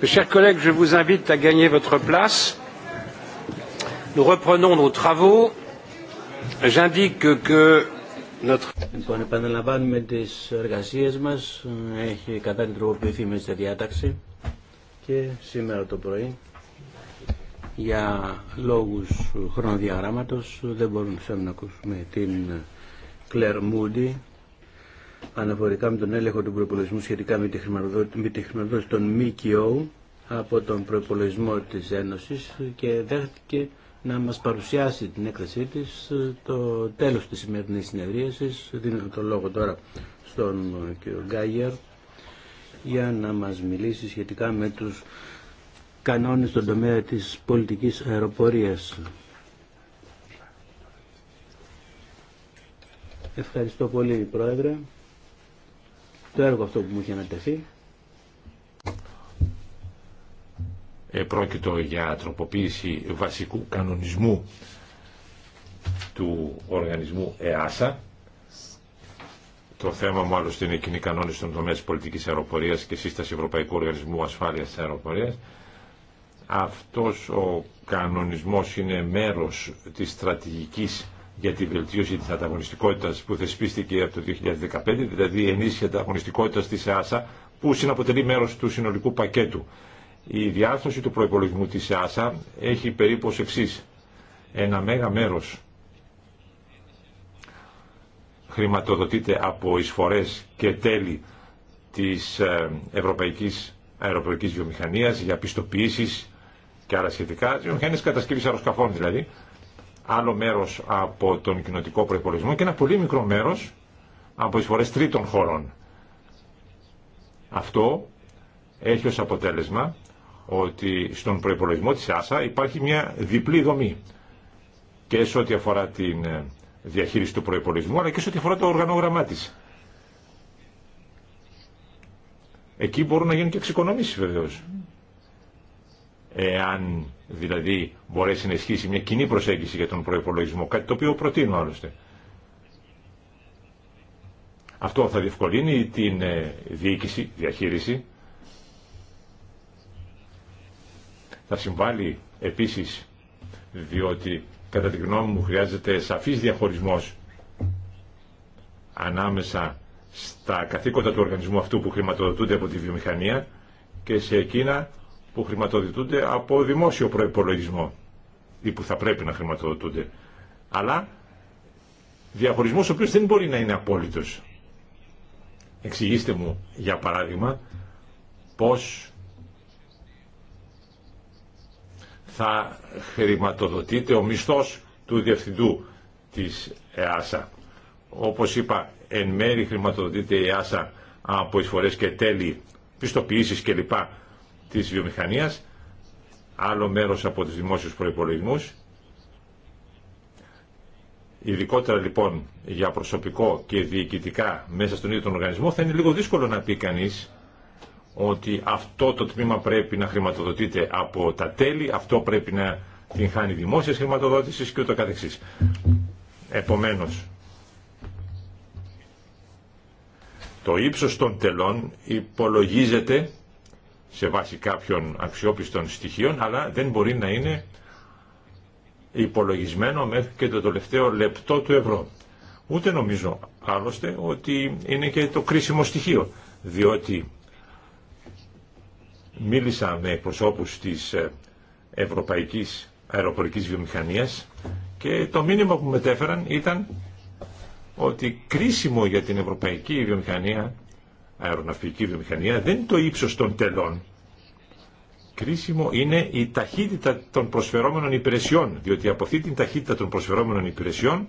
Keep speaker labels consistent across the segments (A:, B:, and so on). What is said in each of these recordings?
A: Mes chers collègues, je vous invite à gagner votre place.
B: Nous reprenons nos travaux. J'indique que notre... Λοιπόν, επαναλαμβάνουμε εργασίες μας. Έχει κατά τροποποιηθεί και σήμερα το πρωί για λόγους χρονοδιαγράμματο δεν μπορούμε να ακούσουμε την Κλέρ αναφορικά με τον έλεγχο του προπολογισμού σχετικά με τη χρηματοδότηση των ΜΚΟ από τον προπολογισμό της Ένωσης και δέχτηκε να μας παρουσιάσει την έκθεσή της το τέλος της σημερινής συνεδρίασης. Δίνω το λόγο τώρα στον κ. Γκάγερ για να μας μιλήσει σχετικά με τους κανόνες στον τομέα της πολιτικής αεροπορίας. Ευχαριστώ πολύ, Πρόεδρε. Το έργο αυτό που μου είχε ανατεθεί.
A: Επρόκειτο για τροποποίηση βασικού κανονισμού του οργανισμού ΕΑΣΑ. Το θέμα μου άλλωστε είναι κοινή κανόνη των στον τομέα τη πολιτική αεροπορία και σύσταση Ευρωπαϊκού Οργανισμού Ασφάλεια τη Αεροπορία. Αυτό ο κανονισμό είναι μέρο τη στρατηγική για τη βελτίωση της ανταγωνιστικότητας που θεσπίστηκε από το 2015, δηλαδή η ενίσχυση ανταγωνιστικότητας της ΕΑΣΑ που συναποτελεί μέρος του συνολικού πακέτου. Η διάρθρωση του προϋπολογισμού της ΕΑΣΑ έχει περίπου ως εξής. Ένα μέγα μέρος χρηματοδοτείται από εισφορές και τέλη της ε, Ευρωπαϊκής Αεροπορικής Βιομηχανίας για πιστοποιήσεις και άλλα σχετικά, βιομηχανίες κατασκευής αεροσκαφών δηλαδή, άλλο μέρος από τον κοινοτικό προϋπολογισμό και ένα πολύ μικρό μέρος από τις φορές τρίτων χωρών. Αυτό έχει ως αποτέλεσμα ότι στον προϋπολογισμό της ΆΣΑ υπάρχει μια διπλή δομή και σε ό,τι αφορά την ε, διαχείριση του προϋπολογισμού αλλά και σε ό,τι αφορά το οργανόγραμμά της. Εκεί μπορούν να γίνουν και εξοικονομήσεις βεβαίως εάν δηλαδή μπορέσει να ισχύσει μια κοινή προσέγγιση για τον προϋπολογισμό, κάτι το οποίο προτείνω άλλωστε. Αυτό θα διευκολύνει την ε, διοίκηση, διαχείριση. Θα συμβάλλει επίσης, διότι κατά την γνώμη μου χρειάζεται σαφής διαχωρισμός ανάμεσα στα καθήκοντα του οργανισμού αυτού που χρηματοδοτούνται από τη βιομηχανία και σε εκείνα που χρηματοδοτούνται από δημόσιο προπολογισμό ή που θα πρέπει να χρηματοδοτούνται. Αλλά διαχωρισμός ο οποίο δεν μπορεί να είναι απόλυτος. Εξηγήστε μου, για παράδειγμα, πώς θα χρηματοδοτείται ο μισθός του διευθυντού της ΕΑΣΑ. Όπως είπα, εν μέρη χρηματοδοτείται η ΕΑΣΑ από εισφορές και τέλη, πιστοποιήσεις κλπ της βιομηχανίας, άλλο μέρος από τους δημόσιους προϋπολογισμούς. Ειδικότερα λοιπόν για προσωπικό και διοικητικά μέσα στον ίδιο τον οργανισμό θα είναι λίγο δύσκολο να πει κανείς ότι αυτό το τμήμα πρέπει να χρηματοδοτείται από τα τέλη, αυτό πρέπει να την χάνει δημόσια χρηματοδότηση και ούτω καθεξής. Επομένως, το ύψος των τελών υπολογίζεται σε βάση κάποιων αξιόπιστων στοιχείων, αλλά δεν μπορεί να είναι υπολογισμένο μέχρι και το τελευταίο λεπτό του ευρώ. Ούτε νομίζω άλλωστε ότι είναι και το κρίσιμο στοιχείο, διότι μίλησα με προσώπους της ε, Ευρωπαϊκής Αεροπορικής Βιομηχανίας και το μήνυμα που μετέφεραν ήταν ότι κρίσιμο για την Ευρωπαϊκή Βιομηχανία αεροναυπηγική βιομηχανία δεν είναι το ύψος των τελών. Κρίσιμο είναι η ταχύτητα των προσφερόμενων υπηρεσιών, διότι από αυτή την ταχύτητα των προσφερόμενων υπηρεσιών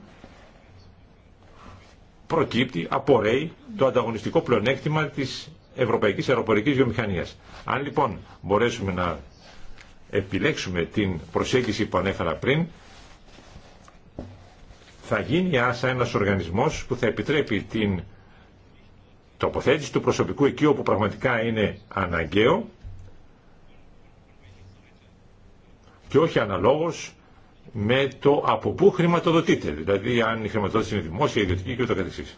A: προκύπτει, απορρέει το ανταγωνιστικό πλεονέκτημα της ευρωπαϊκής αεροπορικής βιομηχανίας. Αν λοιπόν μπορέσουμε να επιλέξουμε την προσέγγιση που ανέφερα πριν, θα γίνει άσα ένας οργανισμός που θα επιτρέπει την τοποθέτηση του προσωπικού εκεί όπου πραγματικά είναι αναγκαίο και όχι αναλόγως με το από πού χρηματοδοτείται, δηλαδή αν η χρηματοδότηση είναι δημόσια, ιδιωτική και ούτω καθεξής.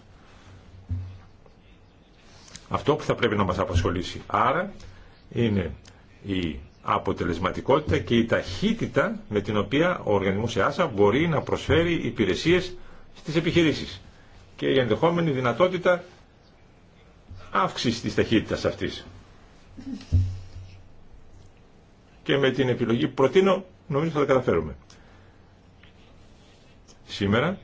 A: Αυτό που θα πρέπει να μας απασχολήσει άρα είναι η αποτελεσματικότητα και η ταχύτητα με την οποία ο οργανισμός ΕΑΣΑ μπορεί να προσφέρει υπηρεσίες στις επιχειρήσεις και η ενδεχόμενη δυνατότητα αύξηση της ταχύτητας αυτής. Και με την επιλογή που προτείνω νομίζω θα τα καταφέρουμε. Σήμερα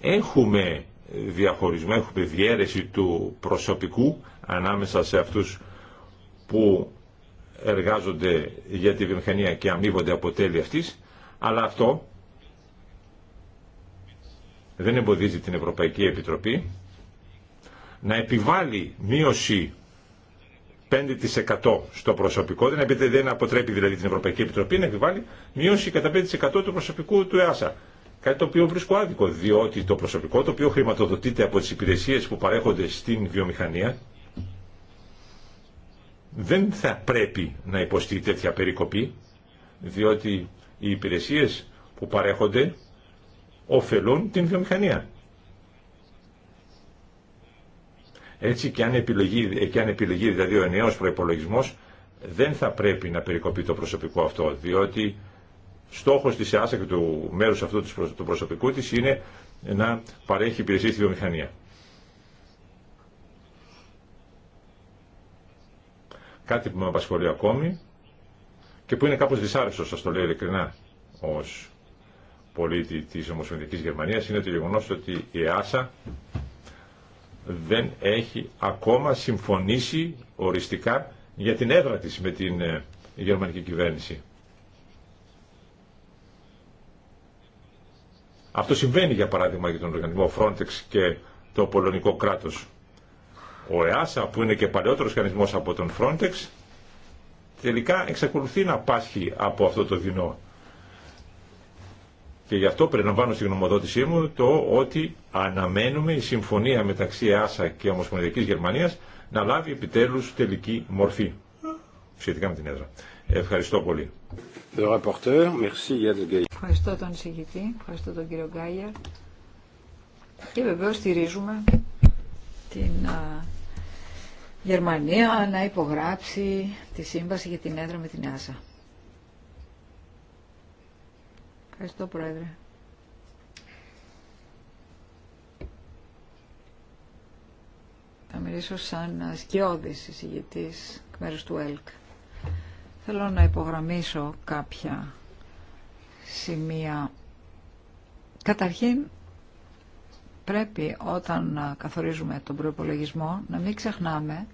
A: έχουμε διαχωρισμό, έχουμε διαίρεση του προσωπικού ανάμεσα σε αυτούς που εργάζονται για τη βιομηχανία και αμείβονται από τέλη αυτής, αλλά αυτό δεν εμποδίζει την Ευρωπαϊκή Επιτροπή να επιβάλλει μείωση 5% στο προσωπικό, δεν, δεν αποτρέπει δηλαδή την Ευρωπαϊκή Επιτροπή να επιβάλλει μείωση κατά 5% του προσωπικού του ΕΑΣΑ. Κάτι το οποίο βρίσκω άδικο, διότι το προσωπικό το οποίο χρηματοδοτείται από τις υπηρεσίες που παρέχονται στην βιομηχανία δεν θα πρέπει να υποστεί τέτοια περικοπή, διότι οι υπηρεσίες που παρέχονται ωφελούν την βιομηχανία. Έτσι και αν επιλογεί, και αν δηλαδή ο ενιαίος προϋπολογισμός δεν θα πρέπει να περικοπεί το προσωπικό αυτό διότι στόχος της ΕΑΣΑ και του μέρους αυτού του προσωπικού της είναι να παρέχει υπηρεσία στη βιομηχανία. Κάτι που με απασχολεί ακόμη και που είναι κάπως δυσάρεστο, σας το λέω ειλικρινά, ως πολίτη της Ομοσπονδιακής Γερμανίας είναι το γεγονός ότι η ΕΑΣΑ δεν έχει ακόμα συμφωνήσει οριστικά για την έδρα της με την ε, γερμανική κυβέρνηση. Αυτό συμβαίνει για παράδειγμα για τον οργανισμό Frontex και το πολωνικό κράτος. Ο ΕΑΣΑ που είναι και παλαιότερος οργανισμός από τον Frontex τελικά εξακολουθεί να πάσχει από αυτό το δεινό. Και γι' αυτό περιλαμβάνω στη γνωμοδότησή μου το ότι αναμένουμε η συμφωνία μεταξύ ΕΑΣΑ και Ομοσπονδιακής Γερμανίας να λάβει επιτέλους τελική μορφή σχετικά με την έδρα. Ευχαριστώ πολύ.
C: Ευχαριστώ τον εισηγητή, ευχαριστώ τον κύριο Γκάια και βεβαίως στηρίζουμε την Γερμανία να υπογράψει τη σύμβαση για την έδρα με την ΕΑΣΑ. Ευχαριστώ, Πρόεδρε. Θα μιλήσω σαν σκιώδη εισηγητής εκ μέρους του ΕΛΚ. Θέλω να υπογραμμίσω κάποια σημεία. Καταρχήν, πρέπει όταν καθορίζουμε τον προϋπολογισμό να μην ξεχνάμε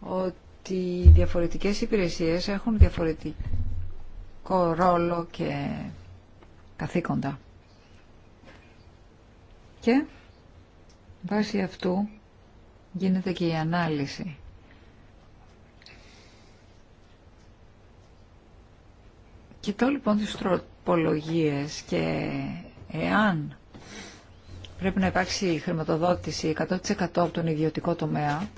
C: ότι οι διαφορετικές υπηρεσίες έχουν διαφορετικό ρόλο και καθήκοντα. Και βάσει αυτού γίνεται και η ανάλυση. Κοιτώ λοιπόν τις τροπολογίες και εάν πρέπει να υπάρξει χρηματοδότηση 100% από τον ιδιωτικό τομέα,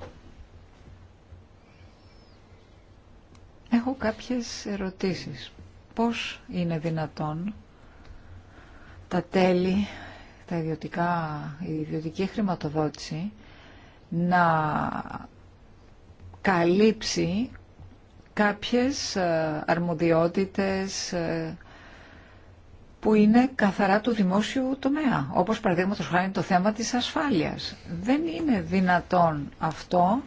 C: έχω κάποιες ερωτήσεις. Πώς είναι δυνατόν τα τέλη, τα ιδιωτικά, η ιδιωτική χρηματοδότηση να καλύψει κάποιες ε, αρμοδιότητες ε, που είναι καθαρά του δημόσιου τομέα, όπως παραδείγματος χάρη το θέμα της ασφάλειας. Δεν είναι δυνατόν αυτό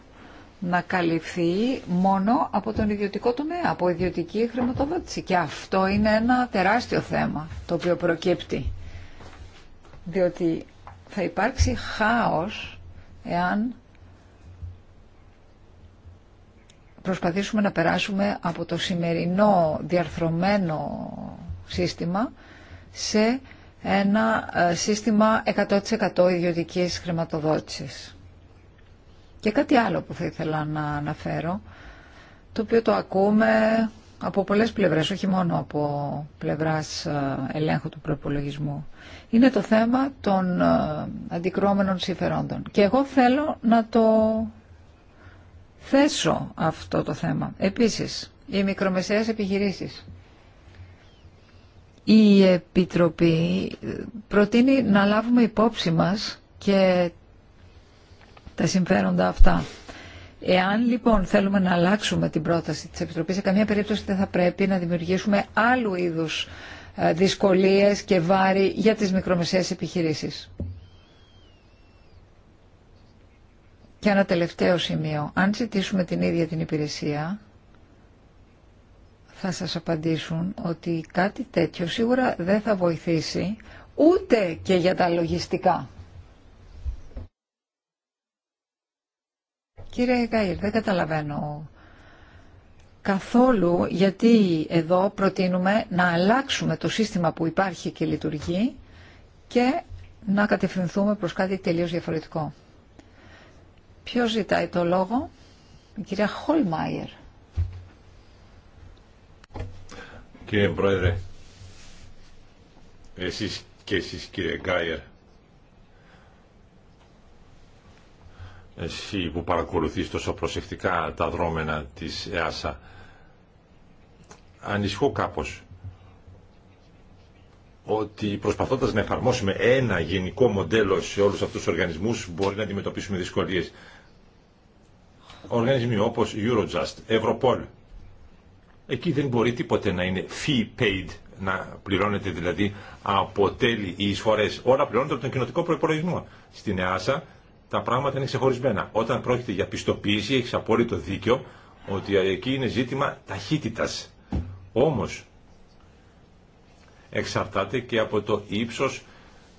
C: να καλυφθεί μόνο από τον ιδιωτικό τομέα, από ιδιωτική χρηματοδότηση. Και αυτό είναι ένα τεράστιο θέμα το οποίο προκύπτει. Διότι θα υπάρξει χάος εάν προσπαθήσουμε να περάσουμε από το σημερινό διαρθρωμένο σύστημα σε ένα ε, σύστημα 100% ιδιωτικής χρηματοδότησης. Και κάτι άλλο που θα ήθελα να αναφέρω, το οποίο το ακούμε από πολλές πλευρές, όχι μόνο από πλευράς ε, ελέγχου του προπολογισμού. Είναι το θέμα των ε, αντικρώμενων συμφερόντων. Και εγώ θέλω να το θέσω αυτό το θέμα. Επίσης, οι μικρομεσαίες επιχειρήσεις. Η Επιτροπή ε, προτείνει να λάβουμε υπόψη μας και τα συμφέροντα αυτά. Εάν λοιπόν θέλουμε να αλλάξουμε την πρόταση της Επιτροπής, σε καμία περίπτωση δεν θα πρέπει να δημιουργήσουμε άλλου είδους ε, δυσκολίες και βάρη για τις μικρομεσαίες επιχειρήσεις. Και ένα τελευταίο σημείο. Αν ζητήσουμε την ίδια την υπηρεσία, θα σας απαντήσουν ότι κάτι τέτοιο σίγουρα δεν θα βοηθήσει ούτε και για τα λογιστικά. Κύριε Γκάιρ, δεν καταλαβαίνω καθόλου γιατί εδώ προτείνουμε να αλλάξουμε το σύστημα που υπάρχει και λειτουργεί και να κατευθυνθούμε προς κάτι τελείως διαφορετικό. Ποιος ζητάει το λόγο? Η κυρία Χολμάιερ.
A: Κύριε Πρόεδρε, εσείς και εσείς κύριε Γκάιερ, εσύ που παρακολουθείς τόσο προσεκτικά τα δρόμενα της ΕΑΣΑ. Ανησυχώ κάπως ότι προσπαθώντας να εφαρμόσουμε ένα γενικό μοντέλο σε όλους αυτούς τους οργανισμούς μπορεί να αντιμετωπίσουμε δυσκολίες. Οργανισμοί όπως Eurojust, Europol, εκεί δεν μπορεί τίποτε να είναι fee paid, να πληρώνεται δηλαδή από τέλη ή εισφορές. Όλα πληρώνονται από τον κοινοτικό προπολογισμό. Στην ΕΑΣΑ τα πράγματα είναι ξεχωρισμένα. Όταν πρόκειται για πιστοποίηση, έχει απόλυτο δίκιο ότι εκεί είναι ζήτημα ταχύτητας. Όμως, εξαρτάται και από το ύψος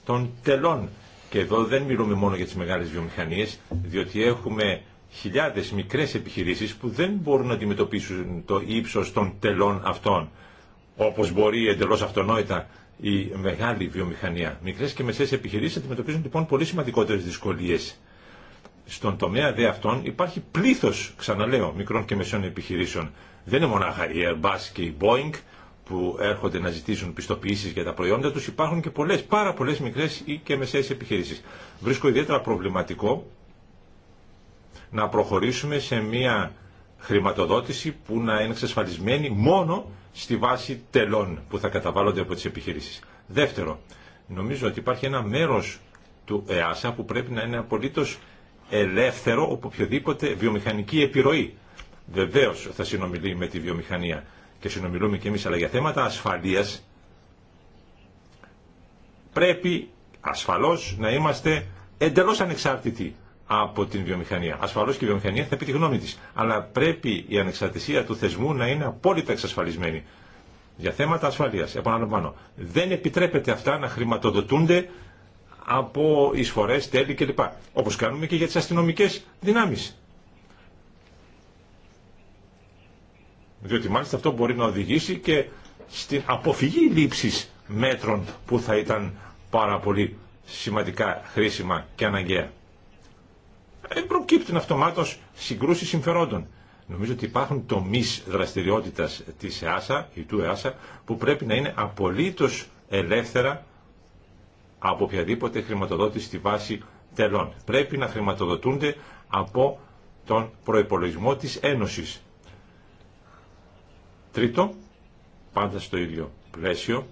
A: των τελών. Και εδώ δεν μιλούμε μόνο για τις μεγάλες βιομηχανίες, διότι έχουμε χιλιάδες μικρές επιχειρήσεις που δεν μπορούν να αντιμετωπίσουν το ύψος των τελών αυτών, Όπω μπορεί εντελώ αυτονόητα η μεγάλη βιομηχανία. Μικρές και μεσαίες επιχειρήσεις αντιμετωπίζουν λοιπόν πολύ σημαντικότερε δυσκολίες. Στον τομέα δε αυτών υπάρχει πλήθος, ξαναλέω, μικρών και μεσαίων επιχειρήσεων. Δεν είναι μονάχα η Airbus και η Boeing που έρχονται να ζητήσουν πιστοποιήσει για τα προϊόντα τους, υπάρχουν και πολλές, πάρα πολλέ μικρές ή και μεσαίες επιχειρήσει. Βρίσκω ιδιαίτερα προβληματικό να προχωρήσουμε σε μια χρηματοδότηση που να είναι εξασφαλισμένη μόνο στη βάση τελών που θα καταβάλλονται από τις επιχειρήσεις. Δεύτερο, νομίζω ότι υπάρχει ένα μέρος του ΕΑΣΑ που πρέπει να είναι απολύτως ελεύθερο από οποιοδήποτε βιομηχανική επιρροή. Βεβαίως θα συνομιλεί με τη βιομηχανία και συνομιλούμε και εμείς, αλλά για θέματα ασφαλείας πρέπει ασφαλώς να είμαστε εντελώς ανεξάρτητοι από την βιομηχανία. Ασφαλώς και η βιομηχανία θα πει τη γνώμη της. Αλλά πρέπει η ανεξαρτησία του θεσμού να είναι απόλυτα εξασφαλισμένη. Για θέματα ασφαλείας, επαναλαμβάνω, δεν επιτρέπεται αυτά να χρηματοδοτούνται από εισφορές, τέλη κλπ. Όπως κάνουμε και για τις αστυνομικές δυνάμεις. Διότι μάλιστα αυτό μπορεί να οδηγήσει και στην αποφυγή λήψης μέτρων που θα ήταν πάρα πολύ σημαντικά, χρήσιμα και αναγκαία δεν προκύπτουν αυτομάτως συγκρούσεις συμφερόντων. Νομίζω ότι υπάρχουν τομείς δραστηριότητας της ΕΑΣΑ ή του ΕΑΣΑ που πρέπει να είναι απολύτως ελεύθερα από οποιαδήποτε χρηματοδότηση στη βάση τελών. Πρέπει να χρηματοδοτούνται από τον προϋπολογισμό της Ένωσης. Τρίτο, πάντα στο ίδιο πλαίσιο,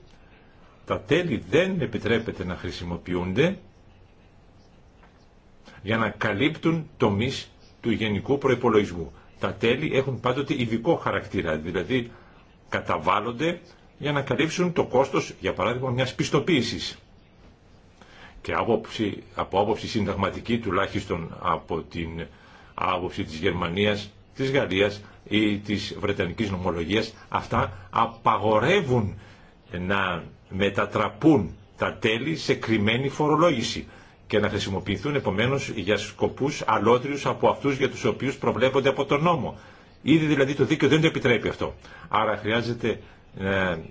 A: τα τέλη δεν επιτρέπεται να χρησιμοποιούνται για να καλύπτουν τομεί του γενικού προϋπολογισμού. Τα τέλη έχουν πάντοτε ειδικό χαρακτήρα, δηλαδή καταβάλλονται για να καλύψουν το κόστος, για παράδειγμα, μιας πιστοποίησης. Και άποψη, από άποψη συνταγματική, τουλάχιστον από την άποψη της Γερμανίας, της Γαλλίας ή της Βρετανικής νομολογίας, αυτά απαγορεύουν να μετατραπούν τα τέλη σε κρυμμένη φορολόγηση και να χρησιμοποιηθούν επομένω για σκοπού αλότριου από αυτού για του οποίου προβλέπονται από τον νόμο. Ήδη δηλαδή το δίκαιο δεν το επιτρέπει αυτό. Άρα χρειάζεται να ε,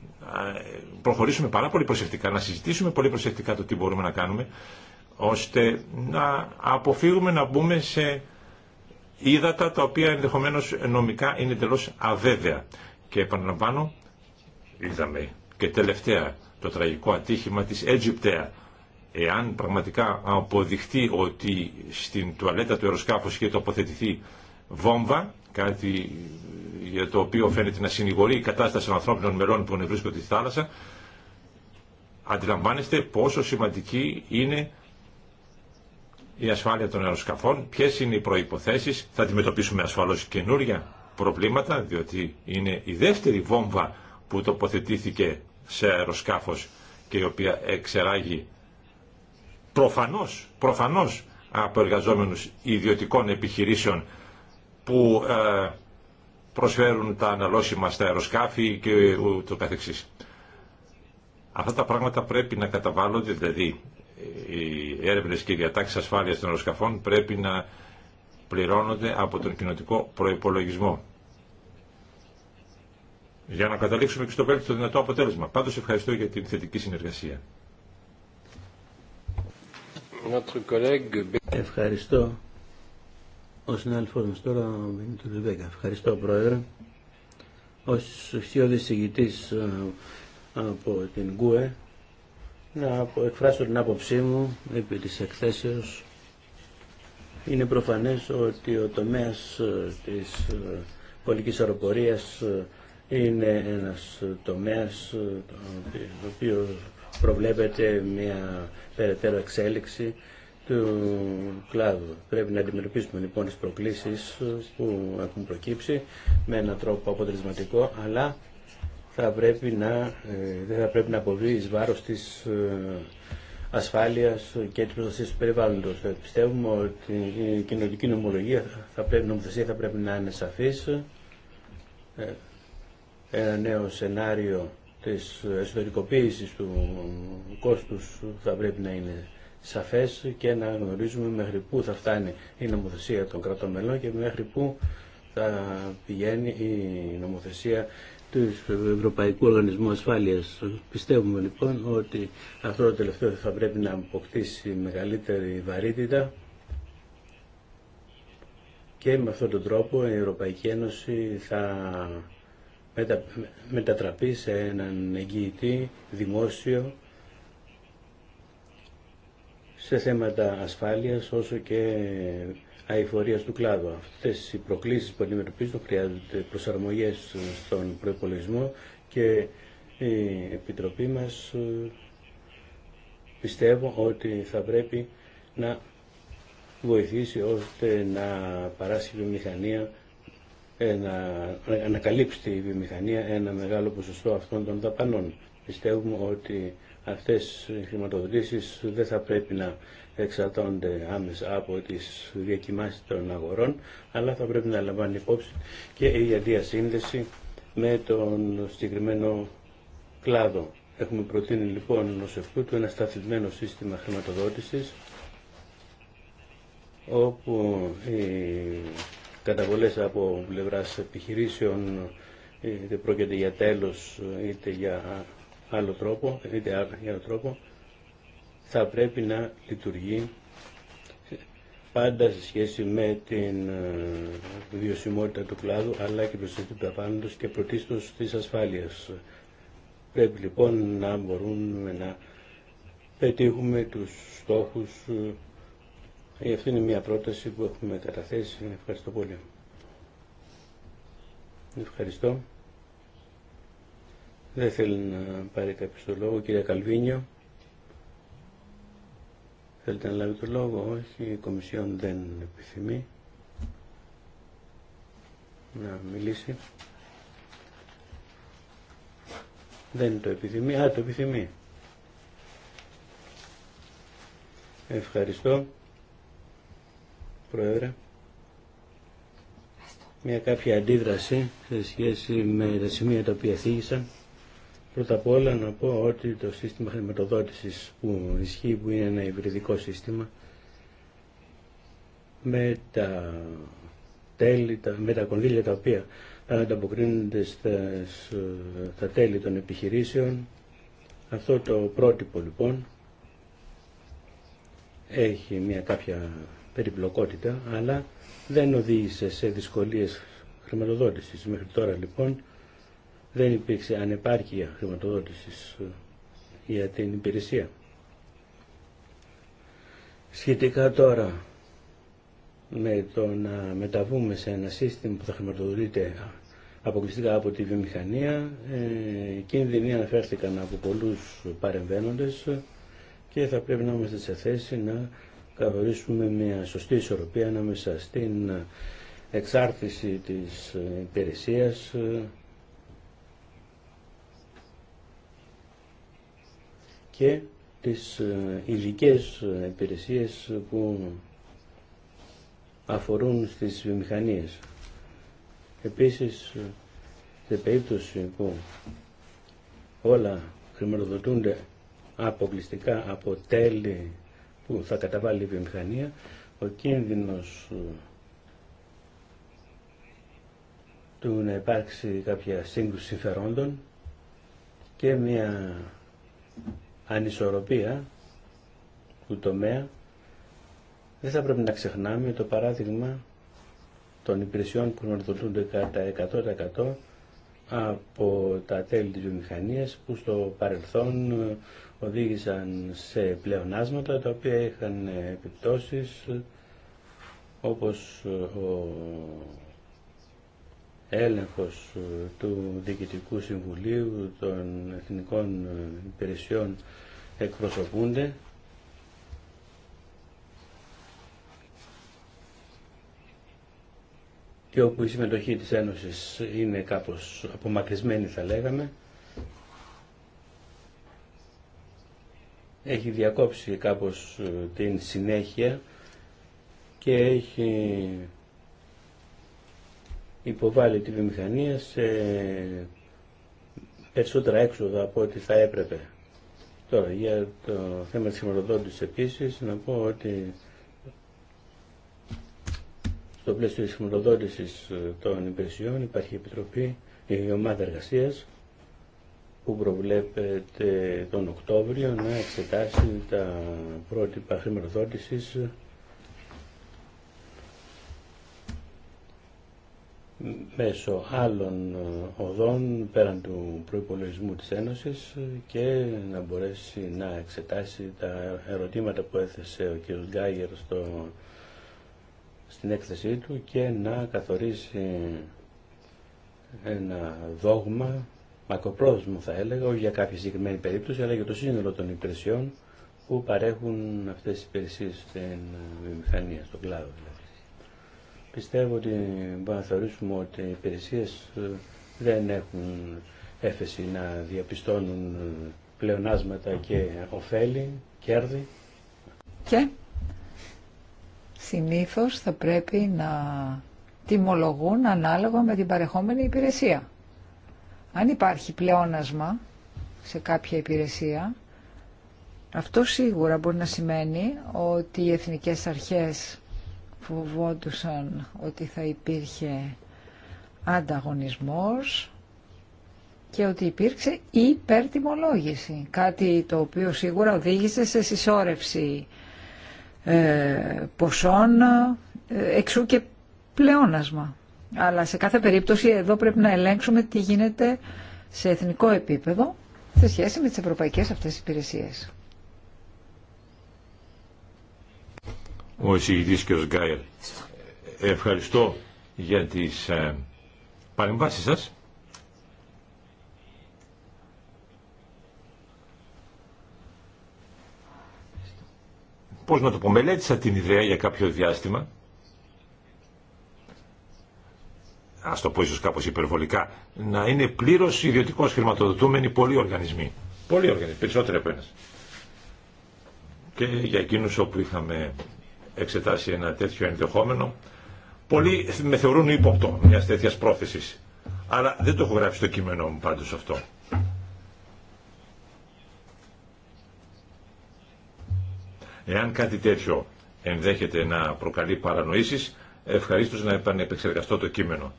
A: προχωρήσουμε πάρα πολύ προσεκτικά, να συζητήσουμε πολύ προσεκτικά το τι μπορούμε να κάνουμε, ώστε να αποφύγουμε να μπούμε σε ύδατα τα οποία ενδεχομένως νομικά είναι εντελώ αβέβαια. Και επαναλαμβάνω, είδαμε και τελευταία το τραγικό ατύχημα της Αιγυπτέα Εάν πραγματικά αποδειχτεί ότι στην τουαλέτα του αεροσκάφους είχε τοποθετηθεί βόμβα, κάτι για το οποίο φαίνεται να συνηγορεί η κατάσταση των ανθρώπινων μελών που βρίσκονται στη θάλασσα, αντιλαμβάνεστε πόσο σημαντική είναι η ασφάλεια των αεροσκαφών, ποιε είναι οι προποθέσει, θα αντιμετωπίσουμε ασφαλώ καινούρια προβλήματα, διότι είναι η δεύτερη βόμβα που τοποθετήθηκε σε αεροσκάφο και η οποία εξεράγει προφανώς, προφανώς από εργαζόμενους ιδιωτικών επιχειρήσεων που ε, προσφέρουν τα αναλώσιμα στα αεροσκάφη και ούτω καθεξής. Αυτά τα πράγματα πρέπει να καταβάλλονται, δηλαδή οι έρευνες και οι διατάξεις ασφάλειας των αεροσκαφών πρέπει να πληρώνονται από τον κοινοτικό προϋπολογισμό. Για να καταλήξουμε και στο του δυνατό αποτέλεσμα. Πάντως ευχαριστώ για την θετική
B: συνεργασία. Ευχαριστώ. Ο συνάδελφός μας τώρα, ο Μπενίτου Ευχαριστώ, Πρόεδρε. Ως ουσιώδης ηγητής ε, από την ΚΟΕ, να εκφράσω την άποψή μου επί της εκθέσεως. Είναι προφανές ότι ο τομέας ε, της ε, πολιτικής αεροπορίας είναι ένας τομέας το οποίο προβλέπεται μια περαιτέρω εξέλιξη του κλάδου. Πρέπει να αντιμετωπίσουμε λοιπόν τις προκλήσεις που έχουν προκύψει με έναν τρόπο αποτελεσματικό, αλλά θα πρέπει να, ε, δεν θα πρέπει να αποβεί εις βάρος της ε, ασφάλειας και της προστασίας του περιβάλλοντος. Ε, πιστεύουμε ότι η κοινωνική νομολογία, θα πρέπει, νομοθεσία θα πρέπει να είναι σαφής. Ένα νέο σενάριο της εσωτερικοποίησης του κόστους θα πρέπει να είναι σαφές και να γνωρίζουμε μέχρι πού θα φτάνει η νομοθεσία των κρατών μελών και μέχρι πού θα πηγαίνει η νομοθεσία του Ευρωπαϊκού Οργανισμού Ασφάλειας. Πιστεύουμε λοιπόν ότι αυτό το τελευταίο θα πρέπει να αποκτήσει μεγαλύτερη βαρύτητα και με αυτόν τον τρόπο η Ευρωπαϊκή Ένωση θα μετα, μετατραπεί σε έναν εγγυητή δημόσιο σε θέματα ασφάλειας όσο και αηφορίας του κλάδου. Αυτές οι προκλήσεις που αντιμετωπίζουν χρειάζονται προσαρμογές στον προϋπολογισμό και η Επιτροπή μας ε, πιστεύω ότι θα πρέπει να βοηθήσει ώστε να παράσχει μηχανία να ανακαλύψει η βιομηχανία ένα μεγάλο ποσοστό αυτών των δαπανών. Πιστεύουμε ότι αυτές οι χρηματοδοτήσεις δεν θα πρέπει να εξαρτώνται άμεσα από τις διακοιμάσεις των αγορών, αλλά θα πρέπει να λαμβάνει υπόψη και η διασύνδεση με τον συγκεκριμένο κλάδο. Έχουμε προτείνει λοιπόν ως του ένα σταθμισμένο σύστημα χρηματοδότησης όπου καταβολές από πλευράς επιχειρήσεων είτε πρόκειται για τέλος είτε για άλλο τρόπο, είτε για άλλο τρόπο θα πρέπει να λειτουργεί πάντα σε σχέση με την ε, βιωσιμότητα του κλάδου αλλά και το του και πρωτίστως της ασφάλειας. Πρέπει λοιπόν να μπορούμε να πετύχουμε τους στόχους ε, ε, αυτή είναι μια πρόταση που έχουμε καταθέσει. Ευχαριστώ πολύ. Ευχαριστώ. Δεν θέλει να πάρει κάποιο το λόγο. Κύριε Καλβίνιο, θέλετε να λάβει το λόγο. Όχι, η Κομισιόν δεν επιθυμεί να μιλήσει. Δεν το επιθυμεί. Α, το επιθυμεί. Ευχαριστώ. Πρόεδρε. Μια κάποια αντίδραση σε σχέση με τα σημεία τα οποία θίγησαν. Πρώτα απ' όλα να πω ότι το σύστημα χρηματοδότησης που ισχύει, που είναι ένα υβριδικό σύστημα, με τα τέλη, με τα κονδύλια τα οποία ανταποκρίνονται στα, στα τέλη των επιχειρήσεων. Αυτό το πρότυπο λοιπόν έχει μια κάποια περιπλοκότητα, αλλά δεν οδήγησε σε δυσκολίες χρηματοδότησης. Μέχρι τώρα λοιπόν δεν υπήρξε ανεπάρκεια χρηματοδότησης ε, για την υπηρεσία. Σχετικά τώρα με το να μεταβούμε σε ένα σύστημα που θα χρηματοδοτείται αποκλειστικά από τη βιομηχανία, ε, κίνδυνοι αναφέρθηκαν από πολλούς παρεμβαίνοντες και θα πρέπει να είμαστε σε θέση να καθορίσουμε μια σωστή ισορροπία ανάμεσα στην εξάρτηση της υπηρεσία και τις ειδικέ υπηρεσίε που αφορούν στις βιομηχανίες. Επίσης, σε περίπτωση που όλα χρηματοδοτούνται αποκλειστικά από τέλη που θα καταβάλει η βιομηχανία, ο κίνδυνος ε, του να υπάρξει κάποια σύγκρουση συμφερόντων και μια ανισορροπία του τομέα δεν θα πρέπει να ξεχνάμε το παράδειγμα των υπηρεσιών που γνωριδοτούνται κατά 100% από τα τέλη της βιομηχανίας που στο παρελθόν ε, οδήγησαν σε πλεονάσματα τα οποία είχαν ε, επιπτώσεις ε, όπως ο έλεγχος του Διοικητικού Συμβουλίου των Εθνικών Υπηρεσιών εκπροσωπούνται και όπου η συμμετοχή της Ένωσης είναι κάπως απομακρυσμένη θα λέγαμε, έχει διακόψει κάπως ε, την συνέχεια και έχει υποβάλει τη βιομηχανία σε περισσότερα έξοδα από ό,τι θα έπρεπε. Τώρα, για το θέμα της χρηματοδότησης επίσης, να πω ότι στο πλαίσιο της χρηματοδότησης ε, των υπηρεσιών υπάρχει η Επιτροπή, η Ομάδα Εργασίας που προβλέπεται τον Οκτώβριο να εξετάσει τα πρότυπα χρηματοδότησης ε, μέσω άλλων ε, οδών πέραν του προϋπολογισμού της Ένωσης και να μπορέσει να εξετάσει τα ερωτήματα που έθεσε ο κ. Γκάγερ στο στην έκθεσή του και να καθορίσει ένα δόγμα μακροπρόθεσμο θα έλεγα, όχι για κάποια συγκεκριμένη περίπτωση, αλλά για το σύνολο των υπηρεσιών που παρέχουν αυτές τις υπηρεσίες στην βιομηχανία, στον κλάδο δηλαδή. Πιστεύω ότι μπορούμε να θεωρήσουμε ότι οι υπηρεσίες ε, δεν έχουν έφεση να διαπιστώνουν πλεονάσματα και ωφέλη, κέρδη.
C: Και συνήθως θα πρέπει να τιμολογούν ανάλογα με την παρεχόμενη υπηρεσία. Αν υπάρχει πλεόνασμα σε κάποια υπηρεσία, αυτό σίγουρα μπορεί να σημαίνει ότι οι εθνικές αρχές φοβόντουσαν ότι θα υπήρχε ανταγωνισμός και ότι υπήρξε υπερτιμολόγηση, κάτι το οποίο σίγουρα οδήγησε σε συσσόρευση ε, ποσών, ε, εξού και πλεόνασμα. Αλλά σε κάθε περίπτωση εδώ πρέπει να ελέγξουμε τι γίνεται σε εθνικό επίπεδο σε σχέση με τις ευρωπαϊκές αυτές υπηρεσίες.
A: Ο εισηγητής κ. Γκάιερ, ε, ευχαριστώ για τις παρεμβάσεις σας. πώς να το πω, μελέτησα την ιδέα για κάποιο διάστημα, α το πω ίσω κάπως υπερβολικά, να είναι πλήρως ιδιωτικός χρηματοδοτούμενοι πολλοί οργανισμοί. Πολλοί οργανισμοί, περισσότεροι από Και για εκείνους όπου είχαμε εξετάσει ένα τέτοιο ενδεχόμενο, πολλοί με θεωρούν ύποπτο μια τέτοιας πρόθεσης. Αλλά δεν το έχω γράψει το κείμενό μου πάντως αυτό. Εάν κάτι τέτοιο ενδέχεται να προκαλεί παρανοήσεις, ευχαρίστως να επανεπεξεργαστώ το κείμενο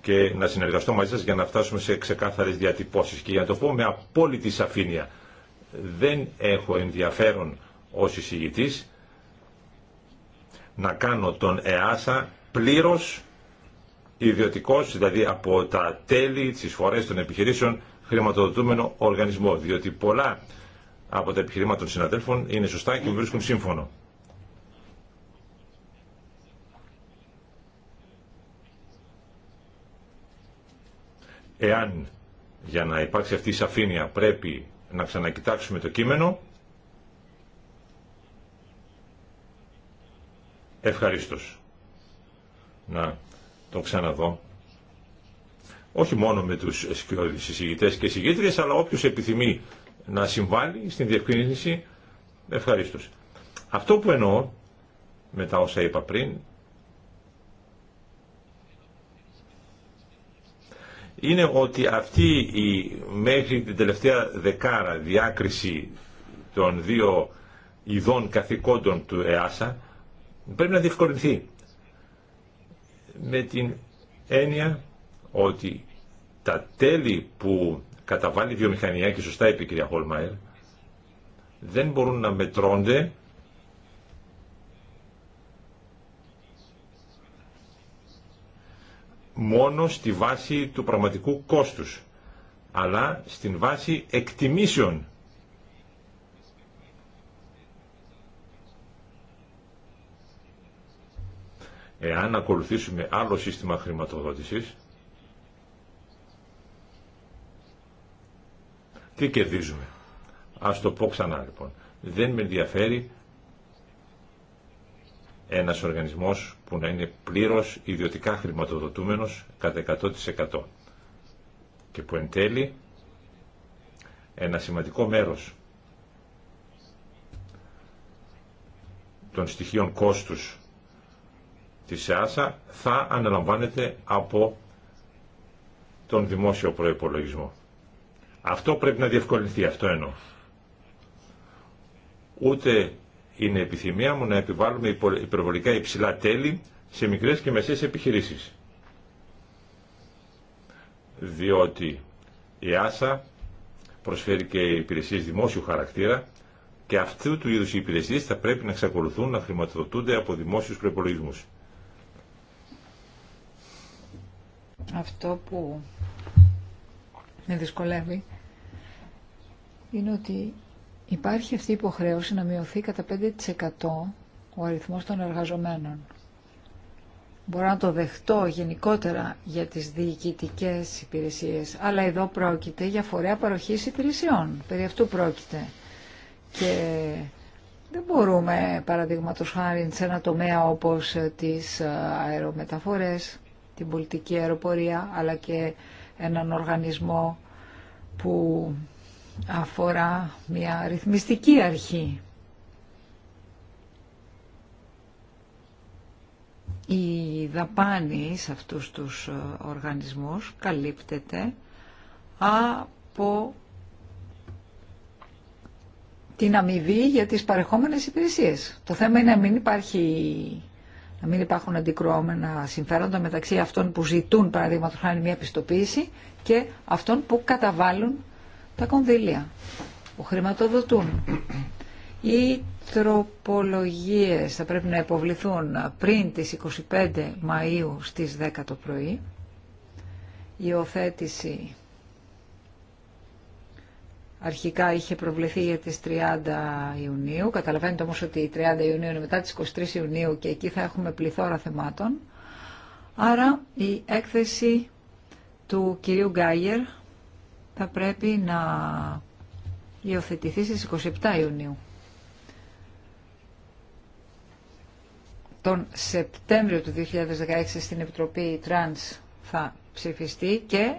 A: και να συνεργαστώ μαζί σας για να φτάσουμε σε ξεκάθαρες διατυπώσεις. Και για να το πω με απόλυτη σαφήνεια, δεν έχω ενδιαφέρον ως εισηγητής να κάνω τον ΕΑΣΑ πλήρως ιδιωτικός, δηλαδή από τα τέλη, τις φορές των επιχειρήσεων, χρηματοδοτούμενο οργανισμό. Διότι πολλά από τα επιχειρήματα των συναδέλφων είναι σωστά και με βρίσκουν σύμφωνο. Εάν για να υπάρξει αυτή η σαφήνεια πρέπει να ξανακοιτάξουμε το κείμενο, ευχαρίστως να το ξαναδώ όχι μόνο με τους σκιώδεις και εισηγήτριες, αλλά όποιος επιθυμεί να συμβάλλει στην διευκρίνηση, ευχαρίστω. Αυτό που εννοώ με τα όσα είπα πριν είναι ότι αυτή η μέχρι την τελευταία δεκάρα διάκριση των δύο ειδών καθηκόντων του ΕΑΣΑ πρέπει να διευκολυνθεί με την έννοια ότι τα τέλη που καταβάλει βιομηχανία και σωστά είπε η κυρία Χολμάιρ δεν μπορούν να μετρώνται μόνο στη βάση του πραγματικού κόστους αλλά στην βάση εκτιμήσεων εάν ακολουθήσουμε άλλο σύστημα χρηματοδότησης Τι κερδίζουμε. Ας το πω ξανά λοιπόν. Δεν με ενδιαφέρει ένας οργανισμός που να είναι πλήρως ιδιωτικά χρηματοδοτούμενος κατά 100% και που εν τέλει ένα σημαντικό μέρος των στοιχείων κόστους της ΕΑΣΑ θα αναλαμβάνεται από τον δημόσιο προϋπολογισμό. Αυτό πρέπει να διευκολυνθεί, αυτό εννοώ. Ούτε είναι επιθυμία μου να επιβάλλουμε υπερβολικά υψηλά τέλη σε μικρές και μεσαίες επιχειρήσεις. Διότι η ΆΣΑ προσφέρει και υπηρεσίες δημόσιου χαρακτήρα και αυτού του είδους οι υπηρεσίες θα πρέπει να εξακολουθούν να χρηματοδοτούνται από δημόσιους προπολογισμού.
C: Αυτό που με δυσκολεύει είναι ότι υπάρχει αυτή η υποχρέωση να μειωθεί κατά 5% ο αριθμός των εργαζομένων. Μπορώ να το δεχτώ γενικότερα για τις διοικητικές υπηρεσίες, αλλά εδώ πρόκειται για φορέα παροχής υπηρεσιών. Περί αυτού πρόκειται. Και δεν μπορούμε, παραδείγματο χάρη, σε ένα τομέα όπως τις ε, αερομεταφορές, την πολιτική αεροπορία, αλλά και έναν οργανισμό που αφορά μια ρυθμιστική αρχή. Η δαπάνη σε αυτούς τους ε, οργανισμούς καλύπτεται από την αμοιβή για τις παρεχόμενες υπηρεσίες. Το θέμα είναι να μην υπάρχει να μην υπάρχουν αντικρουόμενα συμφέροντα μεταξύ αυτών που ζητούν παραδείγματο χάρη μια πιστοποίηση και αυτών που καταβάλουν τα κονδύλια, που χρηματοδοτούν. Οι τροπολογίες θα πρέπει να υποβληθούν πριν τις 25 Μαΐου στις 10 το πρωί. Η οθέτηση Αρχικά είχε προβληθεί για τις 30 Ιουνίου. Καταλαβαίνετε όμως ότι η 30 Ιουνίου είναι μετά τις 23 Ιουνίου και εκεί θα έχουμε πληθώρα θεμάτων. Άρα η έκθεση του κυρίου Γκάγερ θα πρέπει να υιοθετηθεί στις 27 Ιουνίου. Τον Σεπτέμβριο του 2016 στην Επιτροπή Τρανς θα ψηφιστεί και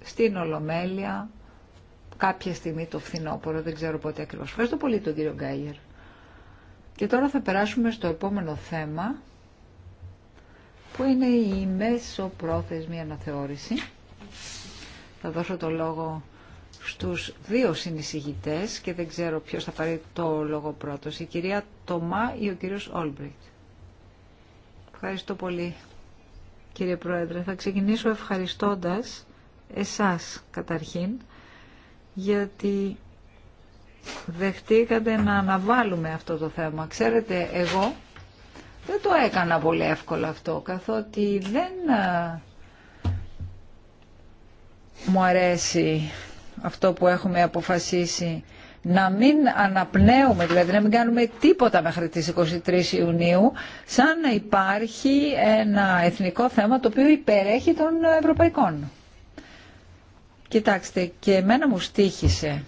C: στην Ολομέλεια κάποια στιγμή το φθινόπωρο, δεν ξέρω πότε ακριβώς. Ευχαριστώ πολύ τον κύριο Γκάιερ. Και τώρα θα περάσουμε στο επόμενο θέμα, που είναι η μέσοπρόθεσμη αναθεώρηση. Θα δώσω το λόγο στους δύο συνεισηγητές και δεν ξέρω ποιος θα πάρει το λόγο πρώτος, η κυρία Τομά ή ο κύριος Όλμπριτ. Ευχαριστώ πολύ κύριε Πρόεδρε. Θα ξεκινήσω ευχαριστώντας εσάς καταρχήν γιατί δεχτήκατε να αναβάλουμε αυτό το θέμα. Ξέρετε, εγώ δεν το έκανα πολύ εύκολα αυτό, καθότι δεν μου αρέσει αυτό που έχουμε αποφασίσει να μην αναπνέουμε, δηλαδή να μην κάνουμε τίποτα μέχρι τις 23 Ιουνίου, σαν να υπάρχει ένα εθνικό θέμα το οποίο υπερέχει των ευρωπαϊκών. Κοιτάξτε, και εμένα μου στήχησε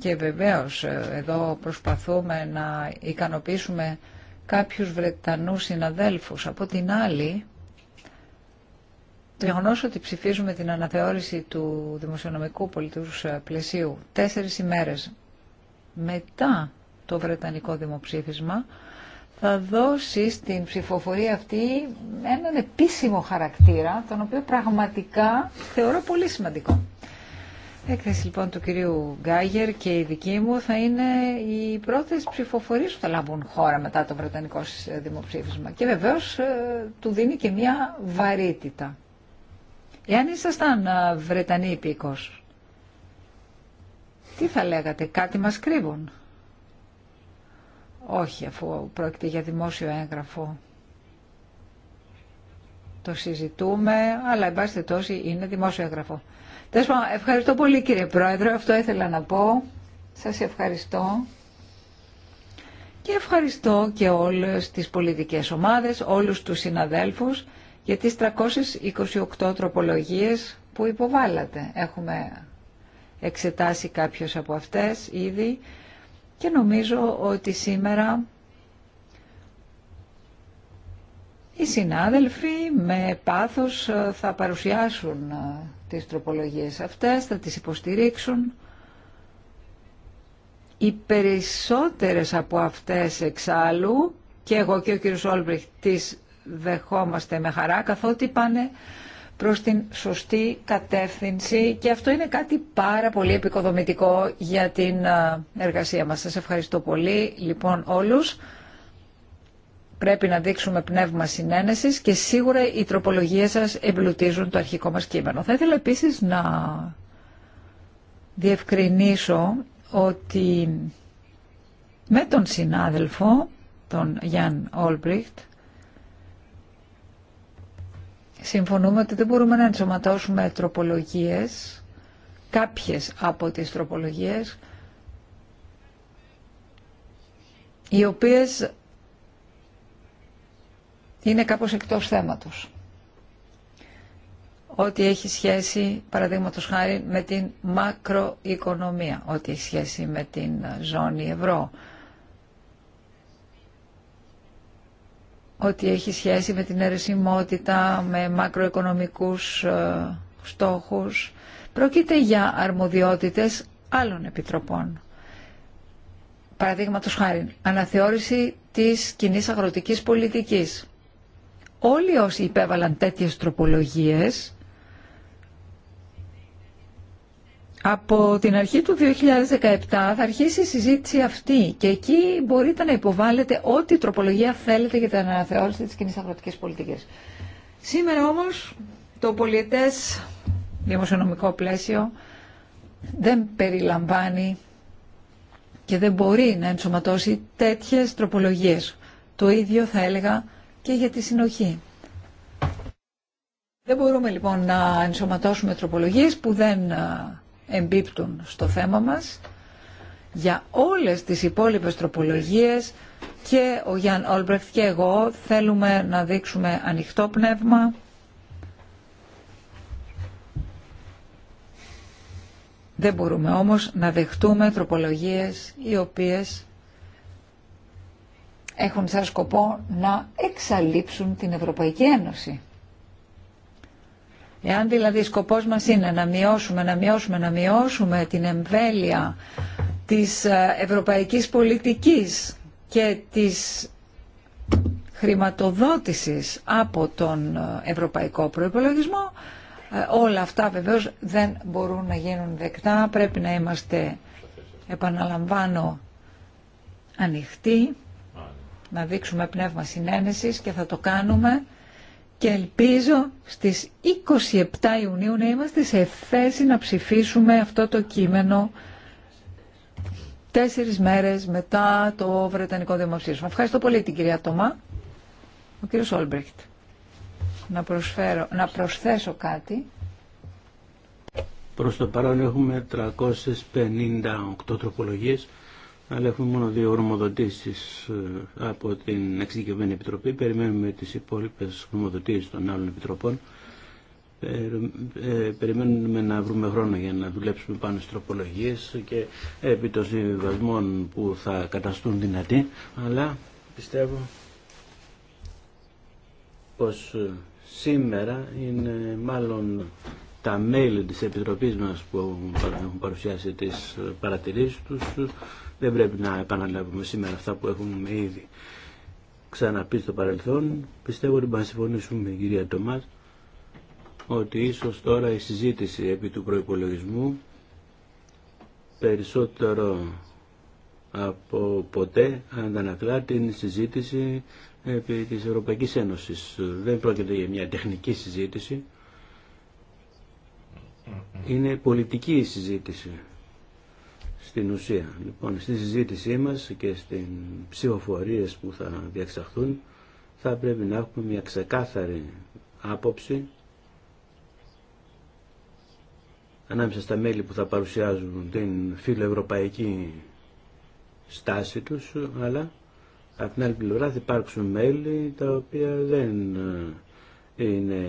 C: και βεβαίως ε, εδώ προσπαθούμε να ικανοποιήσουμε κάποιους Βρετανούς συναδέλφους. Από την άλλη, το ότι ψηφίζουμε την αναθεώρηση του δημοσιονομικού πολιτικού ε, πλαισίου τέσσερις ημέρες μετά το Βρετανικό δημοψήφισμα θα δώσει στην ψηφοφορία αυτή έναν επίσημο χαρακτήρα, τον οποίο πραγματικά θεωρώ πολύ σημαντικό. Έκθεση λοιπόν του κυρίου Γκάγερ και η δική μου θα είναι οι πρώτε ψηφοφορίε που θα λάβουν χώρα μετά το Βρετανικό ε, δημοψήφισμα και βεβαίως ε, του δίνει και μια βαρύτητα. Εάν ήσασταν ε, Βρετανοί υπήκο, τι θα λέγατε, κάτι μας κρύβουν. Όχι, αφού πρόκειται για δημόσιο έγγραφο το συζητούμε, αλλά εν πάση είναι δημόσιο έγγραφο. Ευχαριστώ πολύ κύριε Πρόεδρε, αυτό ήθελα να πω. Σας ευχαριστώ. Και ευχαριστώ και όλες τις πολιτικές ομάδες, όλους τους συναδέλφους για τις 328 τροπολογίες που υποβάλλατε. Έχουμε εξετάσει κάποιες από αυτές ήδη και νομίζω ότι σήμερα Οι συνάδελφοι με πάθος ε, θα παρουσιάσουν ε, τις τροπολογίες αυτές, θα τις υποστηρίξουν. Οι περισσότερες από αυτές εξάλλου, και εγώ και ο κύριος Όλμπριχ τις δεχόμαστε με χαρά, καθότι πάνε προς την σωστή κατεύθυνση και αυτό είναι κάτι πάρα πολύ επικοδομητικό για την ε, εργασία μας. Σας ευχαριστώ πολύ λοιπόν όλους. Πρέπει να δείξουμε πνεύμα συνένεσης και σίγουρα οι τροπολογίες σας εμπλουτίζουν το αρχικό μας κείμενο. Θα ήθελα επίσης να διευκρινίσω ότι με τον συνάδελφο, τον Γιάνν Όλμπριχτ, συμφωνούμε ότι δεν μπορούμε να ενσωματώσουμε τροπολογίες, κάποιες από τις τροπολογίες, οι οποίες είναι κάπως εκτός θέματος. Ό,τι έχει σχέση, παραδείγματο χάρη, με την μακροοικονομία, ό,τι έχει σχέση με την ζώνη ευρώ, ό,τι έχει σχέση με την αιρεσιμότητα, με μακροοικονομικούς ε, στόχους. Πρόκειται για αρμοδιότητες άλλων επιτροπών. Παραδείγματο χάρη, αναθεώρηση της κοινή αγροτικής πολιτικής όλοι όσοι υπέβαλαν τέτοιες τροπολογίες από την αρχή του 2017 θα αρχίσει η συζήτηση αυτή και εκεί μπορείτε να υποβάλλετε ό,τι τροπολογία θέλετε για την αναθεώρηση της κοινής αγροτικής πολιτικής. Σήμερα όμως το πολιετές δημοσιονομικό πλαίσιο δεν περιλαμβάνει και δεν μπορεί να ενσωματώσει τέτοιες τροπολογίες. Το ίδιο θα έλεγα και για τη συνοχή. Δεν μπορούμε λοιπόν να ενσωματώσουμε τροπολογίες που δεν εμπίπτουν στο θέμα μας. Για όλες τις υπόλοιπες τροπολογίες και ο Γιάνν Όλμπρεχτ και εγώ θέλουμε να δείξουμε ανοιχτό πνεύμα. Δεν μπορούμε όμως να δεχτούμε τροπολογίες οι οποίες έχουν σαν σκοπό να εξαλείψουν την Ευρωπαϊκή Ένωση. Εάν δηλαδή σκοπός μας είναι να μειώσουμε, να μειώσουμε, να μειώσουμε την εμβέλεια της ε, ευρωπαϊκής πολιτικής και της χρηματοδότησης από τον ε, ευρωπαϊκό προϋπολογισμό, ε, όλα αυτά βεβαίως δεν μπορούν να γίνουν δεκτά, πρέπει να είμαστε, επαναλαμβάνω, ανοιχτοί να δείξουμε πνεύμα συνένεσης και θα το κάνουμε και ελπίζω στις 27 Ιουνίου να είμαστε σε θέση να ψηφίσουμε αυτό το κείμενο τέσσερις μέρες μετά το Βρετανικό Δημοψήφισμα. Ευχαριστώ πολύ την κυρία Τόμα. Ο κύριος Όλμπρεχτ. Να, προσφέρω, να προσθέσω κάτι.
B: Προς το παρόν έχουμε 358 τροπολογίες αλλά έχουμε μόνο δύο γνωμοδοτήσεις ε, από την Εξειδικευμένη Επιτροπή. Περιμένουμε τις υπόλοιπες γνωμοδοτήσεις των άλλων επιτροπών. Ε, περιμένουμε να βρούμε χρόνο για να δουλέψουμε πάνω στις τροπολογίες και επί των συμβιβασμών που θα καταστούν δυνατοί, αλλά πιστεύω πως ε, σήμερα είναι μάλλον τα μέλη της Επιτροπής μας που έχουν παρουσιάσει τις παρατηρήσεις τους δεν πρέπει να επαναλάβουμε σήμερα αυτά που έχουμε ήδη ξαναπεί στο παρελθόν. Πιστεύω ότι να συμφωνήσουμε με κυρία Τομάς ότι ίσως τώρα η συζήτηση επί του προϋπολογισμού περισσότερο από ποτέ αντανακλά την συζήτηση επί της Ευρωπαϊκής Ένωσης. Δεν πρόκειται για μια τεχνική συζήτηση είναι πολιτική η συζήτηση στην ουσία. Λοιπόν, στη συζήτησή μας και στις ψηφοφορίες που θα διεξαχθούν θα πρέπει να έχουμε μια ξεκάθαρη άποψη ανάμεσα στα μέλη που θα παρουσιάζουν την φιλοευρωπαϊκή στάση τους, αλλά από την άλλη πλευρά θα υπάρξουν μέλη τα οποία δεν ε, είναι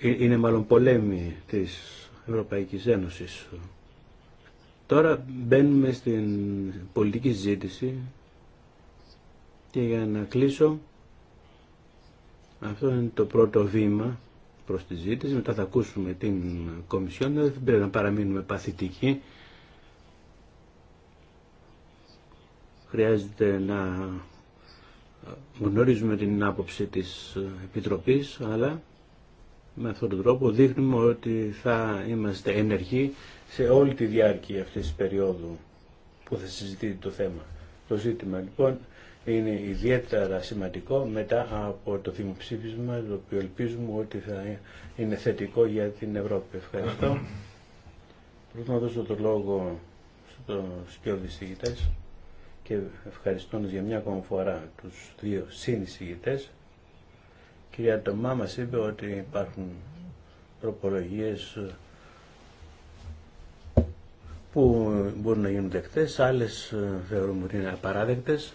B: ε, είναι μάλλον πολέμη της Ευρωπαϊκής Ένωσης. Τώρα μπαίνουμε στην πολιτική ζήτηση και για να κλείσω αυτό είναι το πρώτο βήμα προς τη ζήτηση. Μετά θα ακούσουμε την Κομισιόν. Δεν πρέπει να παραμείνουμε παθητικοί. Χρειάζεται να γνωρίζουμε την άποψη της Επιτροπής αλλά με αυτόν τον τρόπο δείχνουμε ότι θα είμαστε ενεργοί σε όλη τη διάρκεια αυτής της περίοδου που θα συζητεί το θέμα. Το ζήτημα λοιπόν είναι ιδιαίτερα σημαντικό μετά από το δημοψήφισμα το οποίο ελπίζουμε ότι θα είναι θετικό για την Ευρώπη. Ευχαριστώ. Πρώτα να δώσω το λόγο στους πιο και ευχαριστώ για μια ακόμα φορά τους δύο συνεισηγητές κυρία Τωμά μας είπε ότι υπάρχουν τροπολογίες ε, που μπορούν να γίνουν δεκτές, άλλες ε, θεωρούμε ότι είναι απαράδεκτες,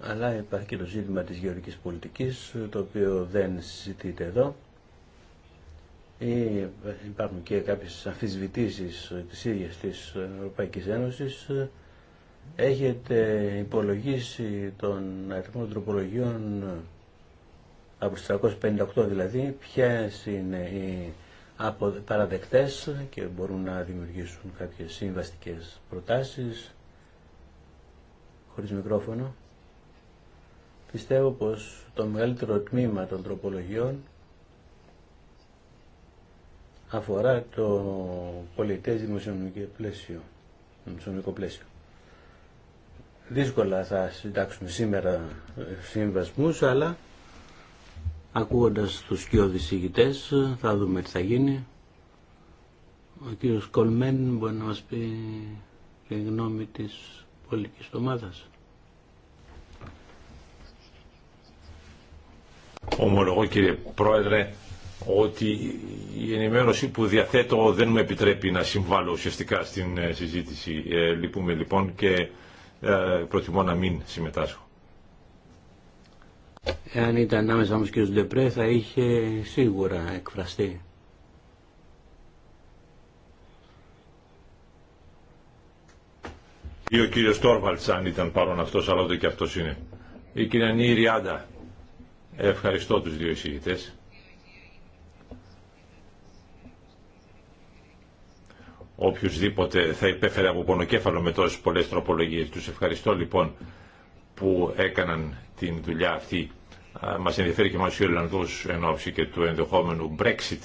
B: αλλά υπάρχει και το ζήτημα της γεωργικής πολιτικής, ε, το οποίο δεν συζητείται εδώ. Υπάρχουν και κάποιες αμφισβητήσεις της ίδιας της Ευρωπαϊκής Ένωσης. Έχετε υπολογίσει τον αριθμό των τροπολογιών από τις 358 δηλαδή, ποιες είναι οι παραδεκτές και μπορούν να δημιουργήσουν κάποιες συμβαστικές προτάσεις χωρίς μικρόφωνο. Πιστεύω πως το μεγαλύτερο τμήμα των τροπολογιών αφορά το πολιτές δημοσιονομικό πλαίσιο. Δημοσιονομικό Δύσκολα θα συντάξουμε σήμερα ε, συμβασμούς, αλλά Ακούγοντας τους σκιώδεις ηγητές θα δούμε τι θα γίνει. Ο κύριος Κολμέν μπορεί να μας πει τη γνώμη της πολιτικής ομάδας.
A: Ομολογώ κύριε Πρόεδρε ότι η ενημέρωση που διαθέτω δεν μου επιτρέπει να συμβάλλω ουσιαστικά στην ε, συζήτηση. Ε, λυπούμε λοιπόν και ε, προτιμώ να μην συμμετάσχω. Εάν ήταν ανάμεσα
B: μας και ο Ντεπρέ θα είχε σίγουρα εκφραστεί.
A: Ή ο κύριος Τόρβαλτς αν ήταν παρόν αυτός, αλλά ούτε και αυτός είναι. Η κυρία Νίριάντα. Ευχαριστώ τους δύο εισηγητές. Οποιουσδήποτε θα υπέφερε από πονοκέφαλο με τόσες πολλές τροπολογίες. Τους ευχαριστώ λοιπόν που έκαναν την δουλειά αυτή. μα ενδιαφέρει και μας ο εν ώψη και του ενδεχόμενου Brexit.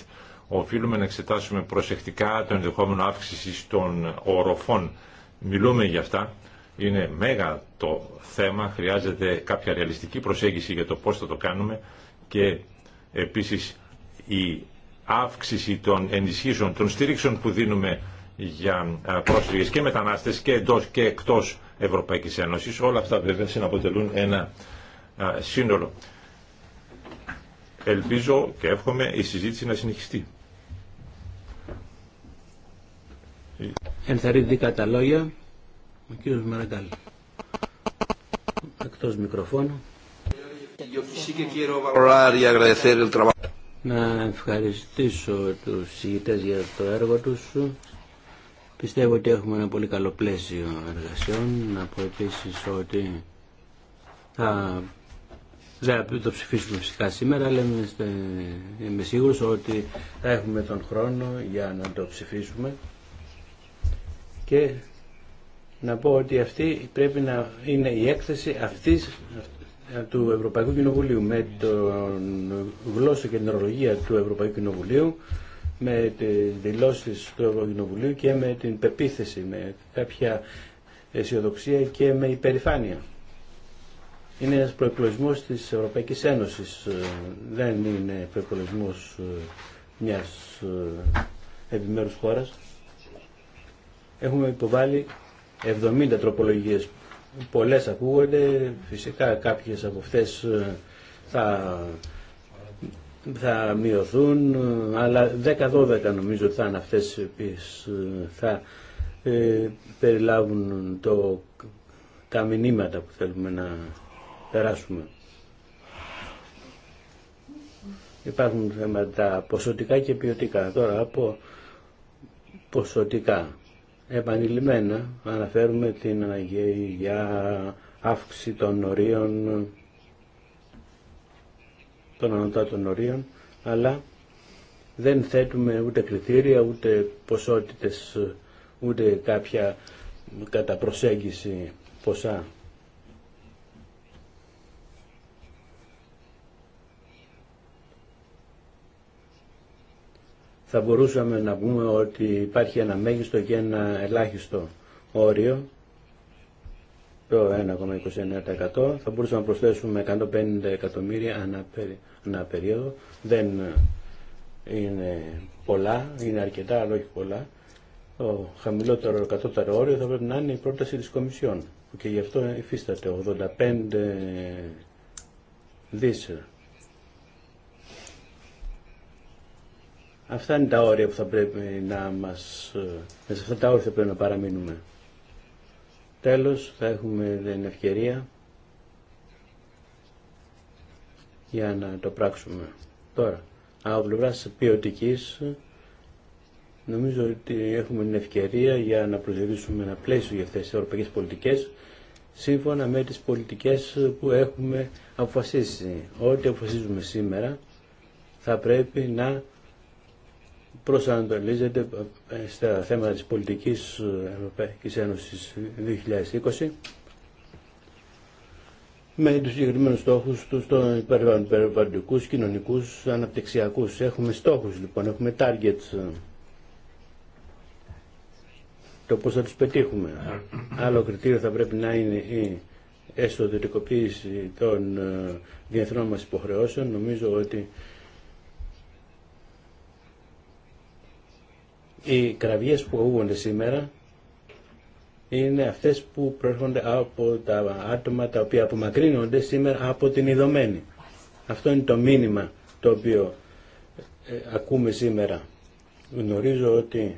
A: Οφείλουμε να εξετάσουμε προσεκτικά το ενδεχόμενο αύξηση των οροφών. Μιλούμε για αυτά. Είναι μέγα το θέμα. Χρειάζεται κάποια ρεαλιστική προσέγγιση για το πώ θα το κάνουμε και επίση η αύξηση των ενισχύσεων, των στήριξεων που δίνουμε για ε, πρόσφυγες και μετανάστες και εντός και εκτός Ευρωπαϊκής Ένωσης. Όλα αυτά βέβαια συναποτελούν ένα ε, σύνολο. Ελπίζω και εύχομαι η συζήτηση να συνεχιστεί.
B: δίκα τα λόγια ο κ. Μαραγκάλ. Εκτός μικροφώνου. Να ευχαριστήσω τους συγητές για το έργο τους Πιστεύω ότι έχουμε ένα πολύ καλό πλαίσιο εργασιών. Να πω επίση ότι θα το ψηφίσουμε φυσικά σήμερα, αλλά είμαι σίγουρο ότι θα έχουμε τον χρόνο για να το ψηφίσουμε και να πω ότι αυτή πρέπει να είναι η έκθεση αυτής του Ευρωπαϊκού Κοινοβουλίου με τον γλώσσο και την ορολογία του Ευρωπαϊκού Κοινοβουλίου με τις δηλώσεις του Ευρωκοινοβουλίου και με την πεποίθηση, με κάποια αισιοδοξία και με υπερηφάνεια. Είναι ένας προεκλογισμός της Ευρωπαϊκής Ένωσης, δεν είναι προεκλογισμός ε, μιας ε, επιμέρους χώρας. Έχουμε υποβάλει 70 τροπολογίες. Πολλές ακούγονται, φυσικά κάποιες από αυτές ε, θα θα μειωθούν, αλλά 10-12 νομίζω θα είναι αυτές που ε, θα ε, περιλάβουν το, τα μηνύματα που θέλουμε να περάσουμε. Υπάρχουν θέματα ποσοτικά και ποιοτικά. Τώρα από ποσοτικά επανειλημμένα αναφέρουμε την Αγία για αύξηση των ορίων των ανωτάτων ορίων, αλλά δεν θέτουμε ούτε κριτήρια, ούτε ποσότητες, ούτε κάποια κατά προσέγγιση ποσά. Θα μπορούσαμε να πούμε ότι υπάρχει ένα μέγιστο και ένα ελάχιστο όριο το 1,29% θα μπορούσαμε να προσθέσουμε 150 εκατομμύρια ανά περίοδο. Δεν είναι πολλά, είναι αρκετά αλλά όχι πολλά. Το χαμηλότερο κατώτερο όριο θα πρέπει να είναι η πρόταση της Κομισιόν και γι' αυτό υφίσταται 85 δις. Αυτά είναι τα όρια που θα πρέπει να μας... Ε, σε αυτά τα όρια θα πρέπει να παραμείνουμε. Τέλος θα έχουμε την ευκαιρία για να το πράξουμε. Τώρα, από πλευρά ποιοτική, νομίζω ότι έχουμε την ευκαιρία για να προσδιορίσουμε ένα πλαίσιο για αυτές τις ευρωπαϊκές πολιτικές σύμφωνα με τις πολιτικές που έχουμε αποφασίσει. Ό,τι αποφασίζουμε σήμερα θα πρέπει να προσανατολίζεται ε, στα θέματα της πολιτικής ε, Ευρωπαϊκής Ένωσης 2020 με τους συγκεκριμένους στόχους τους των περιβαλλοντικούς, κοινωνικούς, αναπτυξιακούς. Έχουμε στόχους λοιπόν, έχουμε targets. Ε, το πώς θα τους πετύχουμε. Άλλο κριτήριο θα πρέπει να είναι η εσωτερικοποίηση των διεθνών μας υποχρεώσεων. Νομίζω ότι Οι κραυγές που ακούγονται σήμερα είναι αυτές που προέρχονται από τα άτομα τα οποία απομακρύνονται σήμερα από την ειδωμένη. Αυτό είναι το μήνυμα το οποίο ε, ακούμε σήμερα. Γνωρίζω ότι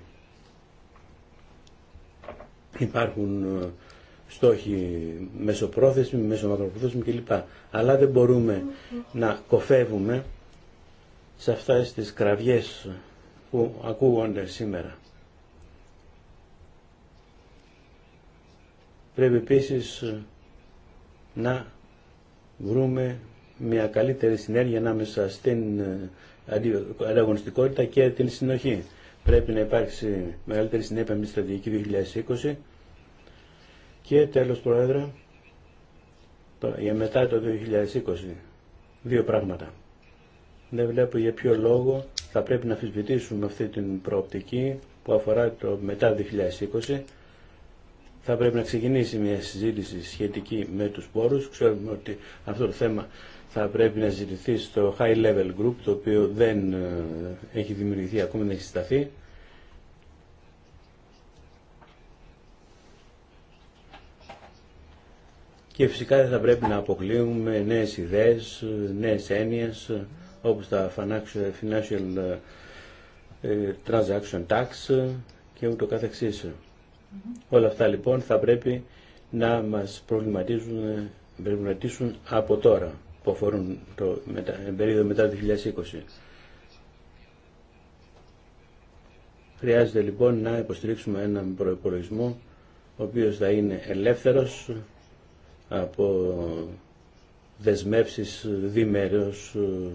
B: υπάρχουν ε, στόχοι μεσοπρόθεσμοι, μεσομακροπρόθεσμοι κλπ. Αλλά δεν μπορούμε να κοφεύουμε σε αυτές τις κραυγές που ακούγονται σήμερα. Πρέπει επίση να βρούμε μια καλύτερη συνέργεια ανάμεσα στην ε, ανταγωνιστικότητα και την συνοχή. Πρέπει να υπάρξει μεγαλύτερη συνέπεια με τη στρατηγική 2020 και τέλος Πρόεδρε, για μετά το 2020, δύο πράγματα δεν ναι, βλέπω για ποιο λόγο θα πρέπει να αφισβητήσουμε αυτή την προοπτική που αφορά το μετά 2020. Θα πρέπει να ξεκινήσει μια συζήτηση σχετική με τους πόρους. Ξέρουμε ότι αυτό το θέμα θα πρέπει να ζητηθεί στο High Level Group, το οποίο δεν ε, έχει δημιουργηθεί ακόμα, δεν έχει συσταθεί. Και φυσικά δεν θα πρέπει να αποκλείουμε νέες ιδέες, ε, νέες έννοιες, ε, όπως τα Financial ε, Transaction Tax και ούτω καθεξής. Mm-hmm. Όλα αυτά λοιπόν θα πρέπει να μας προβληματίζουν, προβληματίσουν από τώρα που αφορούν το μετα, περίοδο μετά το 2020. Χρειάζεται λοιπόν να υποστηρίξουμε έναν προπολογισμό ο οποίος θα είναι ελεύθερος από δεσμεύσεις διμέρεως ε,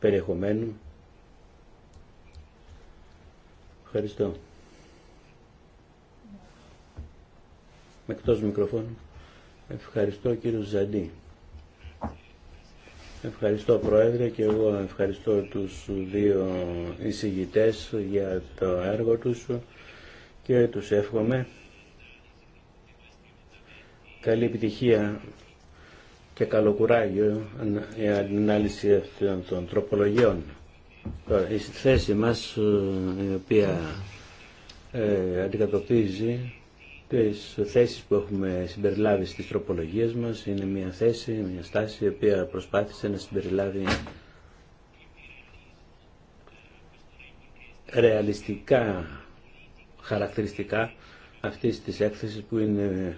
B: περιεχομένου. Ευχαριστώ. Με εκτός μικροφώνου. Ευχαριστώ κύριο Ζαντή. Ευχαριστώ Πρόεδρε και εγώ ευχαριστώ τους δύο εισηγητές για το έργο τους και τους εύχομαι καλή επιτυχία και καλό κουράγιο για την ανάλυση αυτών των τροπολογιών. Τώρα, η θέση μας ε, η οποία ε, αντικατοπίζει τις θέσεις που έχουμε συμπεριλάβει στις τροπολογίες μας είναι μια θέση, μια στάση η οποία προσπάθησε να συμπεριλάβει ρεαλιστικά χαρακτηριστικά αυτής της έκθεσης που είναι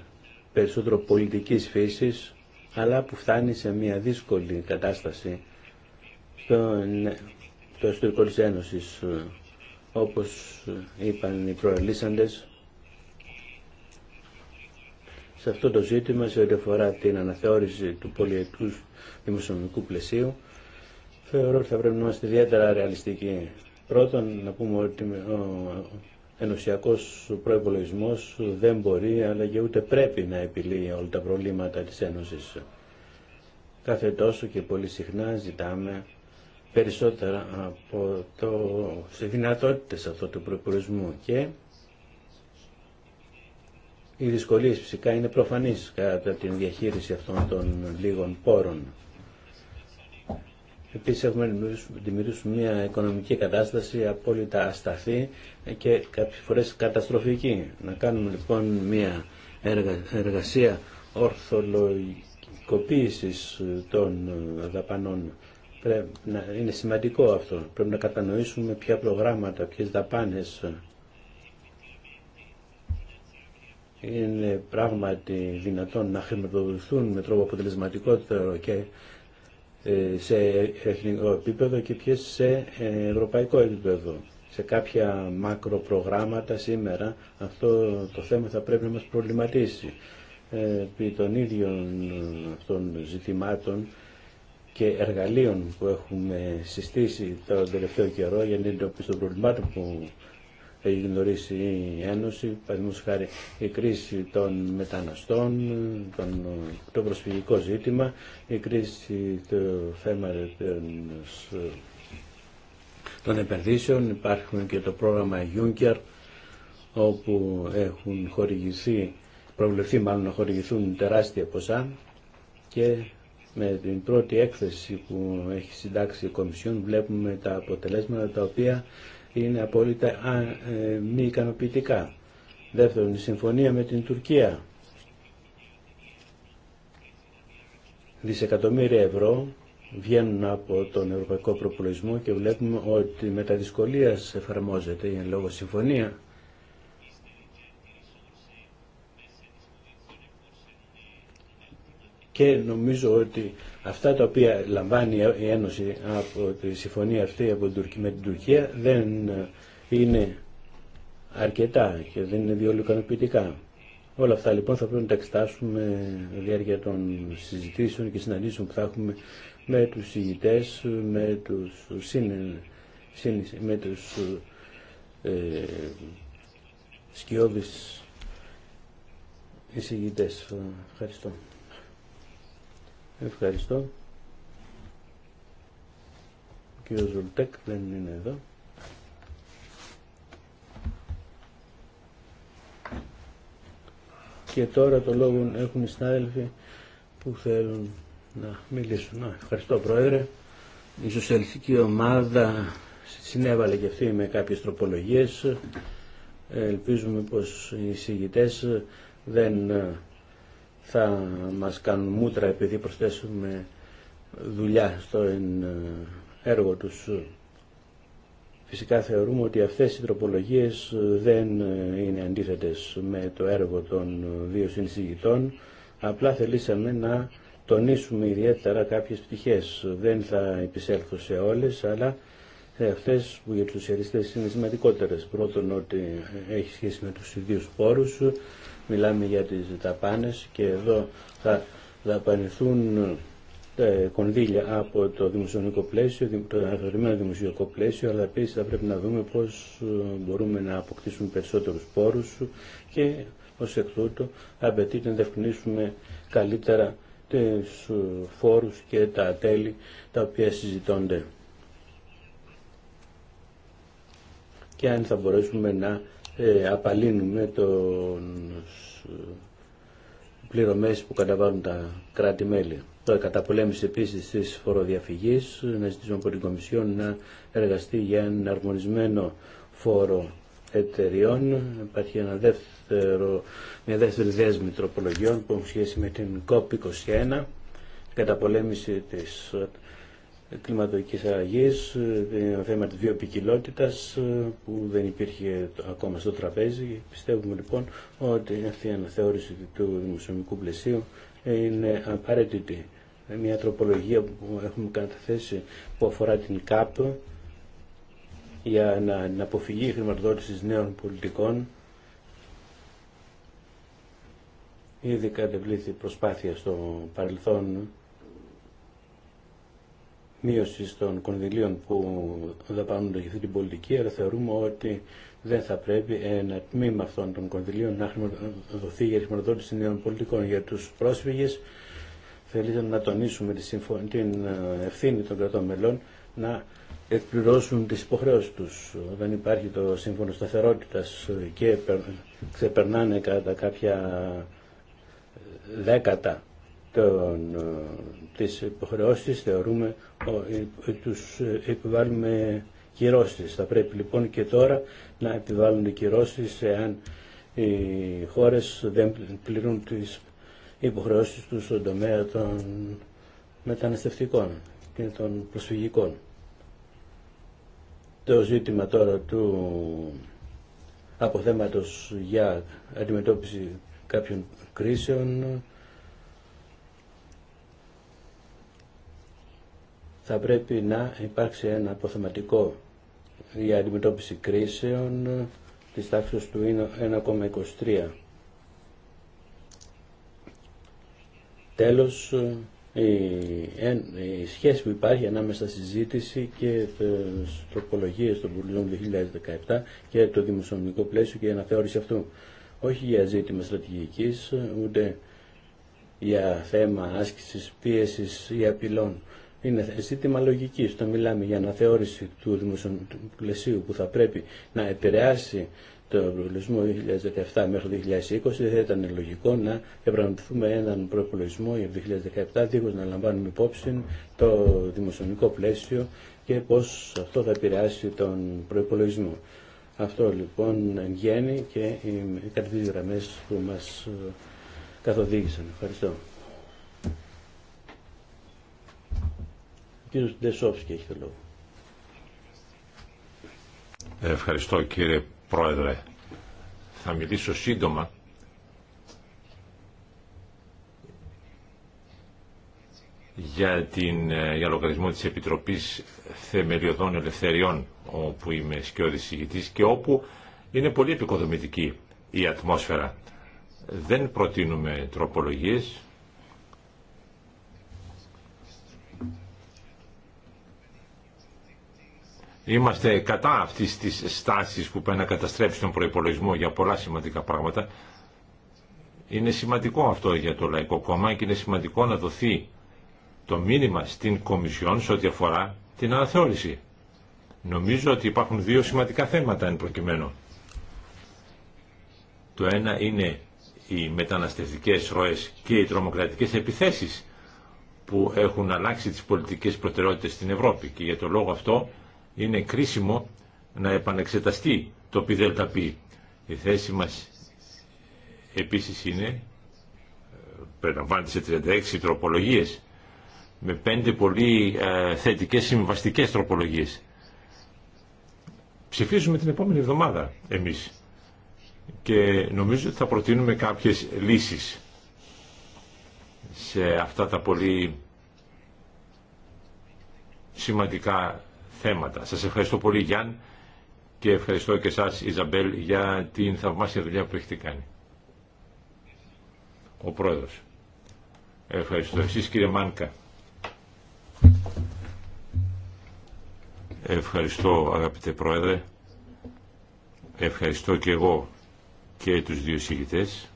B: περισσότερο πολιτικής φύσης αλλά που φτάνει σε μια δύσκολη κατάσταση το ιστορικό της Ένωσης. Όπως είπαν οι προελίσσαντες, σε αυτό το ζήτημα, σε ό,τι αφορά την αναθεώρηση του πολιετού δημοσιονομικού πλαισίου, θεωρώ ότι θα πρέπει να είμαστε ιδιαίτερα ρεαλιστικοί. Πρώτον, να πούμε ότι ενωσιακό προπολογισμό δεν μπορεί αλλά και ούτε πρέπει να επιλύει όλα τα προβλήματα της Ένωσης. Κάθε τόσο και πολύ συχνά ζητάμε περισσότερα από το, σε δυνατότητες αυτού του προπολογισμού και οι δυσκολίες φυσικά είναι προφανείς κατά την διαχείριση αυτών των λίγων πόρων. Επίσης έχουμε δημιουργήσει μια οικονομική κατάσταση απόλυτα ασταθή και κάποιες φορές καταστροφική. Να κάνουμε λοιπόν μια εργασία ορθολογικοποίησης των δαπανών. Πρέπει να, είναι σημαντικό αυτό. Πρέπει να κατανοήσουμε ποια προγράμματα, ποιες δαπάνες είναι πράγματι δυνατόν να χρηματοδοτηθούν με τρόπο αποτελεσματικότερο και ε, σε εθνικό επίπεδο και ποιες σε ε, ευρωπαϊκό επίπεδο. Σε κάποια μακροπρογράμματα σήμερα αυτό το θέμα θα πρέπει να μας προβληματίσει. Ε, επί των ίδιων αυτών ζητημάτων και εργαλείων που έχουμε συστήσει το τελευταίο καιρό για την εντοπίση το προβλημάτων που έχει γνωρίσει η Ένωση, παραδείγματο χάρη η κρίση των μεταναστών, το προσφυγικό ζήτημα, η κρίση του θέμα των επενδύσεων, υπάρχουν και το πρόγραμμα Juncker, όπου έχουν χορηγηθεί, προβλεφθεί μάλλον να χορηγηθούν τεράστια ποσά και με την πρώτη έκθεση που έχει συντάξει η Κομισιόν βλέπουμε τα αποτελέσματα τα οποία είναι απόλυτα ε, μη ικανοποιητικά. Δεύτερον, η συμφωνία με την Τουρκία. Δισεκατομμύρια ευρώ βγαίνουν από τον Ευρωπαϊκό Προπολογισμό και βλέπουμε ότι με τα δυσκολία εφαρμόζεται η εν λόγω συμφωνία. Και νομίζω ότι Αυτά τα οποία λαμβάνει η Ένωση από τη συμφωνία αυτή από την με την Τουρκία δεν ε, είναι αρκετά και δεν είναι διόλου Όλα αυτά λοιπόν θα πρέπει να τα εξετάσουμε διάρκεια των συζητήσεων και συναντήσεων που θα έχουμε με τους συγητές, με τους, με τους ε, σκιώδεις Ευχαριστώ. Ευχαριστώ. Ο κύριος Ζουλτέκ δεν είναι εδώ. Και τώρα το λόγο έχουν οι συνάδελφοι που θέλουν να μιλήσουν. Να, ευχαριστώ Πρόεδρε. Η σοσιαλιστική ομάδα συνέβαλε και αυτή με κάποιες τροπολογίες. Ελπίζουμε πως οι συγητές δεν θα μας κάνουν μούτρα επειδή προσθέσουμε δουλειά στο ε, έργο τους. Φυσικά θεωρούμε ότι αυτές οι τροπολογίες ε, δεν ε, είναι αντίθετες με το έργο των δύο συνεισηγητών, απλά θελήσαμε να τονίσουμε ιδιαίτερα κάποιες πτυχές. Δεν θα επισέλθω σε όλες, αλλά σε αυτές που για τους σοσιαλιστές είναι σημαντικότερες. Πρώτον ότι έχει σχέση με τους ιδίους πόρους, μιλάμε για τις ταπάνες και εδώ θα δαπανηθούν ε, κονδύλια από το δημοσιονομικό πλαίσιο, το αναθεωρημένο δημοσιονομικό πλαίσιο, αλλά επίσης θα πρέπει να δούμε πώς ε, μπορούμε να αποκτήσουμε περισσότερους πόρους και ως εκ τούτου απαιτείται να δευκνήσουμε καλύτερα τις ε, φόρους και τα τέλη τα οποία συζητώνται και αν θα μπορέσουμε να ε, απαλύνουμε τον ε, πληρωμές που καταβάλουν τα κράτη-μέλη. Το καταπολέμηση επίσης της φοροδιαφυγής. να ζητήσουμε από την Κομισιόν να εργαστεί για ένα αρμονισμένο φόρο εταιριών. Υπάρχει ένα δεύτερο, μια δεύτερη δέσμη τροπολογιών που έχουν σχέση με την COP21, καταπολέμηση της κλιματικής αλλαγής, το ε, θέμα της βιοπικιλότητας ε, που δεν υπήρχε ακόμα στο τραπέζι. Πιστεύουμε λοιπόν ότι αυτή η αναθεώρηση του δημοσιονομικού πλαισίου ε, είναι απαραίτητη. Μια τροπολογία που έχουμε καταθέσει που αφορά την ΚΑΠ για να, να αποφυγεί η χρηματοδότηση νέων πολιτικών ήδη κατεβλήθη προσπάθεια στο παρελθόν μείωση των κονδυλίων που δαπανούνται για αυτή την πολιτική, αλλά θεωρούμε ότι δεν θα πρέπει ένα τμήμα αυτών των κονδυλίων να δοθεί για χρηματοδότηση νέων πολιτικών για του πρόσφυγε. Θέλετε να τονίσουμε την ε, ευθύνη των κρατών μελών να εκπληρώσουν τις υποχρεώσεις τους. Δεν υπάρχει το σύμφωνο σταθερότητας και ξεπερνάνε κατά κάποια δέκατα των, ε, τις υποχρεώσεις θεωρούμε ε, ε, τους επιβάλλουμε κυρώσεις. Θα πρέπει λοιπόν και τώρα να επιβάλλουν κυρώσεις εάν οι χώρες δεν πληρούν τις υποχρεώσεις τους στον τομέα των μεταναστευτικών και των προσφυγικών. Το ζήτημα τώρα του αποθέματος για αντιμετώπιση κάποιων κρίσεων θα πρέπει να υπάρξει ένα αποθεματικό για αντιμετώπιση κρίσεων της τάξης του 1,23. Τέλος, η, σχέση που υπάρχει ανάμεσα στη συζήτηση και τις τροπολογίες των Βουλών 2017 και το δημοσιονομικό πλαίσιο και η αναθεώρηση αυτού. Όχι για ζήτημα στρατηγικής, ούτε για θέμα άσκησης πίεσης ή απειλών. Είναι ζήτημα λογική. το μιλάμε για αναθεώρηση του δημοσιονομικού πλαισίου που θα πρέπει να επηρεάσει το προπολογισμό 2017 μέχρι το 2020, δεν θα ήταν λογικό να διαπραγματευτούμε έναν προπολογισμό για το 2017 δίχω να λαμβάνουμε υπόψη το δημοσιονομικό πλαίσιο και πώς αυτό θα επηρεάσει τον προπολογισμό. Αυτό λοιπόν εν γέννη και οι κατευθύνσεις γραμμέ που μα καθοδήγησαν. Ευχαριστώ. κύριος Ντεσόφσκι έχει το λόγο.
A: Ευχαριστώ κύριε Πρόεδρε. Θα μιλήσω σύντομα. για, την, ε, για λογαριασμό της Επιτροπής Θεμελιωδών Ελευθεριών, όπου είμαι σκιώδης συγητής και όπου είναι πολύ επικοδομητική η ατμόσφαιρα. Δεν προτείνουμε τροπολογίες, Είμαστε κατά αυτής της στάσης που πάει να καταστρέψει τον προπολογισμό για πολλά σημαντικά πράγματα. Είναι σημαντικό αυτό για το Λαϊκό Κόμμα και είναι σημαντικό να δοθεί το μήνυμα στην Κομισιόν σε ό,τι αφορά την αναθεώρηση. Νομίζω ότι υπάρχουν δύο σημαντικά θέματα εν προκειμένου. Το ένα είναι οι μεταναστευτικές ροές και οι τρομοκρατικές επιθέσεις που έχουν αλλάξει τις πολιτικές προτεραιότητες στην Ευρώπη και για το λόγο αυτό είναι κρίσιμο να επανεξεταστεί το ΠΔΠ. Η θέση μας επίσης είναι, ε, περιλαμβάνεται σε 36 τροπολογίες, με πέντε πολύ ε, θετικές συμβαστικές τροπολογίες. Ψηφίζουμε την επόμενη εβδομάδα εμείς και νομίζω ότι θα προτείνουμε κάποιες λύσεις σε αυτά τα πολύ σημαντικά θέματα. Σας ευχαριστώ πολύ Γιάν και ευχαριστώ και εσάς Ιζαμπέλ για την θαυμάσια δουλειά που έχετε κάνει. Ο Πρόεδρος. Ευχαριστώ. Εσείς κύριε Μάνκα. Ευχαριστώ αγαπητέ Πρόεδρε. Ευχαριστώ και εγώ και τους δύο συγκητές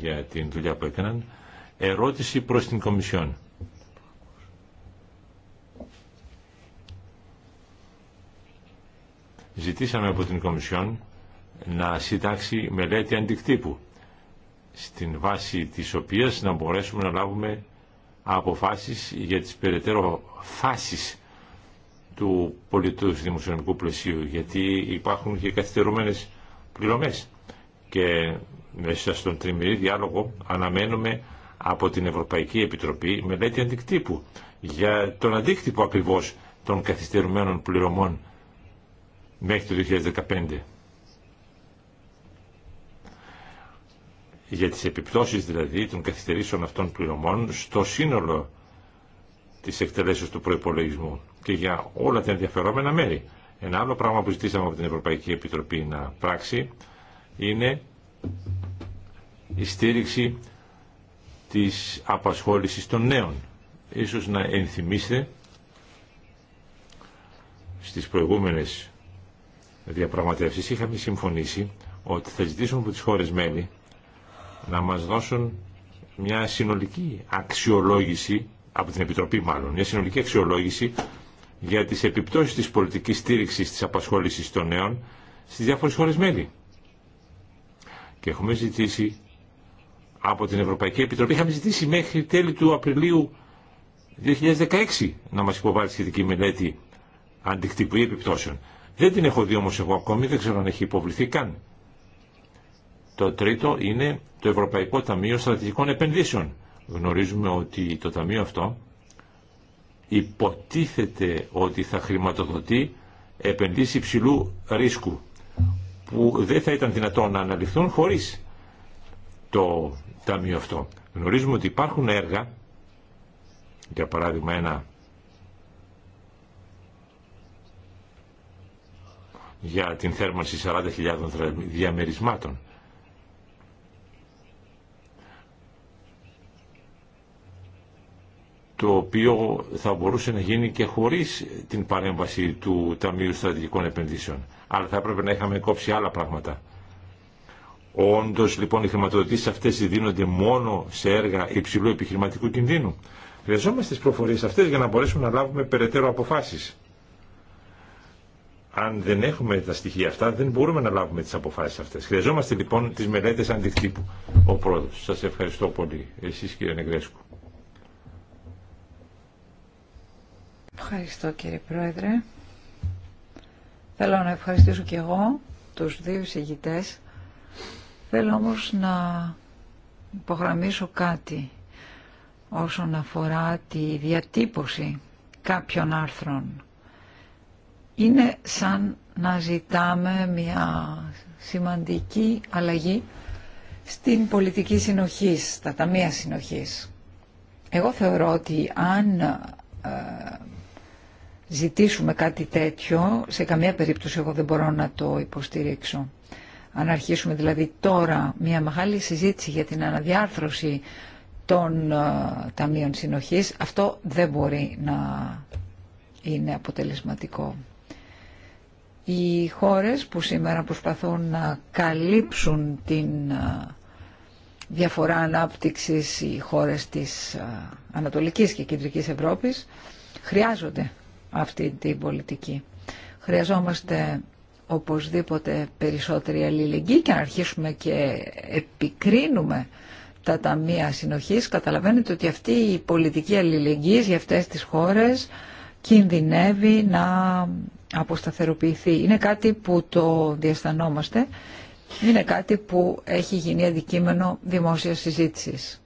A: για την δουλειά που έκαναν. Ερώτηση προς την Κομισιόν. ζητήσαμε από την Κομισιόν να συντάξει μελέτη αντικτύπου στην βάση της οποίας να μπορέσουμε να λάβουμε αποφάσεις για τις περαιτέρω φάσεις του πολιτού δημοσιονομικού πλαισίου γιατί υπάρχουν και καθυστερούμενες πληρωμές και μέσα στον τριμηρή διάλογο αναμένουμε από την Ευρωπαϊκή Επιτροπή μελέτη αντικτύπου για τον αντίκτυπο ακριβώς των καθυστερουμένων πληρωμών μέχρι το 2015. Για τις επιπτώσεις δηλαδή των καθυστερήσεων αυτών πληρωμών στο σύνολο της εκτελέσεως του προϋπολογισμού και για όλα τα ενδιαφερόμενα μέρη. Ένα άλλο πράγμα που ζητήσαμε από την Ευρωπαϊκή Επιτροπή να πράξει είναι η στήριξη της απασχόλησης των νέων. Ίσως να ενθυμίσετε στις προηγούμενες διαπραγματεύσεις είχαμε συμφωνήσει ότι θα ζητήσουμε από τις χώρες μέλη να μας δώσουν μια συνολική αξιολόγηση, από την Επιτροπή μάλλον, μια συνολική αξιολόγηση για τις επιπτώσεις της πολιτικής στήριξης της απασχόλησης των νέων στις διάφορες χώρες μέλη. Και έχουμε ζητήσει από την Ευρωπαϊκή Επιτροπή, είχαμε ζητήσει μέχρι τέλη του Απριλίου 2016 να μας υποβάλει σχετική μελέτη αντικτύπου επιπτώσεων. Δεν την έχω δει όμως εγώ ακόμη, δεν ξέρω αν έχει υποβληθεί καν. Το τρίτο είναι το Ευρωπαϊκό Ταμείο Στρατηγικών Επενδύσεων. Γνωρίζουμε ότι το Ταμείο αυτό υποτίθεται ότι θα χρηματοδοτεί επενδύσει υψηλού ρίσκου που δεν θα ήταν δυνατό να αναλυθούν χωρίς το Ταμείο αυτό. Γνωρίζουμε ότι υπάρχουν έργα, για παράδειγμα ένα για την θέρμανση 40.000 διαμερισμάτων. το οποίο θα μπορούσε να γίνει και χωρίς την παρέμβαση του Ταμείου Στρατηγικών Επενδύσεων. Αλλά θα έπρεπε να είχαμε κόψει άλλα πράγματα. Όντως λοιπόν οι χρηματοδοτήσεις αυτές δίνονται μόνο σε έργα υψηλού επιχειρηματικού κινδύνου. Χρειαζόμαστε τις προφορίες αυτές για να μπορέσουμε να λάβουμε περαιτέρω αποφάσεις αν δεν έχουμε τα στοιχεία αυτά, δεν μπορούμε να λάβουμε τι αποφάσει αυτέ. Χρειαζόμαστε λοιπόν τι μελέτε αντικτύπου. Ο πρόεδρος, σας ευχαριστώ πολύ. Εσείς κύριε Νεγκρέσκου.
C: Ευχαριστώ κύριε πρόεδρε. Θέλω να ευχαριστήσω και εγώ του δύο εισηγητέ. Θέλω όμω να υπογραμμίσω κάτι όσον αφορά τη διατύπωση κάποιων άρθρων είναι σαν να ζητάμε μια σημαντική αλλαγή στην πολιτική συνοχής, στα ταμεία συνοχής. Εγώ θεωρώ ότι αν ε, ζητήσουμε κάτι τέτοιο, σε καμία περίπτωση εγώ δεν μπορώ να το υποστηρίξω. Αν αρχίσουμε δηλαδή τώρα μια μεγάλη συζήτηση για την αναδιάρθρωση των ε, ταμείων συνοχής, αυτό δεν μπορεί να είναι αποτελεσματικό. Οι χώρες που σήμερα προσπαθούν να καλύψουν την διαφορά ανάπτυξης, οι χώρες της Ανατολικής και Κεντρικής Ευρώπης, χρειάζονται αυτή την πολιτική. Χρειαζόμαστε οπωσδήποτε περισσότερη αλληλεγγύη και να αρχίσουμε και επικρίνουμε τα ταμεία συνοχής. Καταλαβαίνετε ότι αυτή η πολιτική αλληλεγγύης για αυτές τις χώρες κινδυνεύει να αποσταθεροποιηθεί. Είναι κάτι που το διαστανόμαστε, είναι κάτι που έχει γίνει αντικείμενο δημόσιας συζήτησης.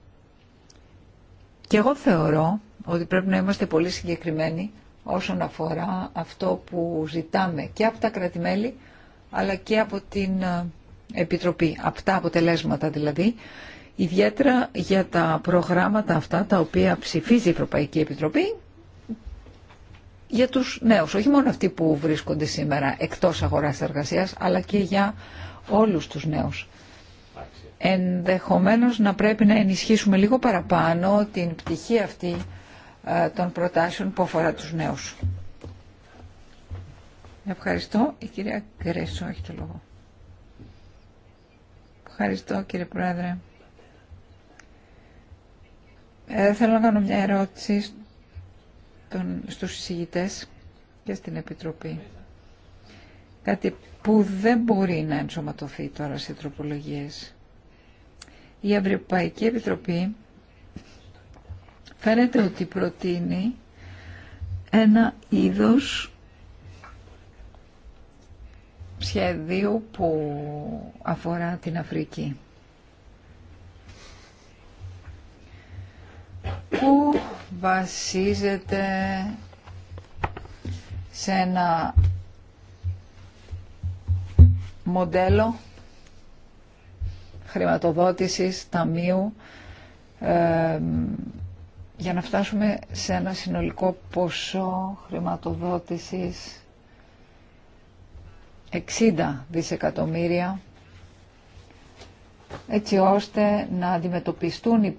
C: Και εγώ θεωρώ ότι πρέπει να είμαστε πολύ συγκεκριμένοι όσον αφορά αυτό που ζητάμε και από τα κρατημέλη αλλά και από την ε, Επιτροπή, αυτά αποτελέσματα δηλαδή, ιδιαίτερα για τα προγράμματα αυτά τα οποία ψηφίζει η Ευρωπαϊκή Επιτροπή για τους νέους, όχι μόνο αυτοί που βρίσκονται σήμερα εκτός αγοράς εργασίας, αλλά και για όλους τους νέους. Ενδεχομένως να πρέπει να ενισχύσουμε λίγο παραπάνω την πτυχή αυτή ε, των προτάσεων που αφορά τους νέους. Ευχαριστώ. Η κυρία Κρέσο έχει το λόγο. Ευχαριστώ κύριε Πρόεδρε. Ε, θέλω να κάνω μια ερώτηση στους και στην Επιτροπή. Κάτι που δεν μπορεί να ενσωματωθεί τώρα σε τροπολογίες. Η Ευρωπαϊκή Επιτροπή φαίνεται ότι προτείνει ένα είδος σχέδιο που αφορά την Αφρική. Που βασίζεται σε ένα μοντέλο χρηματοδότησης ταμείου για να φτάσουμε σε ένα συνολικό ποσό χρηματοδότησης 60 δισεκατομμύρια έτσι ώστε να αντιμετωπιστούν οι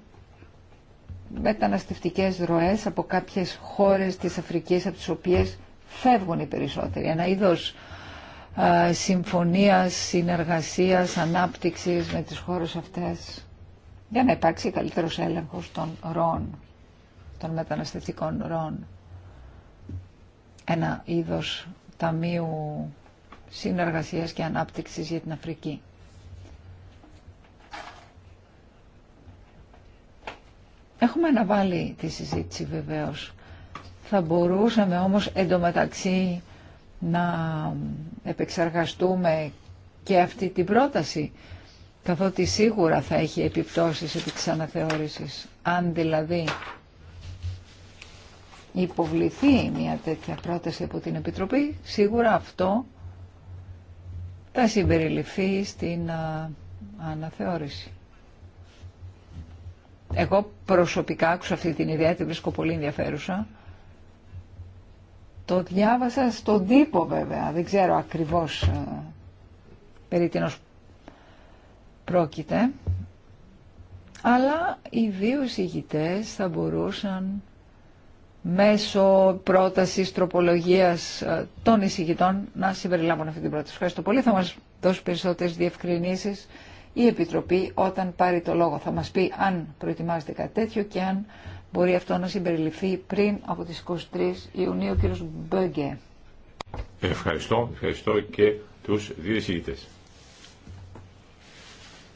C: μεταναστευτικές ροές από κάποιες χώρες της Αφρικής από τις οποίες φεύγουν οι περισσότεροι. Ένα είδος συμφωνίας, συνεργασίας, ανάπτυξης με τις χώρες αυτές για να υπάρξει καλύτερος έλεγχος των ροών, των μεταναστευτικών ροών. Ένα είδος ταμείου συνεργασίας και ανάπτυξης για την Αφρική. Έχουμε αναβάλει τη συζήτηση βεβαίως. Θα μπορούσαμε όμως εντωμεταξύ να επεξεργαστούμε και αυτή την πρόταση, καθότι σίγουρα θα έχει επιπτώσεις επί της αναθεώρησης. Αν δηλαδή υποβληθεί μια τέτοια πρόταση από την Επιτροπή, σίγουρα αυτό θα συμπεριληφθεί στην αναθεώρηση. Εγώ προσωπικά άκουσα αυτή την ιδέα, την βρίσκω πολύ ενδιαφέρουσα. Το διάβασα στον τύπο βέβαια, δεν ξέρω ακριβώς ε, περί τίνος πρόκειται. Αλλά οι δύο συγητές θα μπορούσαν μέσω πρότασης τροπολογίας ε, των εισηγητών να συμπεριλάβουν αυτή την πρόταση. Ευχαριστώ πολύ. Θα μας δώσει περισσότερες διευκρινήσεις η Επιτροπή όταν πάρει το λόγο. Θα μας πει αν προετοιμάζεται κάτι τέτοιο και αν μπορεί αυτό να συμπεριληφθεί πριν από τις 23 Ιουνίου, κ. Μπέγκε.
A: Ευχαριστώ, ευχαριστώ και τους δύο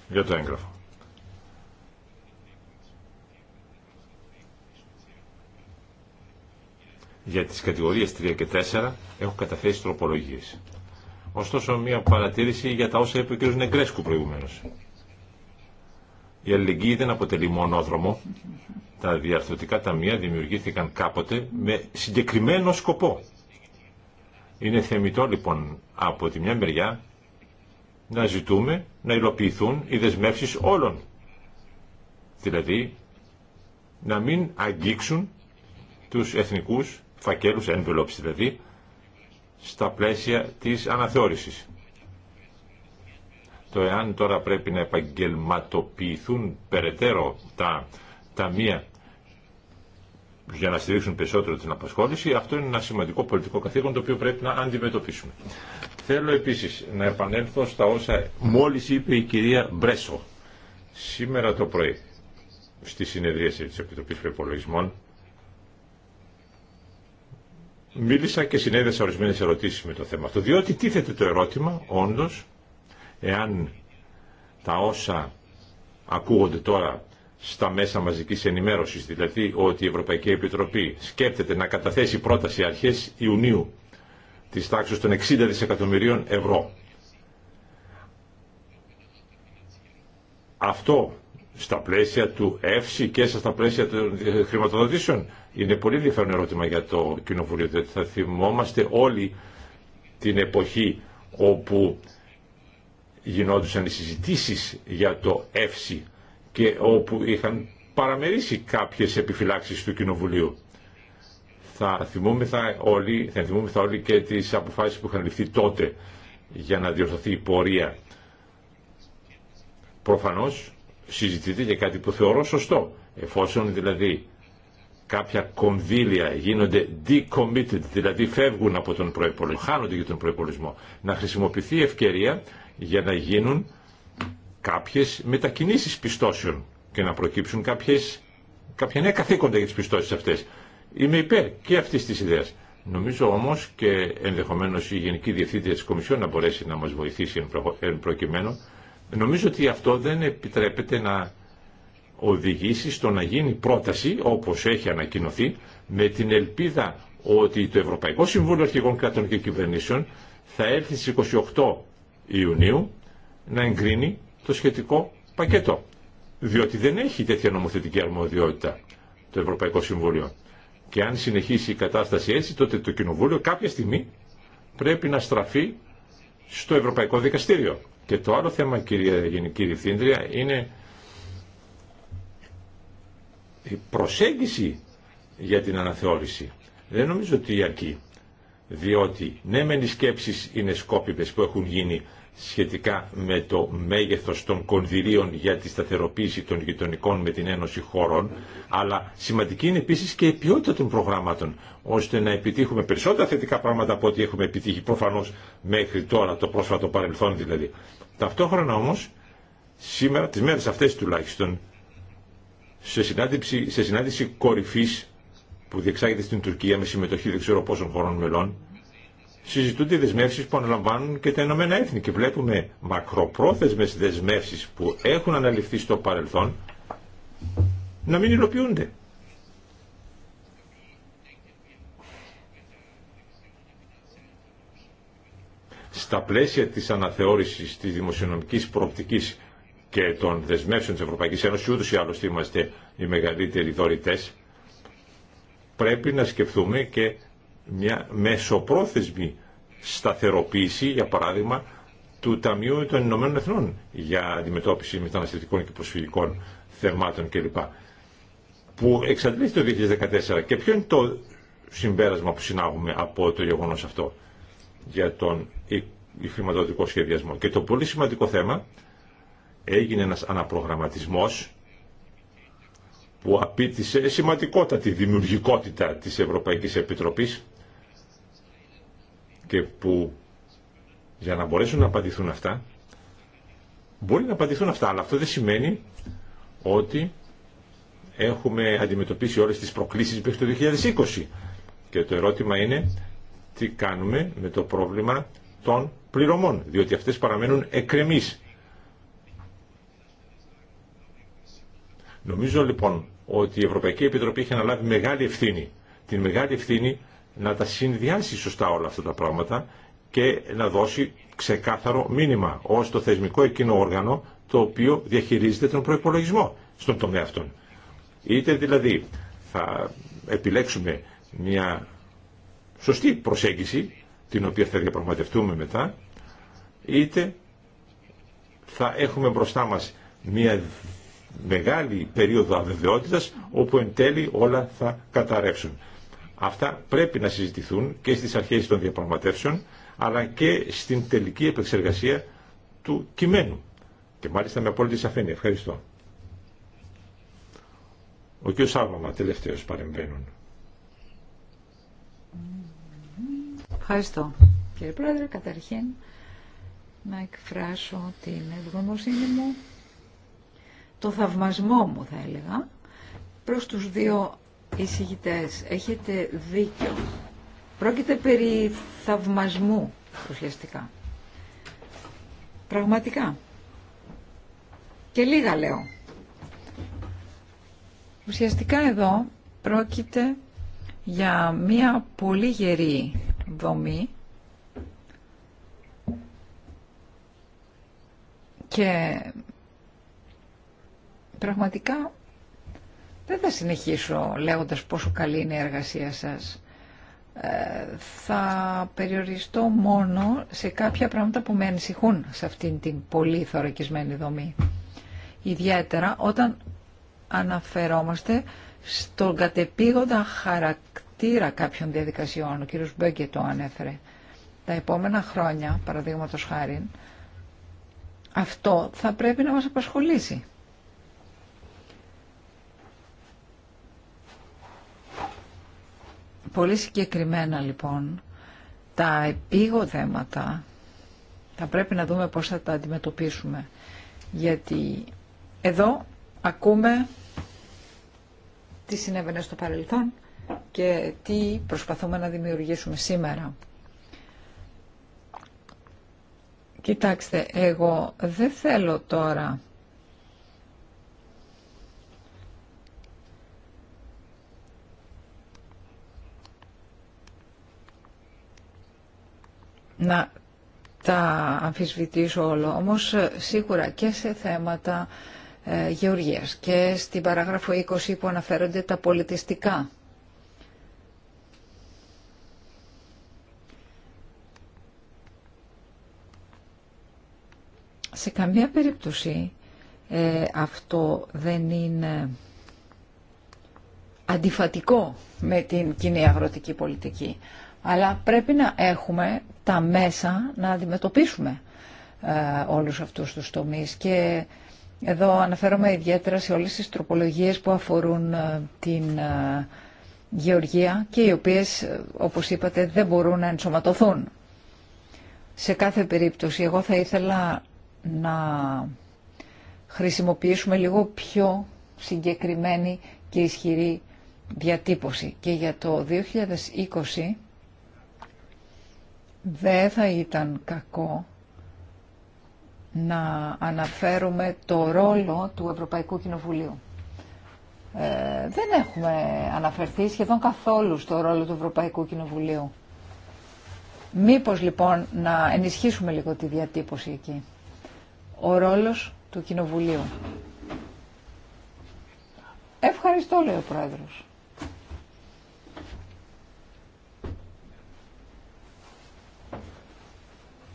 A: για το έγγραφο. Για τις κατηγορίες 3 και 4 έχω καταθέσει τροπολογίες. Ωστόσο, μια παρατήρηση για τα όσα είπε ο κ. Νεγκρέσκου προηγουμένω. Η αλληλεγγύη δεν αποτελεί μονόδρομο. Τα διαρθρωτικά ταμεία δημιουργήθηκαν κάποτε με συγκεκριμένο σκοπό. Είναι θεμητό λοιπόν από τη μια μεριά να ζητούμε να υλοποιηθούν οι δεσμεύσεις όλων. Δηλαδή να μην αγγίξουν τους εθνικούς φακέλους, envelopes δηλαδή, στα πλαίσια της αναθεώρησης. Το εάν τώρα πρέπει να επαγγελματοποιηθούν περαιτέρω τα ταμεία για να στηρίξουν περισσότερο την απασχόληση, αυτό είναι ένα σημαντικό πολιτικό καθήκον το οποίο πρέπει να αντιμετωπίσουμε. Θέλω επίσης να επανέλθω στα όσα μόλις είπε η κυρία Μπρέσο σήμερα το πρωί στη συνεδρίαση της Επιτροπής Προπολογισμών μίλησα και συνέδεσα ορισμένες ερωτήσεις με το θέμα αυτό, διότι τίθεται το ερώτημα, όντως, εάν τα όσα ακούγονται τώρα στα μέσα μαζικής ενημέρωσης, δηλαδή ότι η Ευρωπαϊκή Επιτροπή σκέπτεται να καταθέσει πρόταση αρχές Ιουνίου της τάξης των 60 δισεκατομμυρίων ευρώ. Αυτό στα πλαίσια του ΕΦΣΙ και στα πλαίσια των ε, χρηματοδοτήσεων. Είναι πολύ ενδιαφέρον ερώτημα για το Κοινοβούλιο, θα θυμόμαστε όλοι την εποχή όπου γινόντουσαν οι συζητήσεις για το ΕΦΣΙ και όπου είχαν παραμερίσει κάποιες επιφυλάξεις του Κοινοβουλίου. Θα θυμούμεθα όλοι, θα όλοι και τις αποφάσεις που είχαν ληφθεί τότε για να διορθωθεί η πορεία. Προφανώς συζητείτε για κάτι που θεωρώ σωστό. Εφόσον δηλαδή κάποια κονδύλια γίνονται decommitted, δηλαδή φεύγουν από τον προϋπολογισμό, χάνονται για τον προϋπολογισμό, να χρησιμοποιηθεί ευκαιρία για να γίνουν κάποιες μετακινήσεις πιστώσεων και να προκύψουν κάποιες, κάποια νέα καθήκοντα για τις πιστώσεις αυτές. Είμαι υπέρ και αυτή τη ιδέα. Νομίζω όμω και ενδεχομένω η Γενική Διευθύντρια τη Κομισιόν να μπορέσει να μα βοηθήσει εν προκειμένου Νομίζω ότι αυτό δεν επιτρέπεται να οδηγήσει στο να γίνει πρόταση, όπως έχει ανακοινωθεί, με την ελπίδα ότι το Ευρωπαϊκό Συμβούλιο Αρχηγών Κρατών και Κυβερνήσεων θα έρθει στις 28 Ιουνίου να εγκρίνει το σχετικό πακέτο. Διότι δεν έχει τέτοια νομοθετική αρμοδιότητα το Ευρωπαϊκό Συμβούλιο. Και αν συνεχίσει η κατάσταση έτσι, τότε το Κοινοβούλιο κάποια στιγμή πρέπει να στραφεί στο Ευρωπαϊκό Δικαστήριο. Και το άλλο θέμα, κυρία Γενική Διευθύντρια, είναι η προσέγγιση για την αναθεώρηση. Δεν νομίζω ότι αρκεί. Διότι ναι μεν οι σκέψεις είναι σκόπιμες που έχουν γίνει σχετικά με το μέγεθος των κονδυλίων για τη σταθεροποίηση των γειτονικών με την Ένωση χωρών, αλλά σημαντική είναι επίσης και η ποιότητα των προγράμματων, ώστε να επιτύχουμε περισσότερα θετικά πράγματα από ό,τι έχουμε επιτύχει προφανώς μέχρι τώρα, το πρόσφατο παρελθόν δηλαδή. Ταυτόχρονα όμως, σήμερα, τις μέρες αυτές τουλάχιστον, σε συνάντηση, σε συνάντηση κορυφής που διεξάγεται στην Τουρκία με συμμετοχή δεν ξέρω πόσων χωρών μελών, συζητούνται οι δεσμεύσεις που αναλαμβάνουν και τα Ηνωμένα Έθνη και βλέπουμε μακροπρόθεσμες δεσμεύσεις που έχουν αναλυφθεί στο παρελθόν να μην υλοποιούνται. Στα πλαίσια της αναθεώρησης της δημοσιονομικής προοπτικής και των δεσμεύσεων της Ευρωπαϊκής Ένωσης, ούτως ή άλλως είμαστε οι μεγαλύτεροι δωρητές, πρέπει να σκεφτούμε και μια μεσοπρόθεσμη σταθεροποίηση, για παράδειγμα, του Ταμείου των Ηνωμένων Εθνών για αντιμετώπιση μεταναστευτικών και προσφυγικών θεμάτων κλπ. Που εξαντλήθηκε το 2014. Και ποιο είναι το συμπέρασμα που συνάγουμε από το γεγονός αυτό για τον χρηματοδοτικό σχεδιασμό. Και το πολύ σημαντικό θέμα έγινε ένας αναπρογραμματισμός που απίτησε σημαντικότατη δημιουργικότητα της Ευρωπαϊκής Επιτροπής και που για να μπορέσουν να απαντηθούν αυτά, μπορεί να απαντηθούν αυτά, αλλά αυτό δεν σημαίνει ότι έχουμε αντιμετωπίσει όλες τις προκλήσεις μέχρι το 2020. Και το ερώτημα είναι τι κάνουμε με το πρόβλημα των πληρωμών, διότι αυτές παραμένουν εκκρεμείς. Νομίζω λοιπόν ότι η Ευρωπαϊκή Επιτροπή έχει αναλάβει μεγάλη ευθύνη. Την μεγάλη ευθύνη να τα συνδυάσει σωστά όλα αυτά τα πράγματα και να δώσει ξεκάθαρο μήνυμα ως το θεσμικό εκείνο όργανο το οποίο διαχειρίζεται τον προϋπολογισμό στον τομέα αυτόν. Είτε δηλαδή θα επιλέξουμε μια σωστή προσέγγιση την οποία θα διαπραγματευτούμε μετά είτε θα έχουμε μπροστά μας μια μεγάλη περίοδο αβεβαιότητας όπου εν τέλει όλα θα καταρρεύσουν. Αυτά πρέπει να συζητηθούν και στις αρχές των διαπραγματεύσεων, αλλά και στην τελική επεξεργασία του κειμένου. Και μάλιστα με απόλυτη σαφήνεια. Ευχαριστώ. Ο κ. Σάββαμα, τελευταίος παρεμβαίνουν.
C: Ευχαριστώ. Κύριε Πρόεδρε, καταρχήν να εκφράσω την ευγνωμοσύνη μου, το θαυμασμό μου θα έλεγα, προς τους δύο εισηγητές, έχετε δίκιο. Πρόκειται περί θαυμασμού ουσιαστικά. Πραγματικά. Και λίγα λέω. Ουσιαστικά εδώ πρόκειται για μία πολύ γερή δομή και πραγματικά δεν θα συνεχίσω λέγοντας πόσο καλή είναι η εργασία σας. Ε, θα περιοριστώ μόνο σε κάποια πράγματα που με ανησυχούν σε αυτήν την πολύ θωρακισμένη δομή. Ιδιαίτερα όταν αναφερόμαστε στον κατεπήγοντα χαρακτήρα κάποιων διαδικασιών. Ο κύριος Μπέγκε το ανέφερε. Τα επόμενα χρόνια, παραδείγματος χάρη, αυτό θα πρέπει να μας απασχολήσει. Πολύ συγκεκριμένα λοιπόν τα επίγοντα θέματα θα πρέπει να δούμε πώς θα τα αντιμετωπίσουμε. Γιατί εδώ ακούμε τι συνέβαινε στο παρελθόν και τι προσπαθούμε να δημιουργήσουμε σήμερα. Κοιτάξτε, εγώ δεν θέλω τώρα να τα αμφισβητήσω όλο, όμως ε, σίγουρα και σε θέματα ε, γεωργίας και στην παράγραφο 20 που αναφέρονται τα πολιτιστικά. Σε καμία περίπτωση ε, αυτό δεν είναι αντιφατικό με την κοινή αγροτική πολιτική. Αλλά πρέπει να έχουμε τα μέσα να αντιμετωπίσουμε ε, όλους αυτούς τους τομείς και εδώ αναφέρομαι ιδιαίτερα σε όλες τις τροπολογίες που αφορούν ε, την ε, γεωργία και οι οποίες, όπως είπατε, δεν μπορούν να ενσωματωθούν. Σε κάθε περίπτωση, εγώ θα ήθελα να χρησιμοποιήσουμε λίγο πιο συγκεκριμένη και ισχυρή διατύπωση. Και για το 2020 δεν θα ήταν κακό να αναφέρουμε το ρόλο του Ευρωπαϊκού Κοινοβουλίου. Ε, δεν έχουμε αναφερθεί σχεδόν καθόλου στο ρόλο του Ευρωπαϊκού Κοινοβουλίου. Μήπως λοιπόν να ενισχύσουμε λίγο τη διατύπωση εκεί. Ο ρόλος του Κοινοβουλίου. Ευχαριστώ λέει ο Πρόεδρος.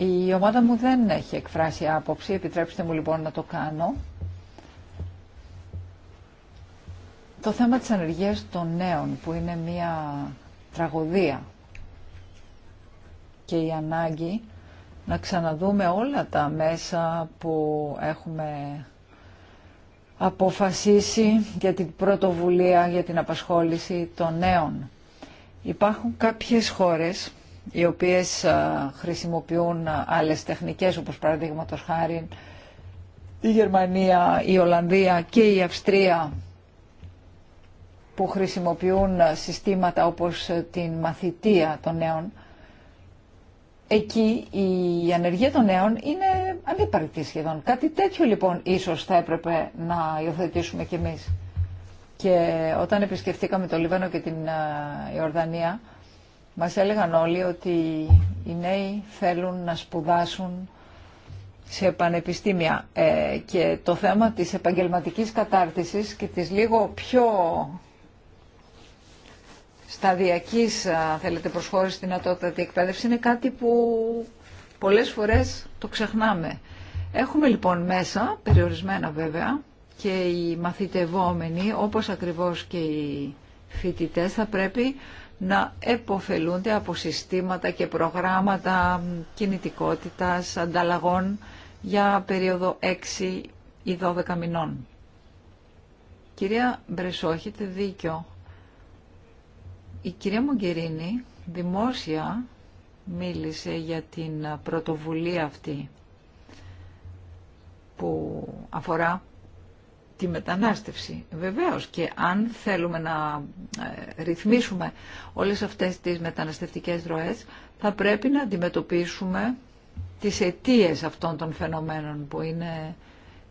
C: Η ομάδα μου δεν έχει εκφράσει άποψη, επιτρέψτε μου λοιπόν να το κάνω. Το θέμα της ανεργίας των νέων που είναι μια τραγωδία και η ανάγκη να ξαναδούμε όλα τα μέσα που έχουμε αποφασίσει για την πρωτοβουλία για την απασχόληση των νέων. Υπάρχουν κάποιες χώρες οι οποίες χρησιμοποιούν άλλες τεχνικές όπως παραδείγματο χάρη η Γερμανία, η Ολλανδία και η Αυστρία που χρησιμοποιούν συστήματα όπως ε, την μαθητεία των νέων εκεί η ανεργία των νέων είναι ανύπαρκτη σχεδόν. Κάτι τέτοιο λοιπόν ίσως θα έπρεπε να υιοθετήσουμε κι εμείς. Και όταν επισκεφτήκαμε το Λίβανο και την Ιορδανία, μας έλεγαν όλοι ότι οι νέοι θέλουν να σπουδάσουν σε πανεπιστήμια ε, και το θέμα της επαγγελματικής κατάρτισης και της λίγο πιο σταδιακής θέλετε προσχώρησης στην τη εκπαίδευση είναι κάτι που πολλές φορές το ξεχνάμε. Έχουμε λοιπόν μέσα, περιορισμένα βέβαια, και οι μαθητευόμενοι όπως ακριβώς και οι φοιτητές θα πρέπει να εποφελούνται από συστήματα και προγράμματα κινητικότητας, ανταλλαγών για περίοδο 6 ή 12 μηνών. Κυρία Μπρεσό, έχετε δίκιο. Η κυρία Μογκερίνη δημόσια μίλησε για την πρωτοβουλία αυτή που αφορά τη μετανάστευση. Βεβαίως και αν θέλουμε να ε, ρυθμίσουμε όλες αυτές τις μεταναστευτικές ροές θα πρέπει να αντιμετωπίσουμε τις αιτίες αυτών των φαινομένων που είναι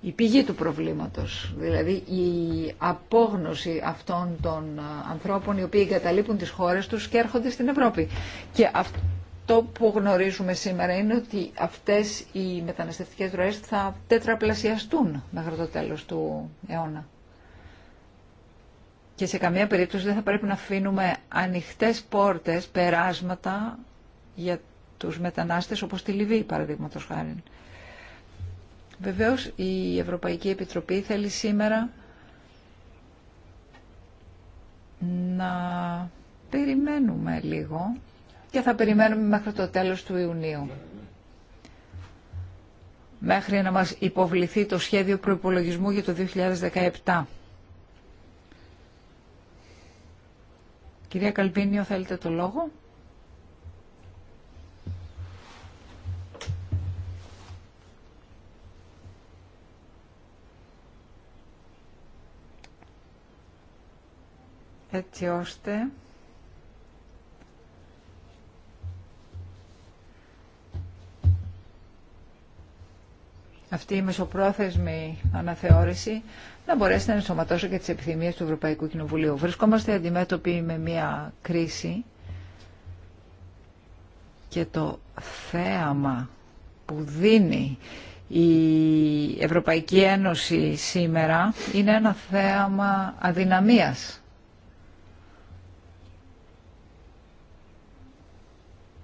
C: η πηγή του προβλήματος. Δηλαδή η απόγνωση αυτών των ε, ανθρώπων οι οποίοι εγκαταλείπουν τις χώρες τους και έρχονται στην Ευρώπη. Και αυτό αυτό που γνωρίζουμε σήμερα είναι ότι αυτές οι μεταναστευτικές ροές θα τετραπλασιαστούν μέχρι το τέλος του αιώνα. Και σε καμία περίπτωση δεν θα πρέπει να αφήνουμε ανοιχτές πόρτες, περάσματα για τους μετανάστες όπως τη Λιβύη παραδείγματος χάρη. Βεβαίως η Ευρωπαϊκή Επιτροπή θέλει σήμερα να περιμένουμε λίγο και θα περιμένουμε μέχρι το τέλος του Ιουνίου. Μέχρι να μας υποβληθεί το σχέδιο προϋπολογισμού για το 2017. Κυρία Καλπίνιο, θέλετε το λόγο. έτσι ώστε αυτή η μεσοπρόθεσμη αναθεώρηση να μπορέσει να ενσωματώσει και τις επιθυμίες του Ευρωπαϊκού Κοινοβουλίου. Βρισκόμαστε αντιμέτωποι με μια κρίση και το θέαμα που δίνει η Ευρωπαϊκή Ένωση σήμερα είναι ένα θέαμα αδυναμίας.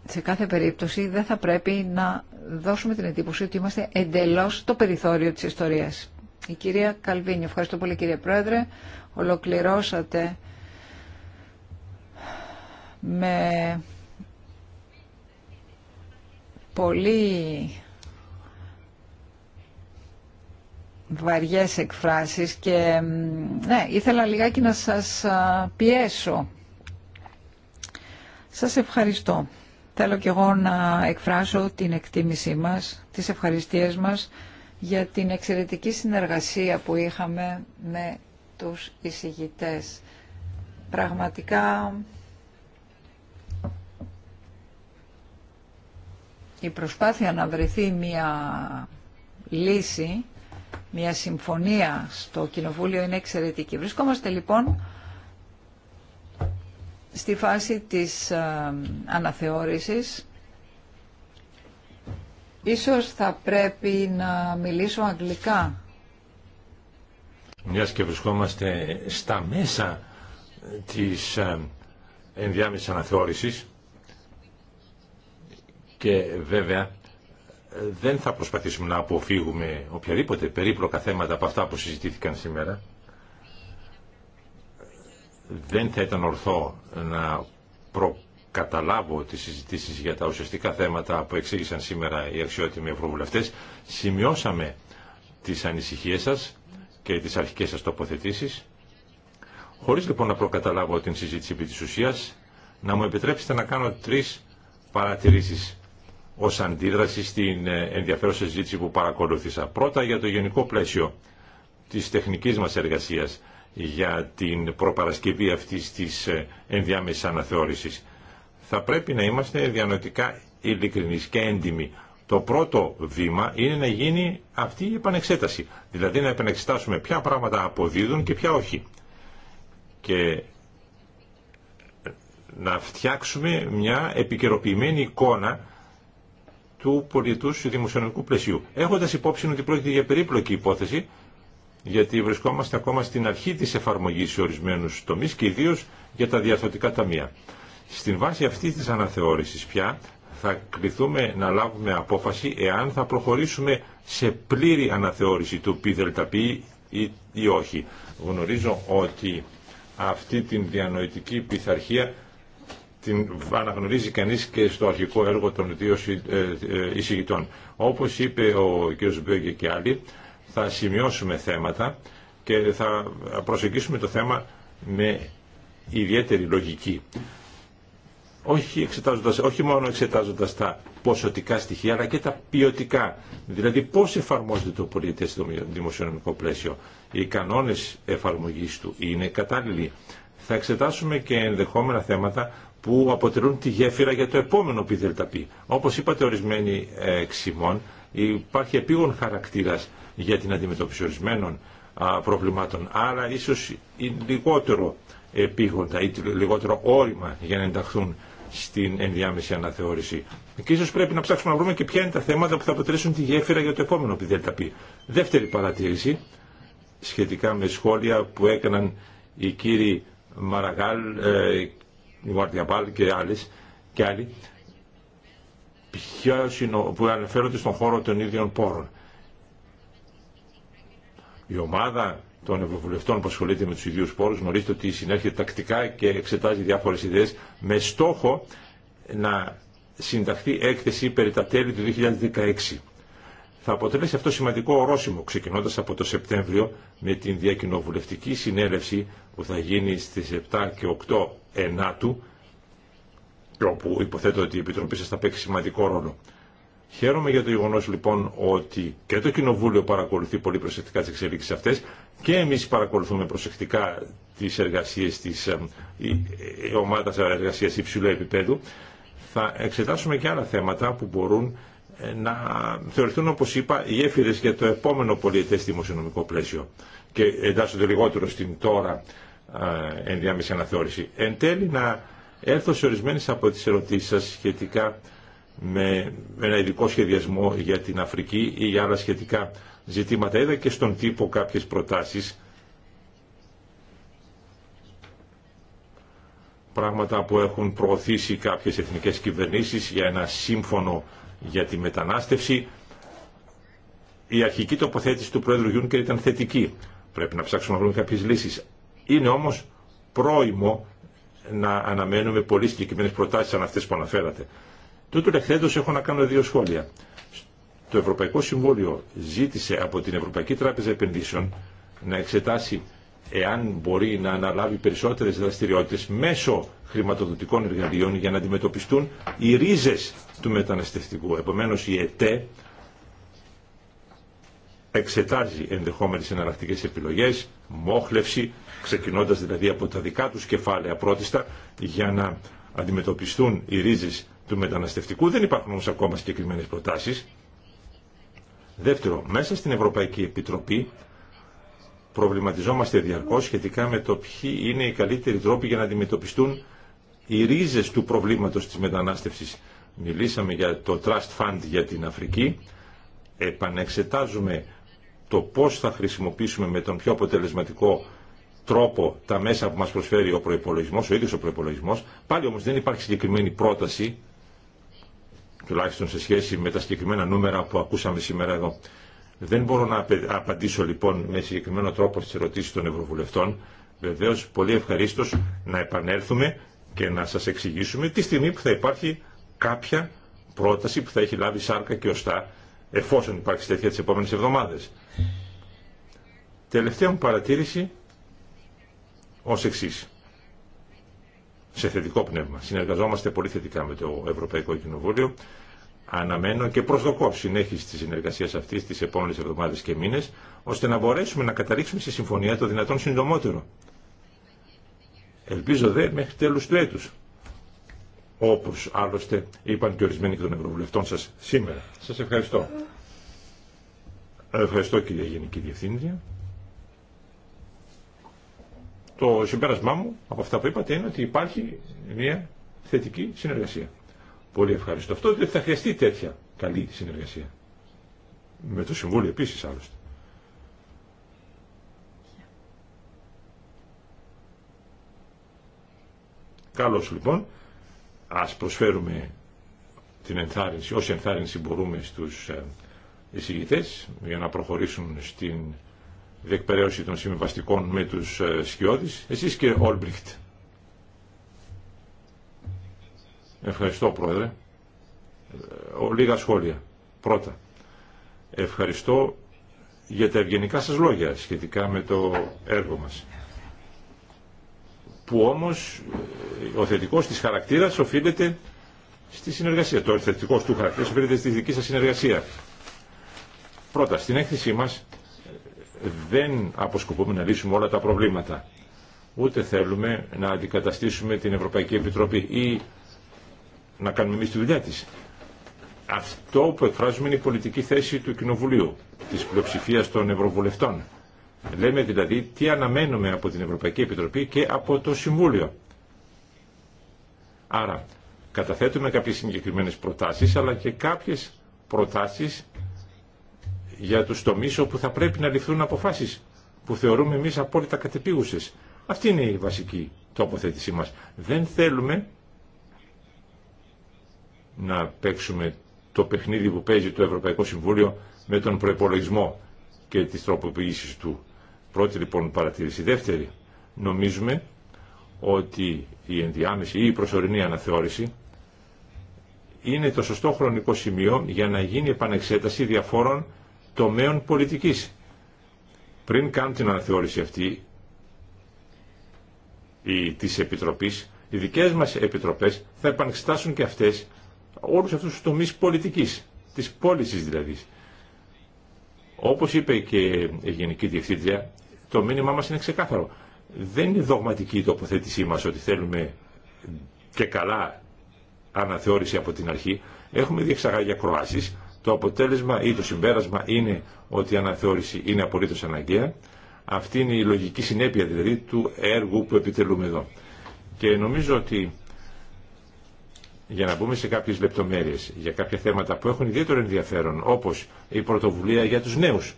C: σε κάθε περίπτωση δεν θα πρέπει να δώσουμε την εντύπωση ότι είμαστε εντελώς το περιθώριο της ιστορίας. Η κυρία Καλβίνη, ευχαριστώ πολύ κύριε Πρόεδρε, ολοκληρώσατε με πολύ βαριές εκφράσεις και ναι, ήθελα λιγάκι να σας πιέσω. Σας ευχαριστώ. Θέλω και εγώ να εκφράσω την εκτίμησή μας, τις ευχαριστίες μας για την εξαιρετική συνεργασία που είχαμε με τους εισηγητές. Πραγματικά η προσπάθεια να βρεθεί μια λύση, μια συμφωνία στο Κοινοβούλιο είναι εξαιρετική. Βρισκόμαστε λοιπόν στη φάση της ε, αναθεώρησης ίσως θα πρέπει να μιλήσω αγγλικά.
A: Μιας και βρισκόμαστε στα μέσα της ε, ενδιάμεσης αναθεώρησης και βέβαια ε, δεν θα προσπαθήσουμε να αποφύγουμε οποιαδήποτε περίπλοκα θέματα από αυτά που συζητήθηκαν σήμερα δεν θα ήταν ορθό να προκαταλάβω τις συζητήσεις για τα ουσιαστικά θέματα που εξήγησαν σήμερα οι αξιότιμοι ευρωβουλευτές. Σημειώσαμε τις ανησυχίες σας και τις αρχικές σας τοποθετήσεις. Χωρίς λοιπόν να προκαταλάβω την συζήτηση επί της ουσίας, να μου επιτρέψετε να κάνω τρεις παρατηρήσεις ως αντίδραση στην ενδιαφέρουσα συζήτηση που παρακολούθησα. Πρώτα για το γενικό πλαίσιο της τεχνικής μας εργασίας για την προπαρασκευή αυτής της ε, ενδιάμεσης αναθεώρησης. Θα πρέπει να είμαστε διανοητικά ειλικρινείς και έντιμοι. Το πρώτο βήμα είναι να γίνει αυτή η επανεξέταση. Δηλαδή να επανεξετάσουμε ποια πράγματα αποδίδουν και ποια όχι. Και ε, να φτιάξουμε μια επικαιροποιημένη εικόνα του πολιτού δημοσιονομικού πλαισίου. Έχοντας υπόψη ότι πρόκειται για περίπλοκη υπόθεση, γιατί βρισκόμαστε ακόμα στην αρχή της εφαρμογής σε ορισμένους τομείς και ιδίω για τα διαρθωτικά ταμεία. Στην βάση αυτή της αναθεώρησης πια θα κληθούμε να λάβουμε απόφαση εάν θα προχωρήσουμε σε πλήρη αναθεώρηση του ΠΔΠ ή, ή όχι. Γνωρίζω ότι αυτή την διανοητική πειθαρχία την αναγνωρίζει κανείς και στο αρχικό έργο των δύο ε, ε, εισηγητών. Όπως είπε ο κ. Μπέγκε και άλλοι, θα σημειώσουμε θέματα και θα προσεγγίσουμε το θέμα με ιδιαίτερη λογική. Όχι, εξετάζοντας, όχι μόνο εξετάζοντας τα ποσοτικά στοιχεία, αλλά και τα ποιοτικά. Δηλαδή πώς εφαρμόζεται το πολιτές δημοσιονομικό πλαίσιο. Οι κανόνες εφαρμογής του είναι κατάλληλοι. Θα εξετάσουμε και ενδεχόμενα θέματα που αποτελούν τη γέφυρα για το επόμενο πιδελταπή. Όπως είπατε ορισμένοι εξημών, υπάρχει επίγον χαρακτήρας για την αντιμετώπιση ορισμένων προβλημάτων, αλλά ίσως λιγότερο επίγοντα ή λιγότερο όρημα για να ενταχθούν στην ενδιάμεση αναθεώρηση. Και ίσως πρέπει να ψάξουμε να βρούμε και ποια είναι τα θέματα που θα αποτελέσουν τη γέφυρα για το επόμενο πει. Δεύτερη παρατήρηση, σχετικά με σχόλια που έκαναν οι κύριοι Μαραγάλ, ε, η και και άλλοι, που αναφέρονται στον χώρο των ίδιων πόρων. Η ομάδα των Ευρωβουλευτών που ασχολείται με του ιδίου πόρου γνωρίζετε ότι συνέρχεται τακτικά και εξετάζει διάφορε ιδέε με στόχο να συνταχθεί έκθεση περί τα τέλη του 2016. Θα αποτελέσει αυτό σημαντικό ορόσημο, ξεκινώντα από το Σεπτέμβριο με την διακοινοβουλευτική συνέλευση που θα γίνει στι 7 και 8 Ενάτου, όπου υποθέτω ότι η Επιτροπή σα θα παίξει σημαντικό ρόλο. Χαίρομαι για το γεγονό λοιπόν ότι και το Κοινοβούλιο παρακολουθεί πολύ προσεκτικά τι εξελίξει αυτέ και εμεί παρακολουθούμε προσεκτικά τι εργασίε τη ε, ε, ομάδα εργασία υψηλού επίπεδου. Θα εξετάσουμε και άλλα θέματα που μπορούν ε, να θεωρηθούν, όπω είπα, οι γέφυρε για το επόμενο πολιετέ δημοσιονομικό πλαίσιο και εντάσσονται λιγότερο στην τώρα ενδιάμεση αναθεώρηση. Εν τέλει, να έρθω σε ορισμένε από τι ερωτήσει σα σχετικά με ένα ειδικό σχεδιασμό για την Αφρική ή για άλλα σχετικά ζητήματα. Είδα και στον τύπο κάποιες προτάσεις, πράγματα που έχουν προωθήσει κάποιες εθνικές κυβερνήσεις για ένα σύμφωνο για τη μετανάστευση. Η αρχική τοποθέτηση του Πρόεδρου Γιούνκερ ήταν θετική. Πρέπει να ψάξουμε να βρούμε κάποιες λύσεις. Είναι όμως πρόημο να αναμένουμε πολύ συγκεκριμένε προτάσεις σαν αυτές που αναφέρατε. Τούτου εκθετω έχω να κάνω δύο σχόλια. Το Ευρωπαϊκό Συμβούλιο ζήτησε από την Ευρωπαϊκή Τράπεζα Επενδύσεων να εξετάσει εάν μπορεί να αναλάβει περισσότερε δραστηριότητε μέσω χρηματοδοτικών εργαλείων για να αντιμετωπιστούν οι ρίζε του μεταναστευτικού. Επομένω η ΕΤΕ εξετάζει ενδεχόμενες εναλλακτικέ επιλογές, μόχλευση, ξεκινώντας δηλαδή από τα δικά τους κεφάλαια πρώτιστα για να αντιμετωπιστούν οι ρίζες του μεταναστευτικού. Δεν υπάρχουν όμως ακόμα συγκεκριμένες προτάσεις. Δεύτερο, μέσα στην Ευρωπαϊκή Επιτροπή προβληματιζόμαστε διαρκώς σχετικά με το ποιοι είναι οι καλύτεροι τρόποι για να αντιμετωπιστούν οι ρίζες του προβλήματος της μετανάστευσης. Μιλήσαμε για το Trust Fund για την Αφρική. Επανεξετάζουμε το πώς θα χρησιμοποιήσουμε με τον πιο αποτελεσματικό τρόπο τα μέσα που μας προσφέρει ο προϋπολογισμός, ο ίδιος ο προϋπολογισμός. Πάλι όμως δεν υπάρχει συγκεκριμένη πρόταση τουλάχιστον σε σχέση με τα συγκεκριμένα νούμερα που ακούσαμε σήμερα εδώ. Δεν μπορώ να απαντήσω λοιπόν με συγκεκριμένο τρόπο στις ερωτήσεις των Ευρωβουλευτών. Βεβαίως πολύ ευχαρίστως να επανέλθουμε και να σας εξηγήσουμε τη στιγμή που θα υπάρχει κάποια πρόταση που θα έχει λάβει σάρκα και οστά εφόσον υπάρξει τέτοια τις επόμενες εβδομάδες. Τελευταία μου παρατήρηση ως εξής σε θετικό πνεύμα. Συνεργαζόμαστε πολύ θετικά με το Ευρωπαϊκό Κοινοβούλιο. Αναμένω και προσδοκώ συνέχιση τη συνεργασία αυτή τι επόμενε εβδομάδε και μήνε, ώστε να μπορέσουμε να καταλήξουμε σε συμφωνία το δυνατόν συντομότερο. Ελπίζω δε μέχρι τέλου του έτου. Όπω άλλωστε είπαν και ορισμένοι και των Ευρωβουλευτών σα σήμερα. Σα ευχαριστώ. Ευχαριστώ κύριε Γενική Διευθύντρια το συμπέρασμά μου από αυτά που είπατε είναι ότι υπάρχει μια θετική συνεργασία. Πολύ ευχαριστώ. Αυτό διότι θα χρειαστεί τέτοια καλή συνεργασία. Με το Συμβούλιο επίσης άλλωστε. Καλώς λοιπόν, ας προσφέρουμε την ενθάρρυνση, όση ενθάρρυνση μπορούμε στους ε, εισηγητές για να προχωρήσουν στην διεκπαιρέωση των συμβιβαστικών με τους ε, σκιώδεις. Εσείς και Όλμπριχτ. Ευχαριστώ πρόεδρε. Ε, λίγα σχόλια. Πρώτα, ευχαριστώ για τα ευγενικά σας λόγια σχετικά με το έργο μας που όμως ε, ο θετικός της χαρακτήρας οφείλεται στη συνεργασία. Το θετικό του χαρακτήρας οφείλεται στη δική σας συνεργασία. Πρώτα, στην έκθεσή μας δεν αποσκοπούμε να λύσουμε όλα τα προβλήματα. Ούτε θέλουμε να αντικαταστήσουμε την Ευρωπαϊκή Επιτροπή ή να κάνουμε εμεί τη δουλειά της. Αυτό που εκφράζουμε είναι η πολιτική θέση του Κοινοβουλίου, τη πλειοψηφία των Ευρωβουλευτών. Λέμε δηλαδή τι αναμένουμε από την Ευρωπαϊκή Επιτροπή και από το Συμβούλιο. Άρα, καταθέτουμε κάποιες συγκεκριμένες προτάσεις, αλλά και κάποιες προτάσεις για τους τομείς όπου θα πρέπει να ληφθούν αποφάσεις που θεωρούμε εμείς απόλυτα κατεπίγουσες. Αυτή είναι η βασική τοποθέτησή μας. Δεν θέλουμε να παίξουμε το παιχνίδι που παίζει το Ευρωπαϊκό Συμβούλιο με τον προπολογισμό και τις τροποποιήσεις του. Πρώτη λοιπόν παρατήρηση. Δεύτερη, νομίζουμε ότι η ενδιάμεση ή η προσωρινή αναθεώρηση είναι το σωστό χρονικό σημείο για να γίνει επανεξέταση διαφόρων τομέων πολιτικής. Πριν κάνουν την αναθεώρηση αυτή η, της Επιτροπής, οι δικές μας Επιτροπές θα επανεξετάσουν και αυτές όλους αυτούς τους τομείς πολιτικής, της πώληση δηλαδή. Όπως είπε και η Γενική Διευθύντρια, το μήνυμά μας είναι ξεκάθαρο. Δεν είναι δογματική η τοποθέτησή μας ότι θέλουμε και καλά αναθεώρηση από την αρχή. Έχουμε διεξαγάγει ακροάσεις το αποτέλεσμα ή το συμπέρασμα είναι ότι η αναθεώρηση είναι απολύτως αναγκαία. Αυτή είναι η λογική συνέπεια δηλαδή του έργου που επιτελούμε εδώ. Και νομίζω ότι για να μπούμε σε κάποιες λεπτομέρειες, για κάποια θέματα που έχουν ιδιαίτερο ενδιαφέρον, όπως η πρωτοβουλία για τους νέους,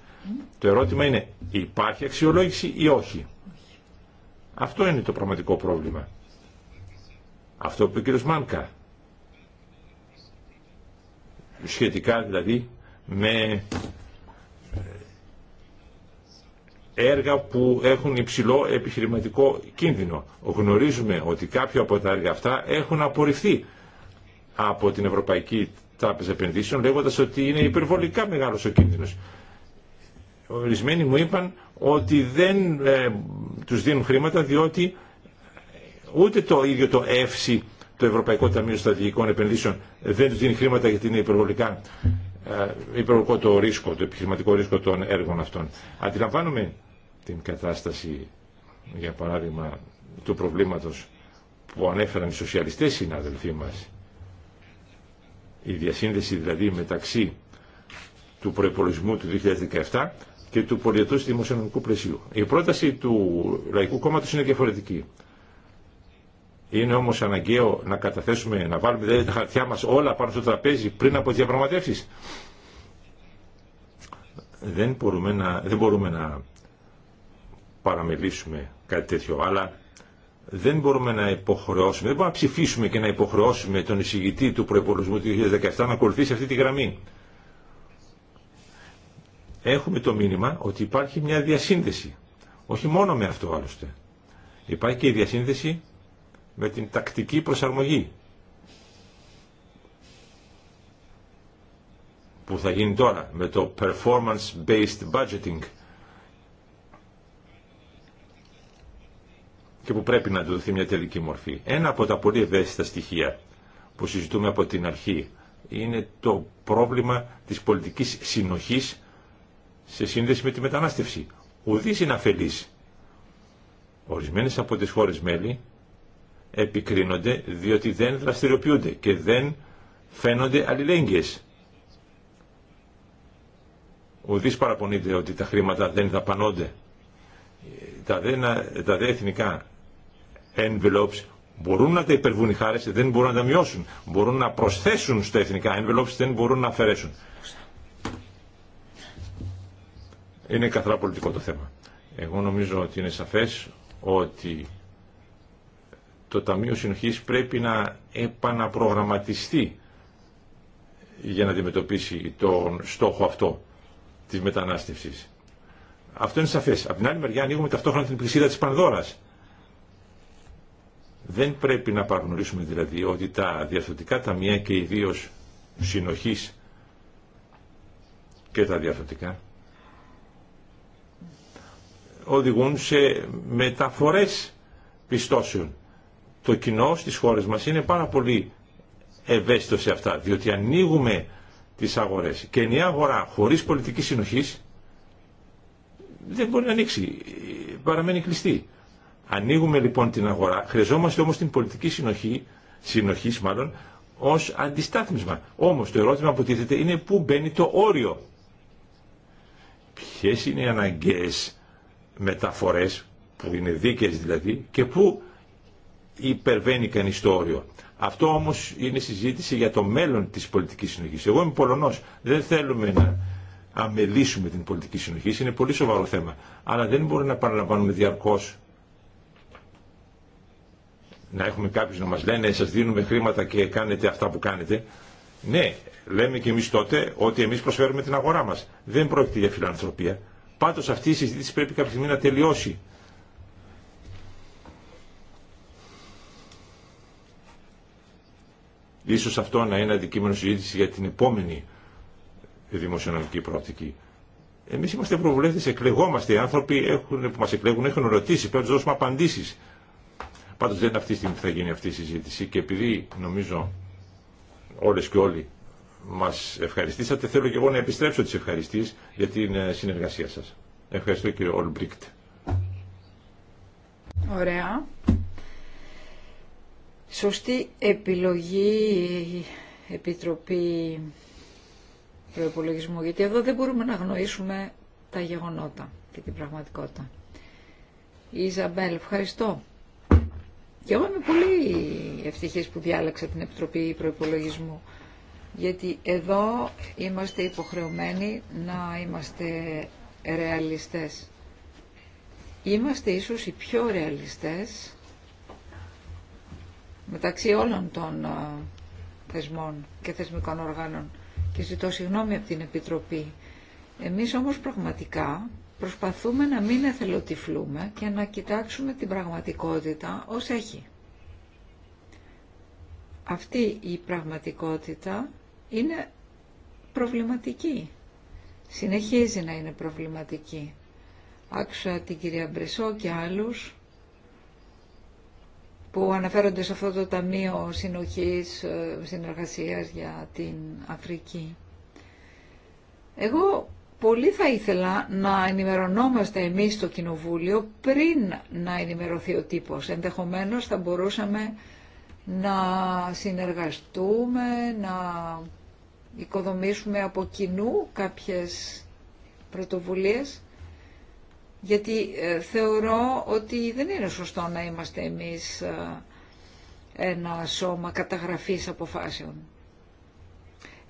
A: το ερώτημα είναι υπάρχει αξιολόγηση ή όχι. Αυτό είναι το πραγματικό πρόβλημα. Αυτό που ο κ. Μάνκα σχετικά δηλαδή με ε, έργα που έχουν υψηλό επιχειρηματικό κίνδυνο. Γνωρίζουμε ότι κάποια από τα έργα αυτά έχουν απορριφθεί από την Ευρωπαϊκή Τράπεζα Επενδύσεων λέγοντας ότι είναι υπερβολικά μεγάλος ο κίνδυνος. Ορισμένοι μου είπαν ότι δεν ε, τους δίνουν χρήματα διότι ούτε το ίδιο το εύση το Ευρωπαϊκό Ταμείο Στρατηγικών Επενδύσεων δεν του δίνει χρήματα γιατί είναι υπερβολικά ε, υπερβολικό το ρίσκο, το επιχειρηματικό ρίσκο των έργων αυτών. Αντιλαμβάνομαι την κατάσταση, για παράδειγμα, του προβλήματος που ανέφεραν οι σοσιαλιστές συνάδελφοί μας. Η διασύνδεση δηλαδή μεταξύ του προπολογισμού του 2017 και του πολιετούς δημοσιονομικού πλαισίου. Η πρόταση του Λαϊκού Κόμματος είναι διαφορετική. Είναι όμω αναγκαίο να καταθέσουμε, να βάλουμε δηλαδή, τα χαρτιά μα όλα πάνω στο τραπέζι πριν από τι διαπραγματεύσει. Δεν μπορούμε να, δεν μπορούμε να παραμελήσουμε κάτι τέτοιο, αλλά δεν μπορούμε να υποχρεώσουμε, δεν μπορούμε να ψηφίσουμε και να υποχρεώσουμε τον εισηγητή του προπολογισμού του 2017 να ακολουθήσει αυτή τη γραμμή. Έχουμε το μήνυμα ότι υπάρχει μια διασύνδεση. Όχι μόνο με αυτό άλλωστε. Υπάρχει και η διασύνδεση με την τακτική προσαρμογή που θα γίνει τώρα με το performance-based budgeting και που πρέπει να δοθεί μια τελική μορφή. Ένα από τα πολύ ευαίσθητα στοιχεία που συζητούμε από την αρχή είναι το πρόβλημα της πολιτικής συνοχής σε σύνδεση με τη μετανάστευση. Ουδής είναι αφελής. Ορισμένες από τις χώρες μέλη επικρίνονται διότι δεν δραστηριοποιούνται και δεν φαίνονται αλληλέγγυες. Ουδής παραπονείται ότι τα χρήματα δεν δαπανώνται. Τα δε, τα δε εθνικά envelopes μπορούν να τα υπερβούν οι χάρες, δεν μπορούν να τα μειώσουν. Μπορούν να προσθέσουν στα εθνικά envelopes, δεν μπορούν να αφαιρέσουν. Είναι καθαρά πολιτικό το θέμα. Εγώ νομίζω ότι είναι σαφές ότι το Ταμείο Συνοχής πρέπει να επαναπρογραμματιστεί για να αντιμετωπίσει τον στόχο αυτό της μετανάστευσης. Αυτό είναι σαφές. Από την άλλη μεριά ανοίγουμε ταυτόχρονα την πλησίδα της Πανδώρας. Δεν πρέπει να παραγνωρίσουμε δηλαδή ότι τα τα ταμεία και ιδίω συνοχής και τα διαφθορτικά οδηγούν σε μεταφορές πιστώσεων το κοινό στις χώρες μας είναι πάρα πολύ ευαίσθητο σε αυτά, διότι ανοίγουμε τις αγορές και μια αγορά χωρίς πολιτική συνοχής δεν μπορεί να ανοίξει, παραμένει κλειστή. Ανοίγουμε λοιπόν την αγορά, χρειαζόμαστε όμως την πολιτική συνοχή, συνοχής μάλλον, ως αντιστάθμισμα. Όμως το ερώτημα που τίθεται είναι πού μπαίνει το όριο. Ποιες είναι οι αναγκαίες μεταφορές, που είναι δίκαιες δηλαδή, και πού υπερβαίνει κανεί το όριο. Αυτό όμω είναι συζήτηση για το μέλλον τη πολιτική συνοχή. Εγώ είμαι Πολωνό. Δεν θέλουμε να αμελήσουμε την πολιτική συνοχή. Είναι πολύ σοβαρό θέμα. Αλλά δεν μπορούμε να παραλαμβάνουμε διαρκώς να έχουμε κάποιου να μα λένε σας δίνουμε χρήματα και κάνετε αυτά που κάνετε. Ναι, λέμε κι εμεί τότε ότι εμεί προσφέρουμε την αγορά μα. Δεν πρόκειται για φιλανθρωπία. Πάντω αυτή η συζήτηση πρέπει κάποια στιγμή να τελειώσει. Ίσως αυτό να είναι αντικείμενο συζήτηση για την επόμενη δημοσιονομική προοπτική. Εμεί είμαστε ευρωβουλευτέ, εκλεγόμαστε. Οι άνθρωποι έχουν, που μα εκλέγουν έχουν ρωτήσει, πρέπει να του δώσουμε απαντήσει. Πάντω δεν είναι αυτή τη στιγμή που θα γίνει αυτή η συζήτηση και επειδή νομίζω όλε και όλοι μα ευχαριστήσατε, θέλω και εγώ να επιστρέψω τι ευχαριστίε για την ε, συνεργασία σα. Ευχαριστώ κύριε Ολμπρίκτ.
C: Ωραία. Σωστή επιλογή Επιτροπή Προϋπολογισμού, γιατί εδώ δεν μπορούμε να γνωρίσουμε τα γεγονότα και την πραγματικότητα. Η Ιζαμπέλ, ευχαριστώ. Και εγώ είμαι πολύ ευτυχής που διάλεξα την Επιτροπή Προϋπολογισμού, γιατί εδώ είμαστε υποχρεωμένοι να είμαστε ρεαλιστές. Είμαστε ίσως οι πιο ρεαλιστές μεταξύ όλων των ε, θεσμών και θεσμικών οργάνων και ζητώ συγγνώμη από την Επιτροπή. Εμείς όμως πραγματικά προσπαθούμε να μην εθελοτυφλούμε και να κοιτάξουμε την πραγματικότητα ως έχει. Αυτή η πραγματικότητα είναι προβληματική. Συνεχίζει να είναι προβληματική. Άκουσα την κυρία Μπρεσό και άλλους που αναφέρονται σε αυτό το Ταμείο Συνοχής ε, Συνεργασίας για την Αφρική. Εγώ πολύ θα ήθελα να ενημερωνόμαστε εμείς στο Κοινοβούλιο πριν να ενημερωθεί ο τύπος. Ενδεχομένως θα μπορούσαμε να συνεργαστούμε, να οικοδομήσουμε από κοινού κάποιες πρωτοβουλίες γιατί ε, θεωρώ ότι δεν είναι σωστό να είμαστε εμείς ε, ένα σώμα καταγραφής αποφάσεων.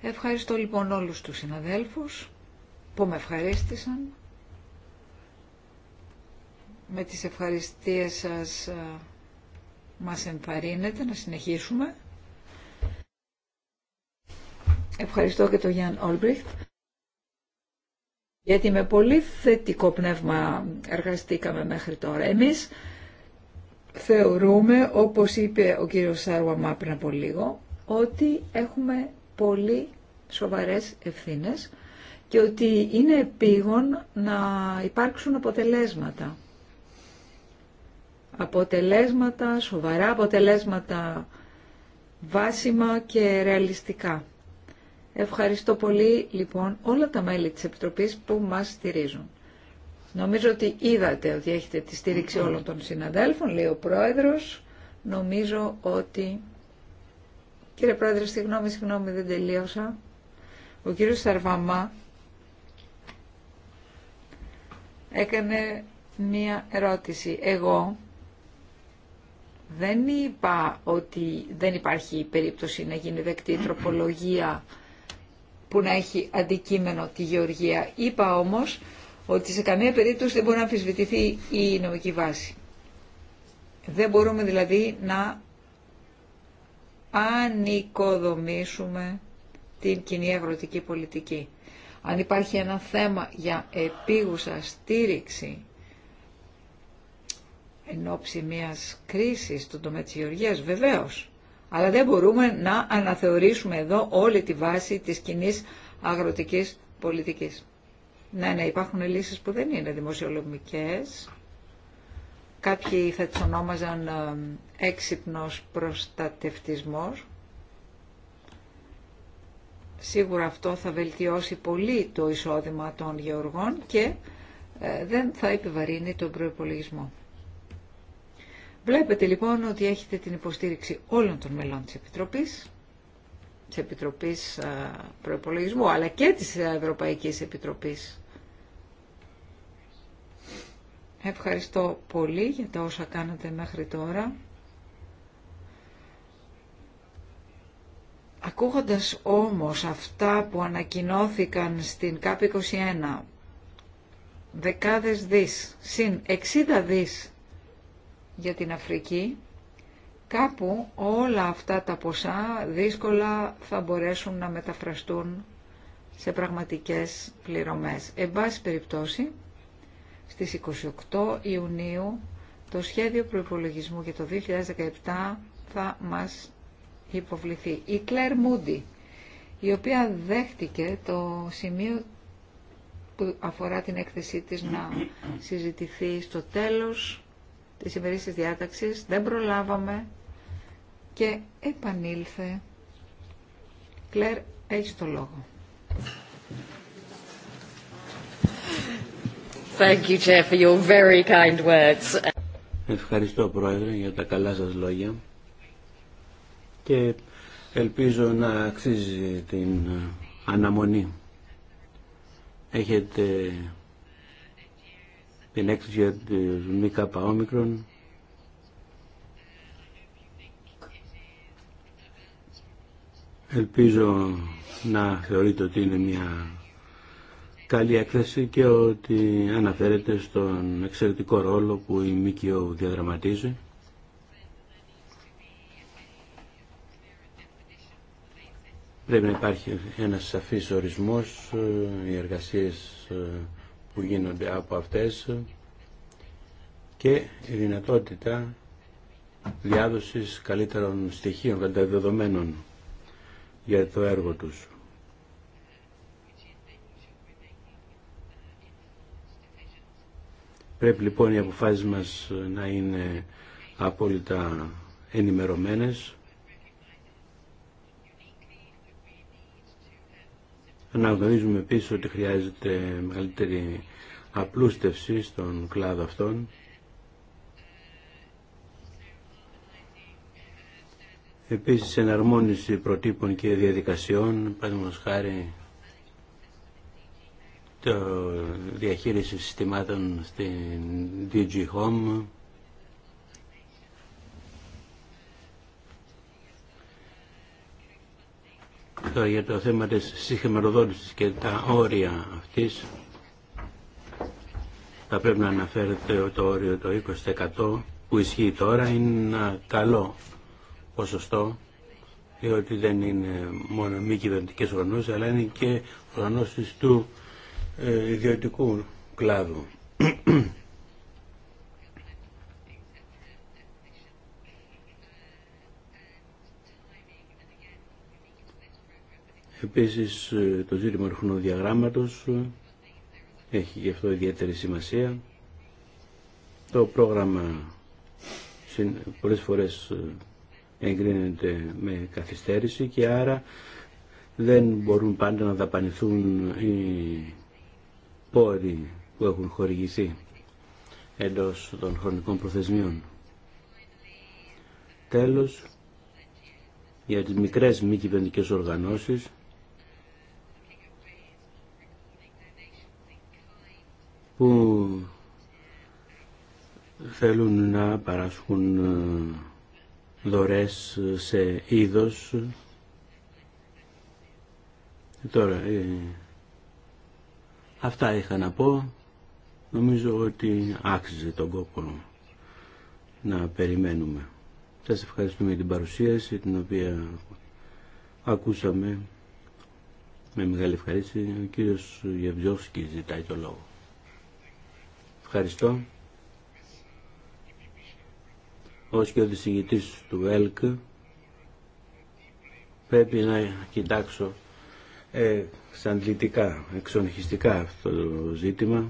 C: Ευχαριστώ λοιπόν όλους τους συναδέλφους που με ευχαρίστησαν. Με τις ευχαριστίες σας ε, μας ενθαρρύνετε να συνεχίσουμε. Ευχαριστώ και τον Γιάνν Όλμπριχτ γιατί με πολύ θετικό πνεύμα εργαστήκαμε μέχρι τώρα. Εμείς θεωρούμε, όπως είπε ο κύριος Σάρουαμά πριν από λίγο, ότι έχουμε πολύ σοβαρές ευθύνες και ότι είναι επίγον να υπάρξουν αποτελέσματα. Αποτελέσματα, σοβαρά αποτελέσματα, βάσιμα και ρεαλιστικά. Ευχαριστώ πολύ λοιπόν όλα τα μέλη της Επιτροπής που μας στηρίζουν. Νομίζω ότι είδατε ότι έχετε τη στήριξη όλων των συναδέλφων, λέει ο Πρόεδρος. Νομίζω ότι... Κύριε Πρόεδρε, συγγνώμη, συγγνώμη, δεν τελείωσα. Ο κύριος Σαρβαμά έκανε μία ερώτηση. Εγώ δεν είπα ότι δεν υπάρχει περίπτωση να γίνει δεκτή τροπολογία που να έχει αντικείμενο τη γεωργία. Είπα όμως ότι σε καμία περίπτωση δεν μπορεί να αμφισβητηθεί η νομική βάση. Δεν μπορούμε δηλαδή να ανοικοδομήσουμε την κοινή αγροτική πολιτική. Αν υπάρχει ένα θέμα για επίγουσα στήριξη εν ώψη μιας κρίσης στον τομέα της γεωργίας, βεβαίως αλλά δεν μπορούμε να αναθεωρήσουμε εδώ όλη τη βάση της κοινή αγροτικής πολιτικής. Ναι, ναι, υπάρχουν λύσεις που δεν είναι δημοσιολογικές. Κάποιοι θα τις ονόμαζαν ε, έξυπνος προστατευτισμός. Σίγουρα αυτό θα βελτιώσει πολύ το εισόδημα των γεωργών και ε, δεν θα επιβαρύνει τον προϋπολογισμό. Βλέπετε λοιπόν ότι έχετε την υποστήριξη όλων των μελών της Επιτροπής, της Επιτροπής Προϋπολογισμού, αλλά και της Ευρωπαϊκής Επιτροπής. Ευχαριστώ πολύ για τα όσα κάνατε μέχρι τώρα. Ακούγοντας όμως αυτά που ανακοινώθηκαν στην ΚΑΠ 21, δεκάδες δις, συν 60 δις για την Αφρική, κάπου όλα αυτά τα ποσά δύσκολα θα μπορέσουν να μεταφραστούν σε πραγματικές πληρωμές. Εν πάση περιπτώσει, στις 28 Ιουνίου το σχέδιο προϋπολογισμού για το 2017 θα μας υποβληθεί. Η Κλέρ Μούντι, η οποία δέχτηκε το σημείο που αφορά την έκθεσή της να συζητηθεί στο τέλος της ημερήσης διάταξης, δεν προλάβαμε και επανήλθε. Κλέρ, έχει το λόγο. Thank you, Chair, for your very kind words.
B: Ευχαριστώ, Πρόεδρε, για τα καλά σας λόγια και ελπίζω να αξίζει την ε, αναμονή. Έχετε την έκθεση για τη Ελπίζω να θεωρείτε ότι είναι μια καλή έκθεση και ότι αναφέρεται στον εξαιρετικό ρόλο που η ΜΚΟ διαδραματίζει. Πρέπει να υπάρχει ένας σαφής ορισμός, ε, οι εργασίες ε, που γίνονται από αυτές και η δυνατότητα διάδοσης καλύτερων στοιχείων, καλύτερων δεδομένων για το έργο τους. Πρέπει λοιπόν οι αποφάσεις μας να είναι απόλυτα ενημερωμένες Αναγνωρίζουμε επίσης ότι χρειάζεται μεγαλύτερη απλούστευση στον κλάδο αυτόν. Επίσης εναρμόνιση προτύπων και διαδικασιών, παραδείγματος χάρη το διαχείριση συστημάτων στην DG Home τώρα για το θέμα της συχημεροδότησης και τα όρια αυτής. Θα πρέπει να αναφέρετε το όριο το 20% που ισχύει τώρα είναι ένα καλό ποσοστό διότι δεν είναι μόνο μη κυβερνητικέ οργανώσει, αλλά είναι και οργανώσει του ε, ιδιωτικού κλάδου. Επίσης ε, το ζήτημα διαγράμματος ε, έχει γι' αυτό ιδιαίτερη σημασία. Το πρόγραμμα πολλές φορές ε, εγκρίνεται με καθυστέρηση και άρα δεν μπορούν πάντα να δαπανηθούν οι πόροι που έχουν χορηγηθεί εντός των χρονικών προθεσμιών. Τέλος, για τις μικρές μη κυβερνικές οργανώσεις που θέλουν να παράσχουν ε, δωρές ε, σε είδος. Τώρα, ε, αυτά είχα να πω. Νομίζω ότι άξιζε τον κόπο να περιμένουμε. Σας ευχαριστούμε για την παρουσίαση την οποία ακούσαμε με μεγάλη ευχαρίστηση. Ο κύριος Γευζόφσκι ζητάει το λόγο. Ευχαριστώ. Ως και ο δισηγητής του ΕΛΚ πρέπει να κοιτάξω εξαντλητικά, εξονυχιστικά αυτό το ζήτημα.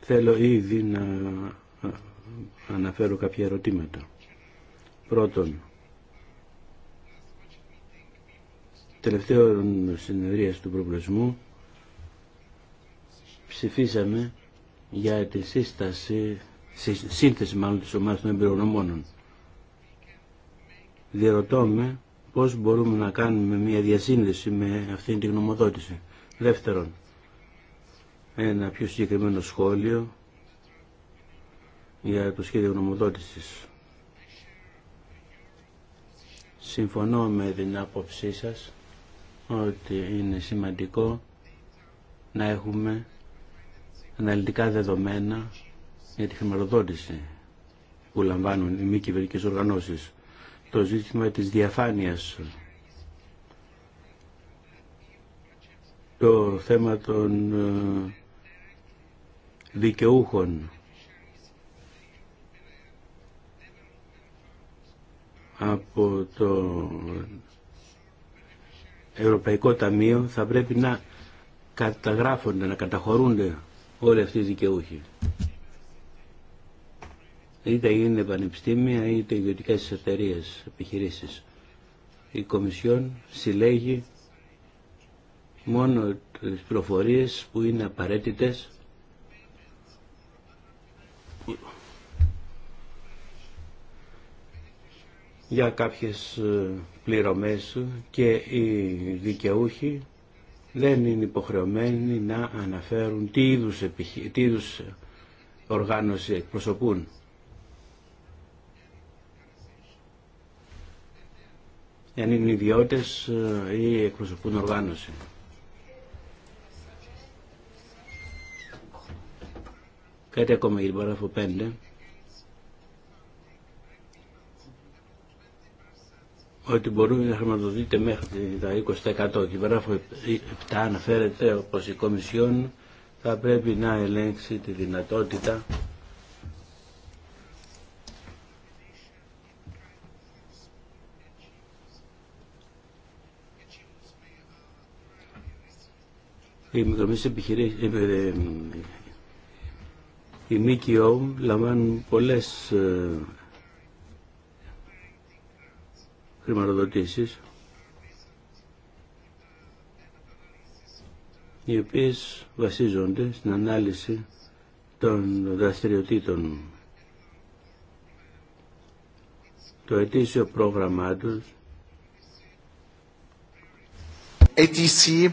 B: Θέλω ήδη να αναφέρω κάποια ερωτήματα. Πρώτον, τελευταίο συνεδρία του προβλεσμού ψηφίσαμε για τη σύσταση, σύνθεση μάλλον της ομάδας των εμπειρογνωμόνων. Διερωτώμε πώς μπορούμε να κάνουμε μια διασύνδεση με αυτήν την γνωμοδότηση. Δεύτερον, ένα πιο συγκεκριμένο σχόλιο για το σχέδιο γνωμοδότησης. Συμφωνώ με την άποψή σας ότι είναι σημαντικό να έχουμε αναλυτικά δεδομένα για τη χρηματοδότηση που λαμβάνουν οι μη κυβερνικέ οργανώσει. Το ζήτημα της διαφάνειας, το θέμα των ε, δικαιούχων, από το Ευρωπαϊκό Ταμείο θα πρέπει να καταγράφονται, να καταχωρούνται όλοι αυτοί οι δικαιούχοι. Είτε είναι πανεπιστήμια είτε ιδιωτικέ εταιρείε, επιχειρήσει. Η Κομισιόν συλλέγει μόνο τι προφορίες που είναι απαραίτητε. για κάποιες πληρωμές και οι δικαιούχοι δεν είναι υποχρεωμένοι να αναφέρουν τι είδους, οργάνωση εκπροσωπούν. Αν είναι ιδιώτες ε, ή εκπροσωπούν οργάνωση. Κάτι ακόμα για την παράγραφο 5. ότι μπορούμε να χρηματοδοτείτε μέχρι τα 20%. Και βράφω 7 αναφέρεται πως η Κομισιόν θα πρέπει να ελέγξει τη δυνατότητα οι Μικρομείς επιχειρήσεις, οι ΜΚΟ λαμβάνουν πολλές χρηματοδοτήσεις οι οποίες βασίζονται στην ανάλυση των δραστηριοτήτων. Το ετήσιο πρόγραμμά τους
C: ATC uh,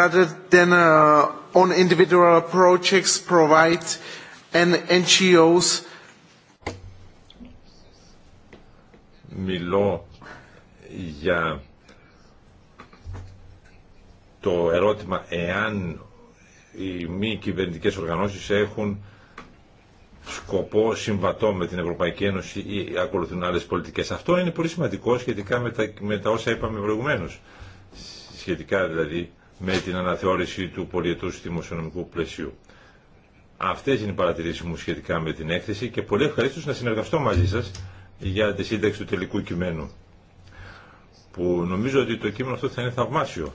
C: rather than uh, on individual projects provide and NGOs
A: μιλώ για το ερώτημα εάν οι μη κυβερνητικέ οργανώσεις έχουν σκοπό συμβατό με την Ευρωπαϊκή Ένωση ή ακολουθούν άλλες πολιτικές. Αυτό είναι πολύ σημαντικό σχετικά με τα, όσα είπαμε προηγουμένως. Σχετικά δηλαδή με την αναθεώρηση του πολιετούς δημοσιονομικού πλαισίου. Αυτές είναι οι παρατηρήσεις μου σχετικά με την έκθεση και πολύ ευχαρίστω να συνεργαστώ μαζί σας για τη σύνταξη του τελικού κειμένου που νομίζω ότι το κείμενο αυτό θα είναι θαυμάσιο.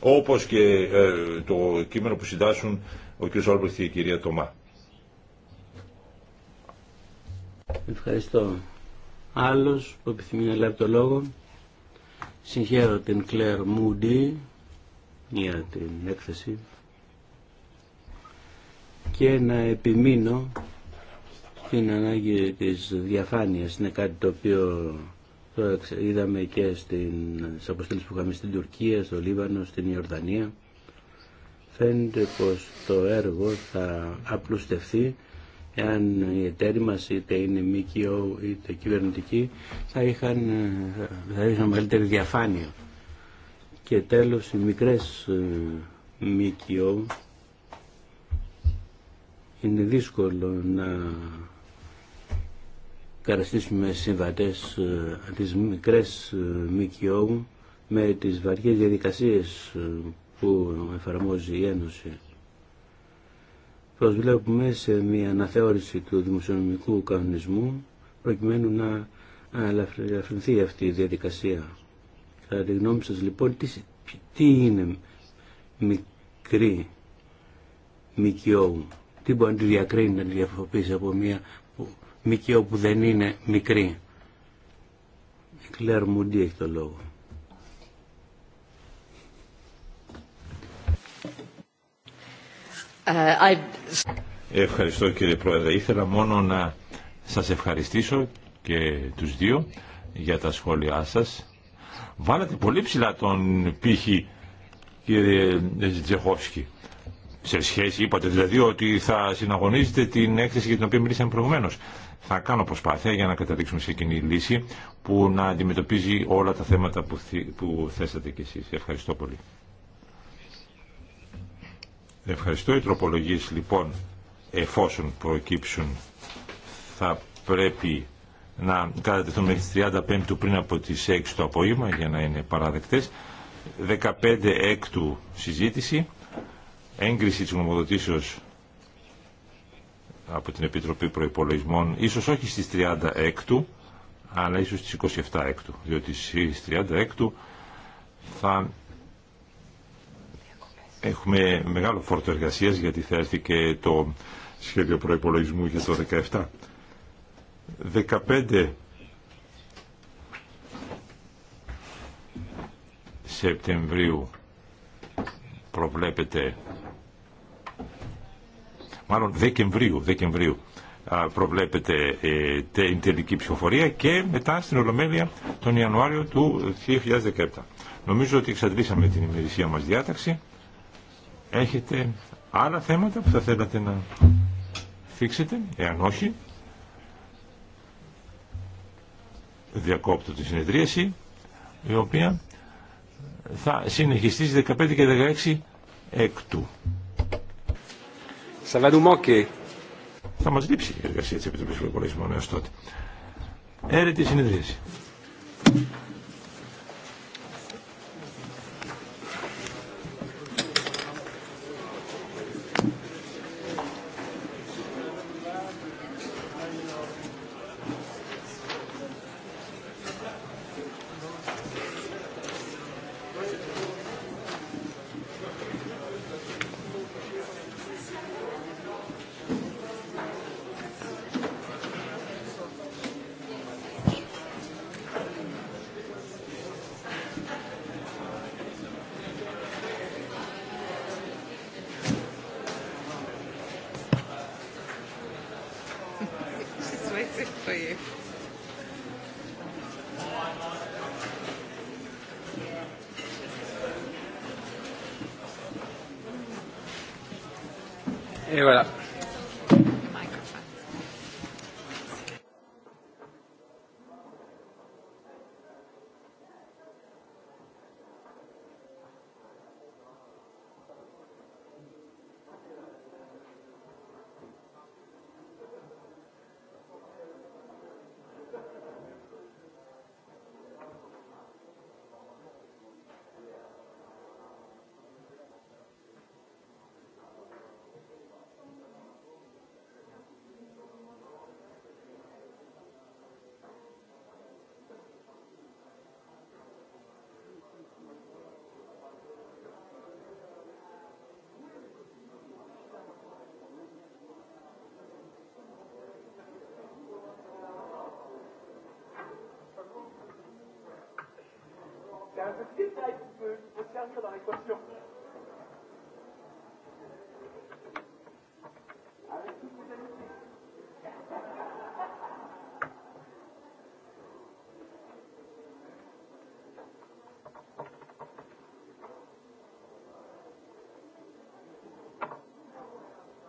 A: Όπως και ε, το κείμενο που συντάσσουν ο κ. Όλμπερτ και η κυρία Τομά
B: Ευχαριστώ. Άλλος που επιθυμεί να λάβει το λόγο. Συγχαίρω την Κλέρ Μούντι για την έκθεση και να επιμείνω την ανάγκη της διαφάνειας είναι κάτι το οποίο είδαμε και στις αποστολές που είχαμε στην Τουρκία, στο Λίβανο, στην Ιορδανία. Φαίνεται πως το έργο θα απλουστευτεί εάν οι εταίροι μας είτε είναι ΜΚΟ είτε κυβερνητικοί θα είχαν, θα είχαν μεγαλύτερη διαφάνεια. Και τέλος οι μικρές ε, ΜΚΟ είναι δύσκολο να καταστήσουμε συμβατές ε, τις μικρές ε, ΜΚΟ με τις βαριές διαδικασίες ε, που εφαρμόζει η Ένωση. Προσβλέπουμε σε μια αναθεώρηση του δημοσιονομικού κανονισμού προκειμένου να ελαφρυνθεί αυτή η διαδικασία. Κατά τη γνώμη σα λοιπόν τι, τι είναι μικρή ΜΚΟ, τι μπορεί να τη διακρίνει, να τη διαφοροποιήσει από μια μικρή που δεν είναι μικρή. Η Κλέρ Μουντή έχει το λόγο.
A: Ε, Ευχαριστώ κύριε Πρόεδρε. Ήθελα μόνο να σας ευχαριστήσω και τους δύο για τα σχόλιά σας. Βάλατε πολύ ψηλά τον πύχη κύριε Τζεχόφσκι. Σε σχέση είπατε δηλαδή ότι θα συναγωνίζετε την έκθεση για την οποία μιλήσαμε προηγουμένως θα κάνω προσπάθεια για να καταλήξουμε σε κοινή λύση που να αντιμετωπίζει όλα τα θέματα που, που θέσατε κι εσείς. Ευχαριστώ πολύ. Ευχαριστώ. Οι τροπολογίες λοιπόν εφόσον προκύψουν θα πρέπει να κατατεθούν μέχρι 35 του πριν από τις 6 το απόγευμα για να είναι παραδεκτές. 15 έκτου συζήτηση, έγκριση της γνωμοδοτήσεως από την Επιτροπή Προϋπολογισμών, ίσως όχι στις 36 έκτου, αλλά ίσως στις 27 έκτου, διότι στις 36 έκτου θα έχουμε μεγάλο φόρτο εργασία γιατί θα έρθει και το σχέδιο προϋπολογισμού για το 17. 15 Σεπτεμβρίου προβλέπεται μάλλον Δεκεμβρίου, Δεκεμβρίου προβλέπεται ε, την τελική ψηφοφορία και μετά στην Ολομέλεια τον Ιανουάριο του 2017. Νομίζω ότι εξαντλήσαμε την ημερησία μας διάταξη. Έχετε άλλα θέματα που θα θέλατε να θίξετε, εάν όχι. Διακόπτω τη συνεδρίαση, η οποία θα συνεχιστεί στις 15 και 16 έκτου. Θα μας λείψει η εργασία της Επιτροπής Προπολογισμών έως τότε. Έρετη συνεδρίαση.